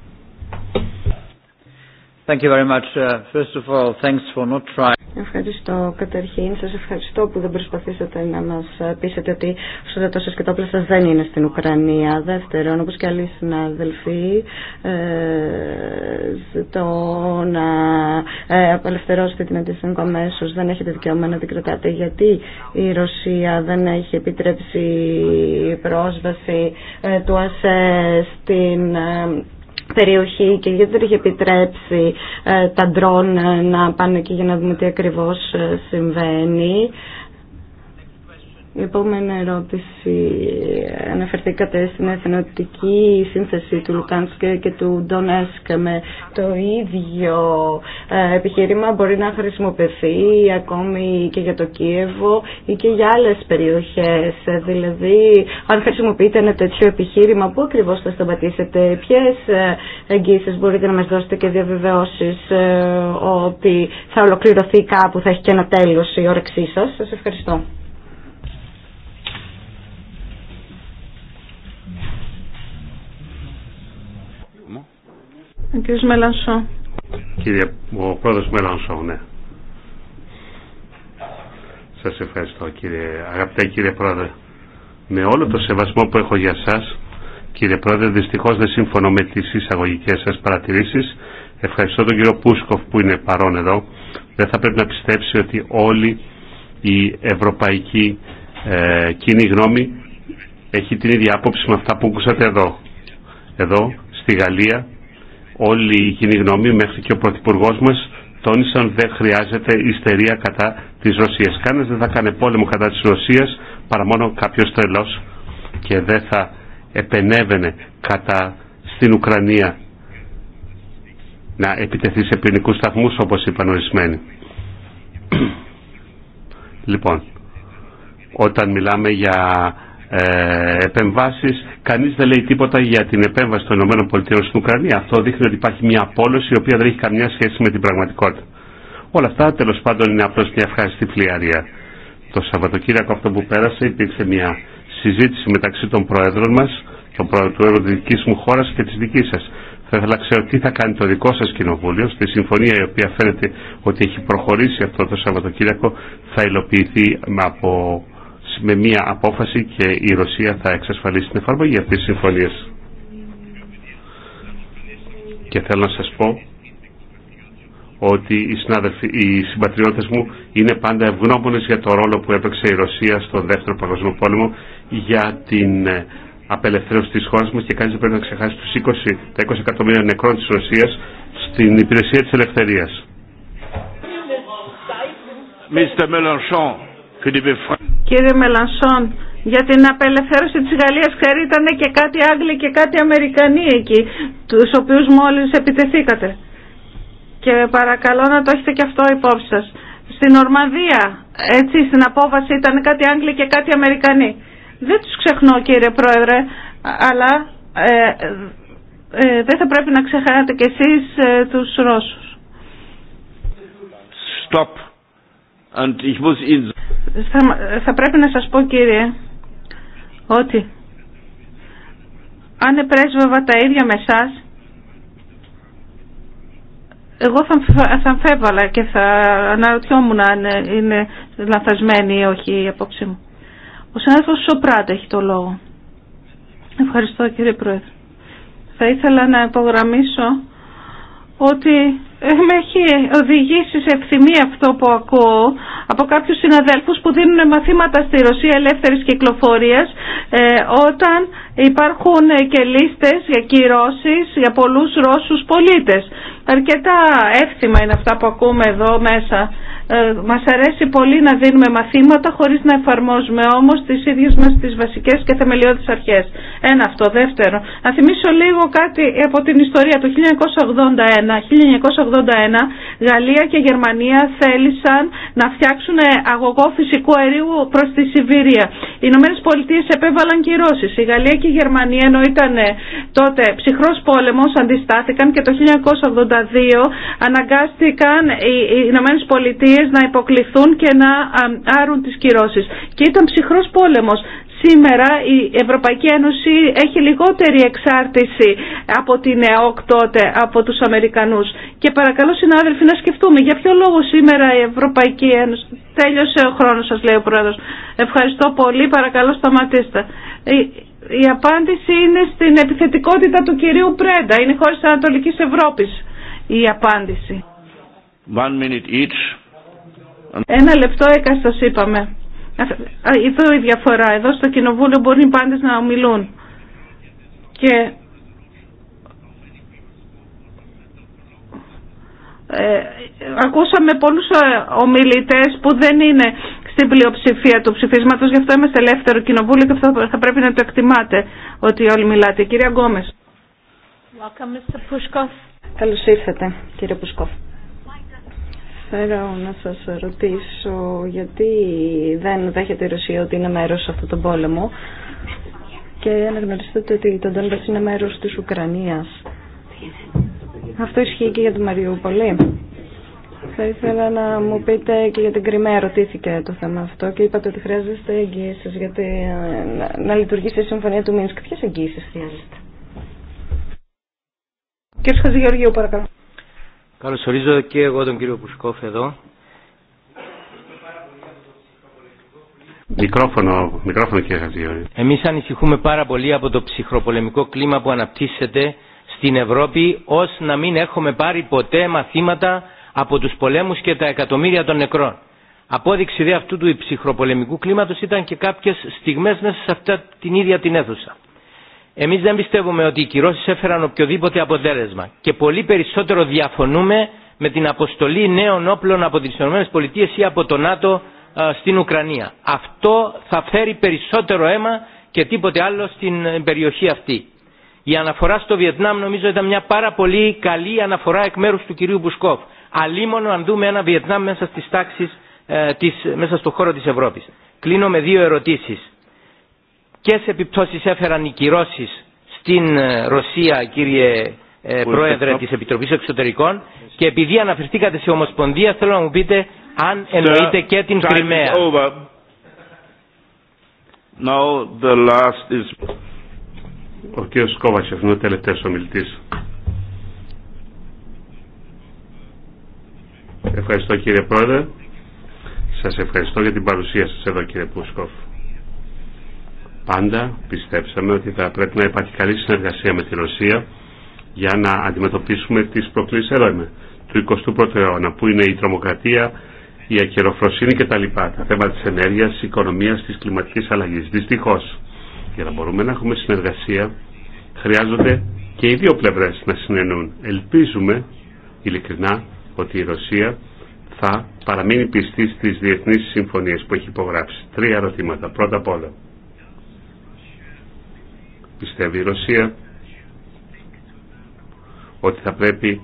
Ευχαριστώ καταρχήν. Σας ευχαριστώ που δεν προσπαθήσατε να μας πείσετε ότι ο στρατός σας και το σας δεν είναι στην Ουκρανία. Δεύτερον, όπως και άλλοι συναδελφοί, ε, το να ε, απελευθερώσετε την αντίστοιχα αμέσω δεν έχετε δικαίωμα να την κρατάτε γιατί η Ρωσία δεν έχει επιτρέψει πρόσβαση ε, του ΑΣΕ στην ε, περιοχή και γιατί δεν είχε επιτρέψει ε, τα ντρόν ε, να πάνε εκεί για να δούμε τι ακριβώς ε, συμβαίνει. Η επόμενη ερώτηση αναφερθήκατε στην εθνοτική σύνθεση του Λουκάνσκ και του Ντονέσκ με το ίδιο ε, επιχείρημα μπορεί να χρησιμοποιηθεί ακόμη και για το Κίεβο ή και για άλλες περιοχές. Ε, δηλαδή, αν χρησιμοποιείτε ένα τέτοιο επιχείρημα, πού ακριβώς θα σταματήσετε, ποιες ε, εγγύσεις μπορείτε να μας δώσετε και διαβεβαιώσεις ότι θα ολοκληρωθεί κάπου, θα έχει και ένα τέλος η όρεξή σας. Σας ευχαριστώ. Ο κύριος Μελανσό. Κύριε, ο πρόεδρος Μελανσό, ναι. Σας ευχαριστώ κύριε, αγαπητέ κύριε πρόεδρε. Με όλο το σεβασμό που έχω για σας, κύριε πρόεδρε, δυστυχώς δεν σύμφωνο με τις εισαγωγικές σας παρατηρήσεις. Ευχαριστώ τον κύριο Πούσκοφ που είναι παρόν εδώ. Δεν θα πρέπει να πιστέψει ότι όλη η ευρωπαϊκή ε, κοινή γνώμη έχει την ίδια άποψη με αυτά που ακούσατε εδώ. Εδώ, στη Γαλλία, όλη η κοινή γνώμη μέχρι και ο Πρωθυπουργό μα, τόνισαν δεν χρειάζεται ιστερία κατά της Ρωσία. κάνε δεν θα κάνει πόλεμο κατά της Ρωσίας παρά μόνο κάποιος τρελός και δεν θα επενέβαινε κατά στην Ουκρανία να επιτεθεί σε ποινικού σταθμού όπως είπαν ορισμένοι. Λοιπόν, όταν μιλάμε για ε, επεμβάσεις. Κανείς δεν λέει τίποτα για την επέμβαση των ΗΠΑ στην Ουκρανία. Αυτό δείχνει ότι υπάρχει μια απόλυση η οποία δεν έχει καμιά σχέση με την πραγματικότητα. Όλα αυτά τέλος πάντων είναι απλώς μια ευχάριστη φλιαρία. Το Σαββατοκύριακο αυτό που πέρασε υπήρξε μια συζήτηση μεταξύ των προέδρων μας, των προέδρων τη δική μου Χώρα και τη δική σα. Θα ήθελα να ξέρω τι θα κάνει το δικό σα κοινοβούλιο στη συμφωνία η οποία φαίνεται ότι έχει προχωρήσει αυτό το Σαββατοκύριακο θα υλοποιηθεί από με μία απόφαση και η Ρωσία θα εξασφαλίσει την εφαρμογή αυτής της συμφωνίας. Και θέλω να σας πω ότι οι, οι συμπατριώτες μου είναι πάντα ευγνώμονες για το ρόλο που έπαιξε η Ρωσία στον Δεύτερο Παγκόσμιο Πόλεμο για την ε, απελευθέρωση της χώρας μας και κάνει δεν πρέπει να ξεχάσει τους 20, τα 20 εκατομμύρια νεκρών της Ρωσίας στην υπηρεσία της ελευθερίας. Mr. Mélenchon, Κύριε Μελανσόν, για την απελευθέρωση της Γαλλίας, ξέρει, ήταν και κάτι Άγγλοι και κάτι Αμερικανοί εκεί, τους οποίους μόλις επιτεθήκατε. Και παρακαλώ να το έχετε και αυτό υπόψη σας. Στην Ορμανδία, έτσι, στην απόβαση ήταν κάτι Άγγλοι και κάτι Αμερικανοί. Δεν τους ξεχνώ κύριε Πρόεδρε, αλλά ε, ε, δεν θα πρέπει να ξεχάσετε κι εσείς ε, τους Ρώσους. Stop θα, πρέπει να σας πω κύριε ότι αν επρέσβευα τα ίδια με εσάς εγώ θα, θα αμφέβαλα και θα αναρωτιόμουν αν είναι λανθασμένη ή όχι η απόψη μου. Ο συνάδελφος Σοπράτ έχει το λόγο. Ευχαριστώ κύριε Πρόεδρε. Θα ήθελα να υπογραμμίσω ότι ε, με έχει οδηγήσει σε ευθυμία αυτό που ακούω από κάποιους συναδέλφους που δίνουν μαθήματα στη Ρωσία ελεύθερης κυκλοφορίας ε, όταν Υπάρχουν ε, και λίστες για κυρώσεις για πολλούς Ρώσους πολίτες. Αρκετά εύθυμα είναι αυτά που ακούμε εδώ μέσα. Ε, μας αρέσει πολύ να δίνουμε μαθήματα χωρίς να εφαρμόζουμε όμως τις ίδιες μας τις βασικές και θεμελιώδεις αρχές. Ένα αυτό. Δεύτερο, να θυμίσω λίγο κάτι από την ιστορία του 1981. 1981 Γαλλία και Γερμανία θέλησαν να φτιάξουν αγωγό φυσικού αερίου προς τη Σιβηρία. Οι Ηνωμένες Πολιτείες επέβαλαν κυρώσεις. Η Γαλλία η Γερμανία ενώ ήταν ε, τότε ψυχρός πόλεμος αντιστάθηκαν και το 1982 αναγκάστηκαν οι Ηνωμένε Πολιτείε να υποκληθούν και να άρουν τις κυρώσεις. Και ήταν ψυχρός πόλεμος. Σήμερα η Ευρωπαϊκή Ένωση έχει λιγότερη εξάρτηση από την ΕΟΚ τότε, από τους Αμερικανούς. Και παρακαλώ συνάδελφοι να σκεφτούμε για ποιο λόγο σήμερα η Ευρωπαϊκή Ένωση... Τέλειωσε ο χρόνος σας λέει ο Πρόεδρος. Ευχαριστώ πολύ, παρακαλώ σταματήστε. Ε, η απάντηση είναι στην επιθετικότητα του κυρίου Πρέντα. Είναι χώρες της Ανατολικής Ευρώπης η απάντηση. Ένα λεπτό έκαστος είπαμε. Εδώ η διαφορά. Εδώ στο κοινοβούλιο μπορεί οι πάντες να ομιλούν. Και ε, ακούσαμε πολλούς ε, ομιλητές που δεν είναι στην πλειοψηφία του ψηφίσματο. Γι' αυτό είμαστε ελεύθερο κοινοβούλιο και αυτό θα πρέπει να το εκτιμάτε ότι όλοι μιλάτε. Κυρία Γκόμε. Καλώ ήρθατε, κύριε Πουσκόφ. Θέλω να σα ρωτήσω γιατί δεν δέχεται η Ρωσία ότι είναι μέρο σε αυτόν τον πόλεμο και αναγνωριστείτε ότι το Ντόνμπας είναι μέρο τη Ουκρανία. Αυτό ισχύει και για τη Μαριούπολη. Θα ήθελα να μου πείτε και για την Κρυμαία ρωτήθηκε το θέμα αυτό και είπατε ότι χρειάζεστε εγγύησεις γιατί να, να λειτουργήσει η συμφωνία του Μίνσκ. Ποιες εγγύησεις χρειάζεστε. Κύριος Χαζηγεωργίου παρακαλώ. Καλωσορίζω και εγώ τον κύριο Πουσκόφ εδώ. Μικρόφωνο, μικρόφωνο κύριε Χαζηγεωργίου. Εμείς ανησυχούμε πάρα πολύ από το ψυχροπολεμικό κλίμα που αναπτύσσεται στην Ευρώπη ως να μην έχουμε πάρει ποτέ μαθήματα από τους πολέμους και τα εκατομμύρια των νεκρών. Απόδειξη δε αυτού του ψυχροπολεμικού κλίματος ήταν και κάποιες στιγμές μέσα σε αυτή την ίδια την αίθουσα. Εμείς δεν πιστεύουμε ότι οι κυρώσεις έφεραν οποιοδήποτε αποτέλεσμα και πολύ περισσότερο διαφωνούμε με την αποστολή νέων όπλων από τις ΗΠΑ ή από το ΝΑΤΟ στην Ουκρανία. Αυτό θα φέρει περισσότερο αίμα και τίποτε άλλο στην ε, περιοχή αυτή. Η αναφορά στο Βιετνάμ νομίζω ήταν μια πάρα πολύ καλή αναφορά εκ μέρους του κυρίου Μπουσκόφ αλίμονο αν δούμε ένα Βιετνάμ μέσα στις τάξεις, ε, της, μέσα στον χώρο της Ευρώπης. Κλείνω με δύο ερωτήσεις. Ποιες επιπτώσεις έφεραν οι κυρώσεις στην ε, Ρωσία, κύριε ε, Πρόεδρε της Επιτροπής Εξωτερικών και επειδή αναφερθήκατε σε Ομοσπονδία θέλω να μου πείτε αν εννοείται και την Κρυμαία. Ο κ. ο Ευχαριστώ κύριε Πρόεδρε. Σας ευχαριστώ για την παρουσία σας εδώ κύριε Πούσκοφ. Πάντα πιστέψαμε ότι θα πρέπει να υπάρχει καλή συνεργασία με τη Ρωσία για να αντιμετωπίσουμε τις προκλήσεις εδώ του 21ου αιώνα που είναι η τρομοκρατία, η ακεροφροσύνη κτλ. Τα θέματα της ενέργειας, της οικονομίας, της κλιματικής αλλαγής. Δυστυχώς, για να μπορούμε να έχουμε συνεργασία χρειάζονται και οι δύο πλευρές να συνενούν. Ελπίζουμε ειλικρινά ότι η Ρωσία θα παραμείνει πιστή στις διεθνείς συμφωνίες που έχει υπογράψει. Τρία ερωτήματα. Πρώτα απ' όλα. Πιστεύει η Ρωσία ότι θα πρέπει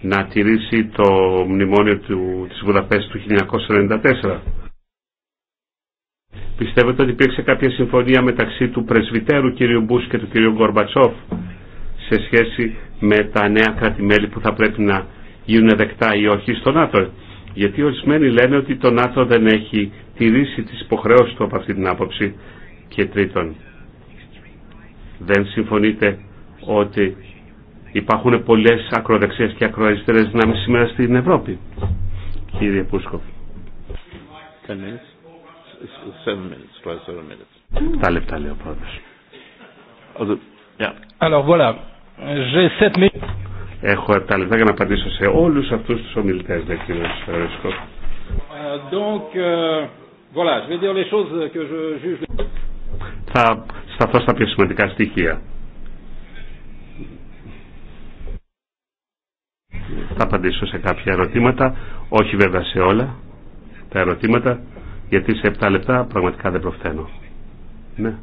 να τηρήσει το μνημόνιο του, της Βουδαπέστης του 1994. Πιστεύετε ότι υπήρξε κάποια συμφωνία μεταξύ του πρεσβυτέρου κ. Μπούς και του κ. Γκορμπατσόφ σε σχέση με τα νέα κράτη-μέλη που θα πρέπει να γίνουν δεκτά ή όχι στον ΝΑΤΟ. Γιατί ορισμένοι λένε ότι το ΝΑΤΟ δεν έχει τηρήσει τις υποχρεώσεις του από αυτή την άποψη. Και τρίτον, δεν συμφωνείτε ότι υπάρχουν πολλές ακροδεξίες και ακροαριστερές δυνάμεις σήμερα στην Ευρώπη. Κύριε Πούσκοφ. Τα λεπτά λέει ο πρόεδρος. Alors voilà, j'ai 7 minutes. Έχω 7 λεπτά για να απαντήσω σε όλους αυτούς τους ομιλητές, δε κύριος Ρίσκο. Euh, Θα σταθώ στα πιο σημαντικά στοιχεία. Θα απαντήσω σε κάποια ερωτήματα, όχι βέβαια σε όλα τα ερωτήματα, γιατί σε 7 λεπτά πραγματικά δεν προφθαίνω. Ναι.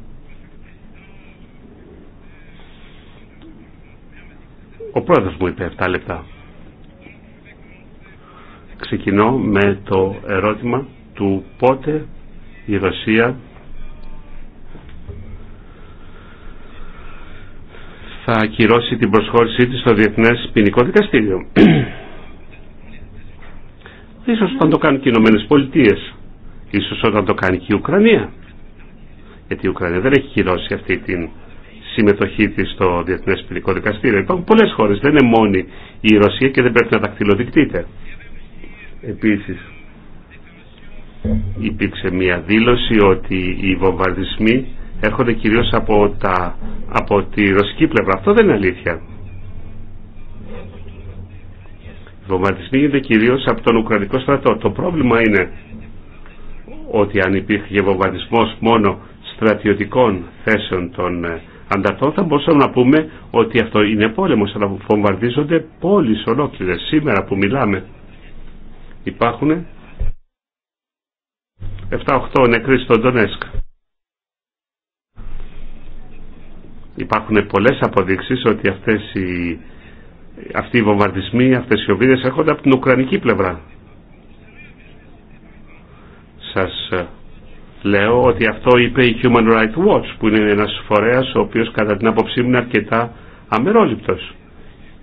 Ο πρόεδρος μου είπε 7 λεπτά. Ξεκινώ με το ερώτημα του πότε η Ρωσία θα ακυρώσει την προσχώρησή της στο Διεθνές Ποινικό Δικαστήριο. <clears throat> Ίσως όταν το κάνουν και οι Ηνωμένες Πολιτείες. Ίσως όταν το κάνει και η Ουκρανία. Γιατί η Ουκρανία δεν έχει κυρώσει αυτή την συμμετοχή της στο Διεθνές Ποινικό Δικαστήριο. Υπάρχουν πολλές χώρες, δεν είναι μόνη η Ρωσία και δεν πρέπει να δακτυλοδεικτείτε. Επίσης, υπήρξε μια δήλωση ότι οι βομβαρδισμοί έρχονται κυρίως από, τα, από τη ρωσική πλευρά. Αυτό δεν είναι αλήθεια. Οι βομβαρδισμοί γίνονται κυρίως από τον Ουκρανικό στρατό. Το πρόβλημα είναι ότι αν υπήρχε βομβαρδισμός μόνο στρατιωτικών θέσεων των ε, αν θα μπορούσαμε να πούμε ότι αυτό είναι πόλεμος, αλλά βομβαρδίζονται πόλεις ολόκληρες. Σήμερα που μιλάμε υπάρχουν 7-8 νεκροί στον Τονέσκ Υπάρχουν πολλές αποδείξεις ότι αυτές οι, αυτοί οι βομβαρδισμοί, αυτές οι οβίδες έρχονται από την Ουκρανική πλευρά. Σας Λέω ότι αυτό είπε η Human Rights Watch που είναι ένας φορέας ο οποίος κατά την άποψή μου είναι αρκετά αμερόληπτος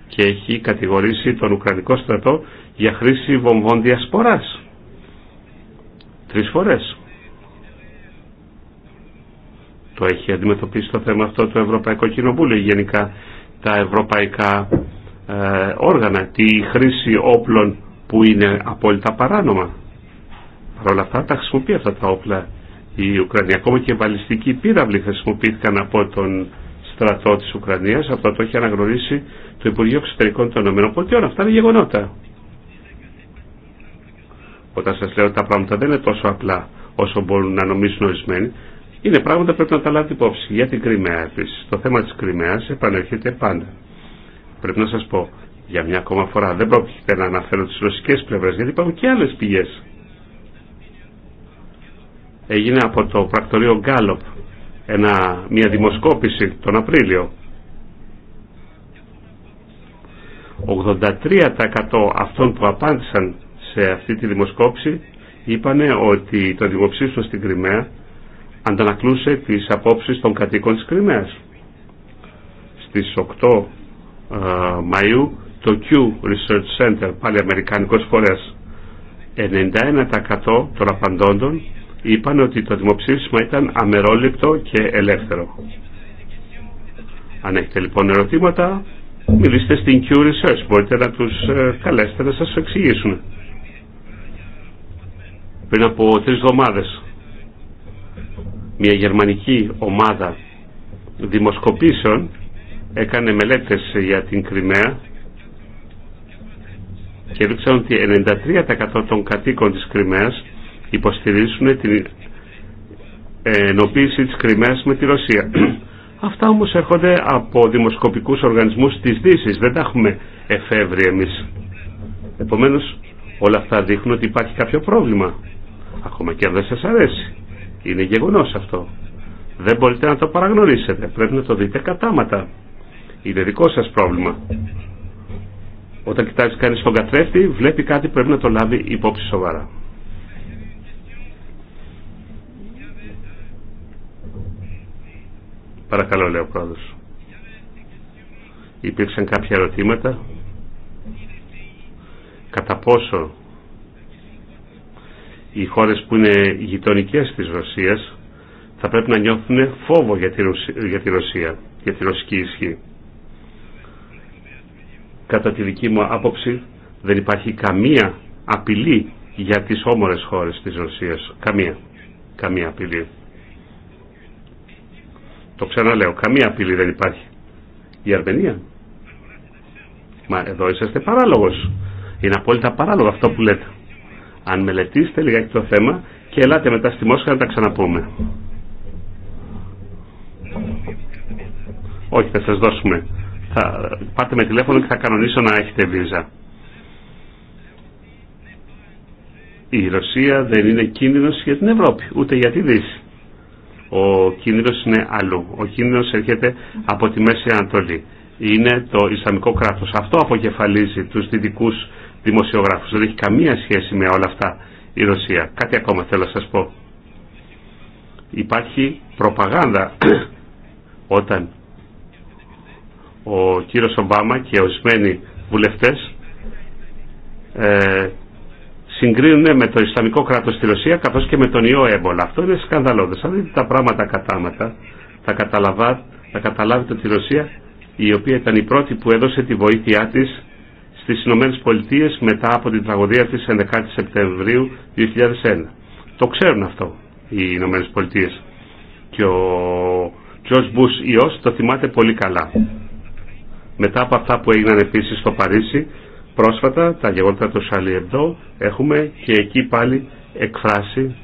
και έχει κατηγορήσει τον Ουκρανικό στρατό για χρήση βομβών διασποράς. Τρεις φορές. Το έχει αντιμετωπίσει το θέμα αυτό το Ευρωπαϊκό Κοινοβούλιο γενικά τα ευρωπαϊκά ε, όργανα, τη χρήση όπλων που είναι απόλυτα παράνομα. Παρ' όλα αυτά τα χρησιμοποιεί αυτά τα όπλα οι Ουκρανοί. Ακόμα και βαλιστικοί πύραυλοι χρησιμοποιήθηκαν από τον στρατό τη Ουκρανία. Αυτό το έχει αναγνωρίσει το Υπουργείο Εξωτερικών των ΗΠΑ. Αυτά είναι γεγονότα. Όταν σα λέω ότι τα πράγματα δεν είναι τόσο απλά όσο μπορούν να νομίζουν ορισμένοι. Είναι πράγματα που πρέπει να τα λάβετε υπόψη. Για την Κρυμαία επίση. Το θέμα τη Κρυμαία επανέρχεται πάντα. Πρέπει να σα πω για μια ακόμα φορά. Δεν πρόκειται να αναφέρω τι ρωσικέ πλευρέ γιατί υπάρχουν και άλλε πηγέ έγινε από το πρακτορείο Γκάλοπ μια δημοσκόπηση τον Απρίλιο 83% αυτών που απάντησαν σε αυτή τη δημοσκόπηση είπανε ότι το δημοψήφισμα στην Κρυμαία αντανακλούσε τις απόψεις των κατοίκων της Κρυμαίας. Στις 8 ε, Μαΐου το Q Research Center, πάλι αμερικανικός φορέας, 91% των απαντώντων είπαν ότι το δημοψήφισμα ήταν αμερόληπτο και ελεύθερο. Αν έχετε λοιπόν ερωτήματα, μιλήστε στην Q Research, μπορείτε να τους ε, καλέσετε να σας εξηγήσουν. Πριν από τρεις εβδομάδες, μια γερμανική ομάδα δημοσκοπήσεων έκανε μελέτες για την Κρυμαία και έδειξαν ότι 93% των κατοίκων της Κρυμαίας υποστηρίζουν την ενοποίηση της Κρυμαίας με τη Ρωσία. <clears throat> Αυτά όμως έρχονται από δημοσκοπικούς οργανισμούς της Δύσης. Δεν τα έχουμε εφεύρει εμείς. Επομένως όλα αυτά δείχνουν ότι υπάρχει κάποιο πρόβλημα. Ακόμα και αν δεν σας αρέσει. Είναι γεγονός αυτό. Δεν μπορείτε να το παραγνωρίσετε. Πρέπει να το δείτε κατάματα. Είναι δικό σας πρόβλημα. Όταν κοιτάζει κανείς τον καθρέφτη, βλέπει κάτι πρέπει να το λάβει υπόψη σοβαρά. Παρακαλώ, λέω ο πρόεδρος. Υπήρξαν κάποια ερωτήματα. Κατά πόσο οι χώρες που είναι γειτονικές της Ρωσίας θα πρέπει να νιώθουν φόβο για τη, Ρωσία, για τη Ρωσία, για ρωσική ισχύ. Κατά τη δική μου άποψη δεν υπάρχει καμία απειλή για τις όμορες χώρες της Ρωσίας. Καμία. Καμία απειλή. Το ξαναλέω, καμία απειλή δεν υπάρχει. Η Αρμενία. Μα εδώ είσαστε παράλογος. Είναι απόλυτα παράλογο αυτό που λέτε. Αν μελετήσετε λιγάκι το θέμα και ελάτε μετά στη Μόσχα να τα ξαναπούμε. Όχι, θα σας δώσουμε. πάτε με τηλέφωνο και θα κανονίσω να έχετε βίζα. Η Ρωσία δεν είναι κίνδυνος για την Ευρώπη, ούτε για τη Δύση ο κίνδυνος είναι αλλού. Ο κίνδυνος έρχεται από τη Μέση Ανατολή. Είναι το Ισλαμικό κράτος. Αυτό αποκεφαλίζει τους δυτικούς δημοσιογράφους. Δεν έχει καμία σχέση με όλα αυτά η Ρωσία. Κάτι ακόμα θέλω να σας πω. Υπάρχει προπαγάνδα <clears throat> όταν ο κύριος Ομπάμα και ορισμένοι βουλευτές ε, συγκρίνουν με το Ισλαμικό Κράτο στη Ρωσία καθώς και με τον ιό έμπολα. Αυτό είναι σκανδαλώδε. Αν δείτε τα πράγματα κατάματα, θα, καταλαβα... θα καταλάβετε τη Ρωσία η οποία ήταν η πρώτη που έδωσε τη βοήθειά τη στις Ηνωμένε Πολιτείε μετά από την τραγωδία τη 11 Σεπτεμβρίου 2001. Το ξέρουν αυτό οι Ηνωμένε Πολιτείε. Και ο George Μπού ιό το θυμάται πολύ καλά. Μετά από αυτά που έγιναν επίση στο Παρίσι, Πρόσφατα, τα γεγονότα του Σαλί έχουμε και εκεί πάλι εκφράσει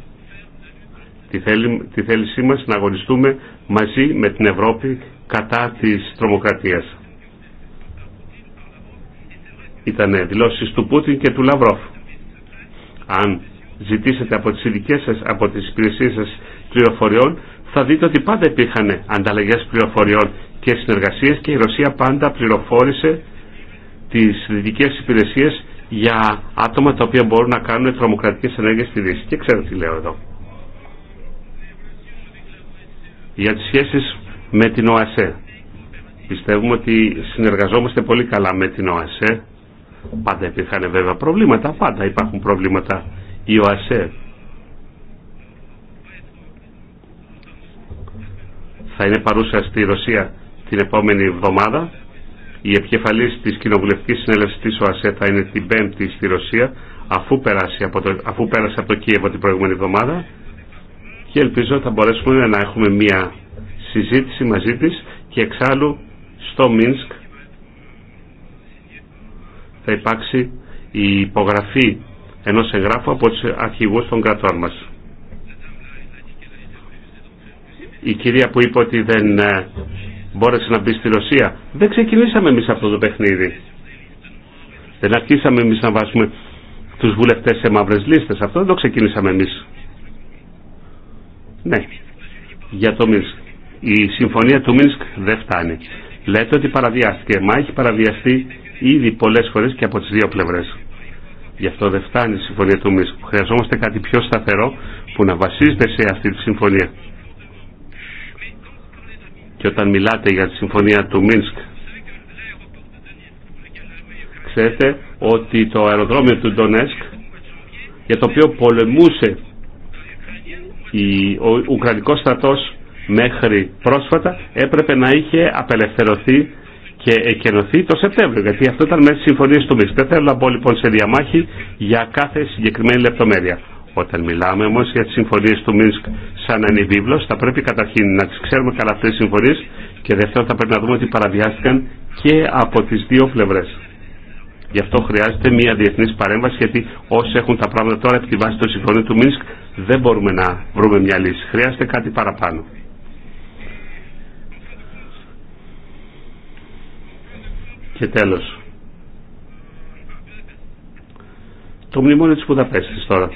τη, θέλησή μας να αγωνιστούμε μαζί με την Ευρώπη κατά της τρομοκρατίας. Ήταν δηλώσεις του Πούτιν και του Λαυρόφ. Αν ζητήσετε από τις ειδικέ σας, από τις υπηρεσίες σας πληροφοριών, θα δείτε ότι πάντα υπήρχαν ανταλλαγές πληροφοριών και συνεργασίες και η Ρωσία πάντα πληροφόρησε τις δυτικές υπηρεσίες για άτομα τα οποία μπορούν να κάνουν τρομοκρατικές ενέργειες στη Δύση. Και ξέρω τι λέω εδώ. Για τις σχέσεις με την ΟΑΣΕ. Πιστεύουμε ότι συνεργαζόμαστε πολύ καλά με την ΟΑΣΕ. Πάντα υπήρχαν βέβαια προβλήματα, πάντα υπάρχουν προβλήματα η ΟΑΣΕ. Θα είναι παρούσα στη Ρωσία την επόμενη εβδομάδα η επικεφαλής της κοινοβουλευτική συνέλευση τη ΟΑΣΕ θα είναι την Πέμπτη στη Ρωσία αφού, πέρασε από το, αφού πέρασε από το Κίεβο την προηγούμενη εβδομάδα και ελπίζω θα μπορέσουμε να έχουμε μια συζήτηση μαζί της και εξάλλου στο Μίνσκ θα υπάρξει η υπογραφή ενό εγγράφου από του αρχηγού των κρατών μα. Η κυρία που είπε ότι δεν ε, μπόρεσε να μπει στη Ρωσία. Δεν ξεκινήσαμε εμείς αυτό το παιχνίδι. Δεν αρχίσαμε εμείς να βάζουμε του βουλευτέ σε μαύρε λίστες. Αυτό δεν το ξεκινήσαμε εμείς. Ναι, για το Μίνσκ. Η συμφωνία του Μίνσκ δεν φτάνει. Λέτε ότι παραβιάστηκε, μα έχει παραβιαστεί ήδη πολλές φορές και από τι δύο πλευρές. Γι' αυτό δεν φτάνει η συμφωνία του Μίνσκ. Χρειαζόμαστε κάτι πιο σταθερό που να βασίζεται σε αυτή τη συμφωνία και όταν μιλάτε για τη συμφωνία του Μίνσκ ξέρετε ότι το αεροδρόμιο του Ντονέσκ για το οποίο πολεμούσε ο Ουκρανικός στρατός μέχρι πρόσφατα έπρεπε να είχε απελευθερωθεί και εκενωθεί το Σεπτέμβριο. Γιατί αυτό ήταν μέσα στι συμφωνίε του Μίνσκ. Δεν θέλω να μπω λοιπόν σε διαμάχη για κάθε συγκεκριμένη λεπτομέρεια. Όταν μιλάμε όμω για τι συμφωνίε του Μίνσκ σαν βίβλο, θα πρέπει καταρχήν να τι ξέρουμε καλά αυτέ τι συμφωνίε και δεύτερον θα πρέπει να δούμε ότι παραβιάστηκαν και από τι δύο πλευρέ. Γι' αυτό χρειάζεται μια διεθνή παρέμβαση γιατί όσοι έχουν τα πράγματα τώρα επί τη βάση των συμφωνίων του Μίνσκ δεν μπορούμε να βρούμε μια λύση. Χρειάζεται κάτι παραπάνω. Και τέλος. Το μνημόνιο τη Βουδαπέστης τώρα.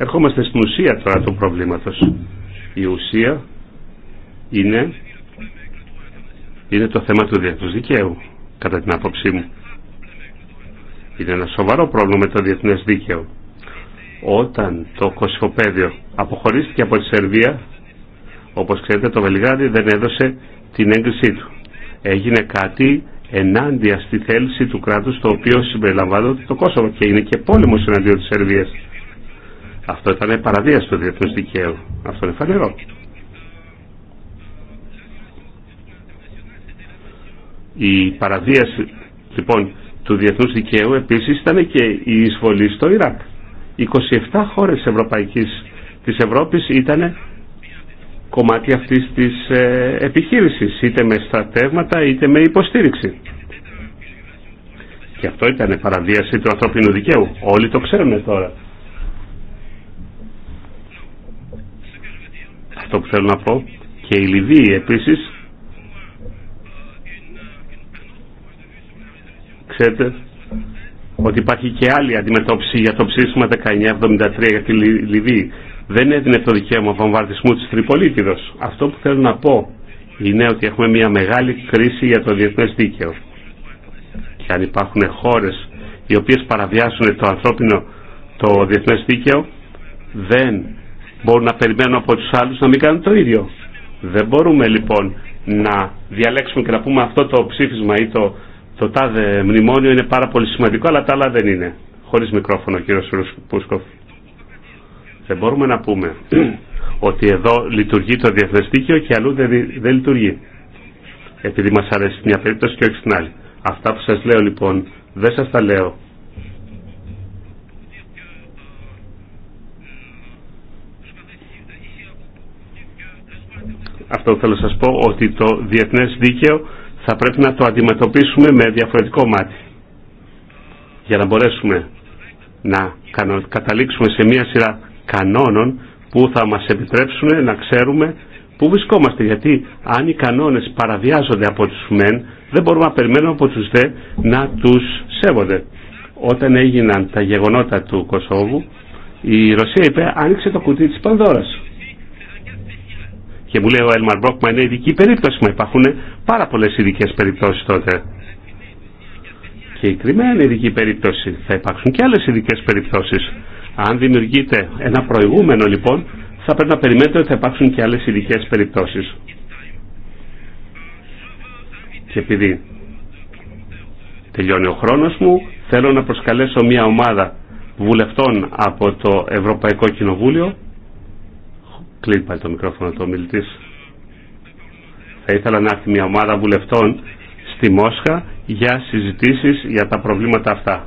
Ερχόμαστε στην ουσία τώρα του προβλήματος. Η ουσία είναι, είναι το θέμα του διεθνούς δικαίου, κατά την άποψή μου. Είναι ένα σοβαρό πρόβλημα με το διεθνές δίκαιο. Όταν το Κωσυφοπαίδιο αποχωρήθηκε από τη Σερβία, όπως ξέρετε το Βελιγράδι δεν έδωσε την έγκρισή του. Έγινε κάτι ενάντια στη θέληση του κράτους το οποίο συμπεριλαμβάνεται το Κόσοβο και είναι και πόλεμος εναντίον της Σερβίας. Αυτό ήταν παραδίαση του διεθνούς δικαίου. Αυτό είναι φανερό. Η παραδίαση λοιπόν του διεθνούς δικαίου επίσης ήταν και η εισβολή στο Ιράκ. 27 χώρες ευρωπαϊκής της Ευρώπης ήταν κομμάτι αυτής της ε, επιχείρησης, είτε με στρατεύματα είτε με υποστήριξη. Και αυτό ήταν παραδίαση του ανθρωπίνου δικαίου. Όλοι το ξέρουν τώρα. αυτό που θέλω να πω. Και η Λιβύη επίσης, ξέρετε ότι υπάρχει και άλλη αντιμετώπιση για το ψήφισμα 1973 για τη Λιβύη. Δεν έδινε το δικαίωμα βομβαρδισμού της Τριπολίτιδος. Αυτό που θέλω να πω είναι ότι έχουμε μια μεγάλη κρίση για το διεθνές δίκαιο. Και αν υπάρχουν χώρες οι οποίες παραβιάσουν το ανθρώπινο το διεθνές δίκαιο, δεν μπορούν να περιμένουν από τους άλλους να μην κάνουν το ίδιο. Δεν μπορούμε λοιπόν να διαλέξουμε και να πούμε αυτό το ψήφισμα ή το, το τάδε μνημόνιο είναι πάρα πολύ σημαντικό, αλλά τα άλλα δεν είναι. Χωρίς μικρόφωνο, κύριο Πούσκοφ. Δεν μπορούμε να πούμε <clears throat> ότι εδώ λειτουργεί το διεθνές δίκαιο και αλλού δεν, δεν λειτουργεί. Επειδή μας αρέσει μια περίπτωση και όχι στην άλλη. Αυτά που σας λέω λοιπόν δεν σας τα λέω αυτό θέλω να σας πω ότι το διεθνές δίκαιο θα πρέπει να το αντιμετωπίσουμε με διαφορετικό μάτι για να μπορέσουμε να καταλήξουμε σε μια σειρά κανόνων που θα μας επιτρέψουν να ξέρουμε πού βρισκόμαστε γιατί αν οι κανόνες παραβιάζονται από τους μεν δεν μπορούμε να περιμένουμε από τους δε να τους σέβονται. Όταν έγιναν τα γεγονότα του Κωσόβου η Ρωσία είπε άνοιξε το κουτί της Πανδώρας και μου λέει ο Έλμαρ Μπρόκμα είναι ειδική περίπτωση, μα υπάρχουν πάρα πολλές ειδικέ περιπτώσεις τότε. Και η κρυμμένη είναι ειδική περίπτωση. Θα υπάρξουν και άλλες ειδικέ περιπτώσεις. Αν δημιουργείται ένα προηγούμενο λοιπόν, θα πρέπει να περιμένετε ότι θα υπάρξουν και άλλες ειδικέ περιπτώσεις. Και επειδή τελειώνει ο χρόνος μου, θέλω να προσκαλέσω μια ομάδα βουλευτών από το Ευρωπαϊκό Κοινοβούλιο Κλείνει πάλι το μικρόφωνο του ομιλητή. Θα ήθελα να έρθει μια ομάδα βουλευτών στη Μόσχα για συζητήσεις για τα προβλήματα αυτά.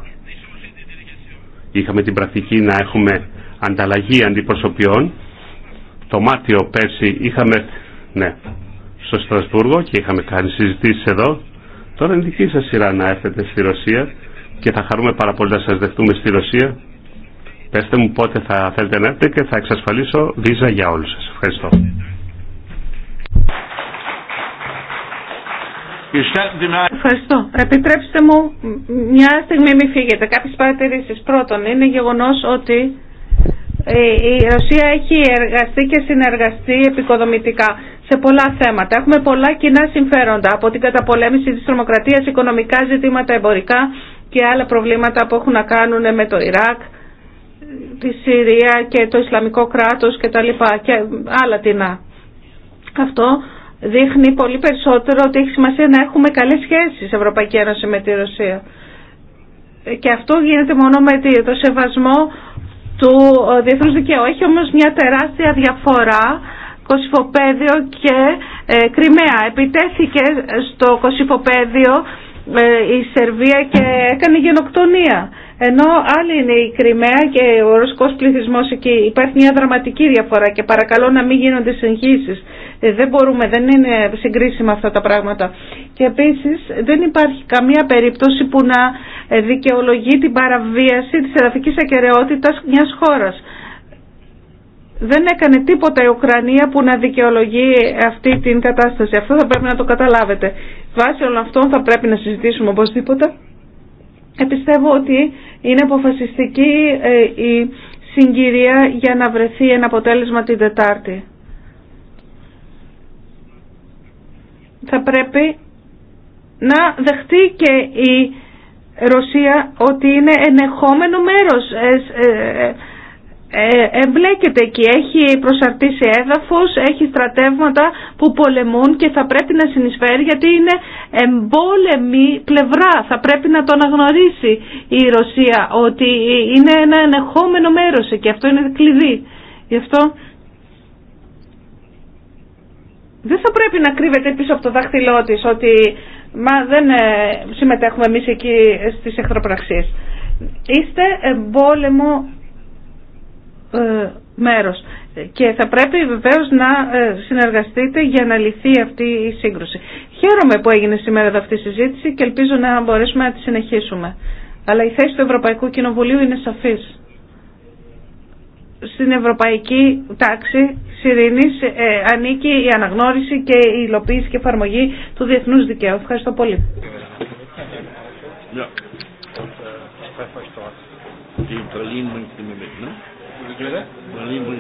Είχαμε την πρακτική να έχουμε ανταλλαγή αντιπροσωπιών. Το Μάτιο πέρσι είχαμε, ναι, στο Στρασβούργο και είχαμε κάνει συζητήσει εδώ. Τώρα είναι δική σα σειρά να έρθετε στη Ρωσία και θα χαρούμε πάρα πολύ να σα δεχτούμε στη Ρωσία Πεςτε μου πότε θα θέλετε να έρθετε και θα εξασφαλίσω βίζα για όλους σας. Ευχαριστώ. Ευχαριστώ. Επιτρέψτε μου μια στιγμή μην φύγετε. Κάποιες παρατηρήσεις. Πρώτον, είναι γεγονός ότι ε, η Ρωσία έχει εργαστεί και συνεργαστεί επικοδομητικά σε πολλά θέματα. Έχουμε πολλά κοινά συμφέροντα από την καταπολέμηση της τρομοκρατίας, οικονομικά ζητήματα, εμπορικά και άλλα προβλήματα που έχουν να κάνουν με το Ιράκ τη Συρία και το Ισλαμικό κράτος και τα λοιπά και άλλα τεινά. Αυτό δείχνει πολύ περισσότερο ότι έχει σημασία να έχουμε καλές σχέσεις Ευρωπαϊκή Ένωση με τη Ρωσία. Και αυτό γίνεται μόνο με το σεβασμό του ε, διεθνούς δικαίου. Έχει όμως μια τεράστια διαφορά Κωσυφοπαίδιο και ε, Κρυμαία. Επιτέθηκε στο Κωσυφοπαίδιο ε, η Σερβία και έκανε γενοκτονία ενώ άλλη είναι η Κρυμαία και ο ρωσικός πληθυσμός εκεί. Υπάρχει μια δραματική διαφορά και παρακαλώ να μην γίνονται συγχύσεις. Ε, δεν μπορούμε, δεν είναι συγκρίσιμα αυτά τα πράγματα. Και επίσης δεν υπάρχει καμία περίπτωση που να ε, δικαιολογεί την παραβίαση της εδαφικής ακαιρεότητας μιας χώρας. Δεν έκανε τίποτα η Ουκρανία που να δικαιολογεί αυτή την κατάσταση. Αυτό θα πρέπει να το καταλάβετε. Βάσει όλων αυτών θα πρέπει να συζητήσουμε οπωσδήποτε. Επιστεύω ότι είναι αποφασιστική ε, η συγκυρία για να βρεθεί ένα αποτέλεσμα την Δετάρτη. Θα πρέπει να δεχτεί και η Ρωσία ότι είναι ενεχόμενο μέρος ε, ε, ε, εμπλέκεται εκεί, έχει προσαρτήσει έδαφος, έχει στρατεύματα που πολεμούν και θα πρέπει να συνεισφέρει γιατί είναι εμπόλεμη πλευρά. Θα πρέπει να το αναγνωρίσει η Ρωσία ότι είναι ένα ενεχόμενο μέρος και αυτό είναι κλειδί. Γι' αυτό δεν θα πρέπει να κρύβεται πίσω από το δάχτυλό της ότι μα δεν ε, συμμετέχουμε εμείς εκεί στις εχθροπραξίες. Είστε εμπόλεμο ε, μέρος. Και θα πρέπει βεβαίως να ε, συνεργαστείτε για να λυθεί αυτή η σύγκρουση. Χαίρομαι που έγινε σήμερα αυτή η συζήτηση και ελπίζω να μπορέσουμε να τη συνεχίσουμε. Αλλά η θέση του Ευρωπαϊκού Κοινοβουλίου είναι σαφής. Στην ευρωπαϊκή τάξη σιρήνης ε, ανήκει η αναγνώριση και η υλοποίηση και εφαρμογή του διεθνούς δικαίου. Ευχαριστώ πολύ. Äh, Πέρε.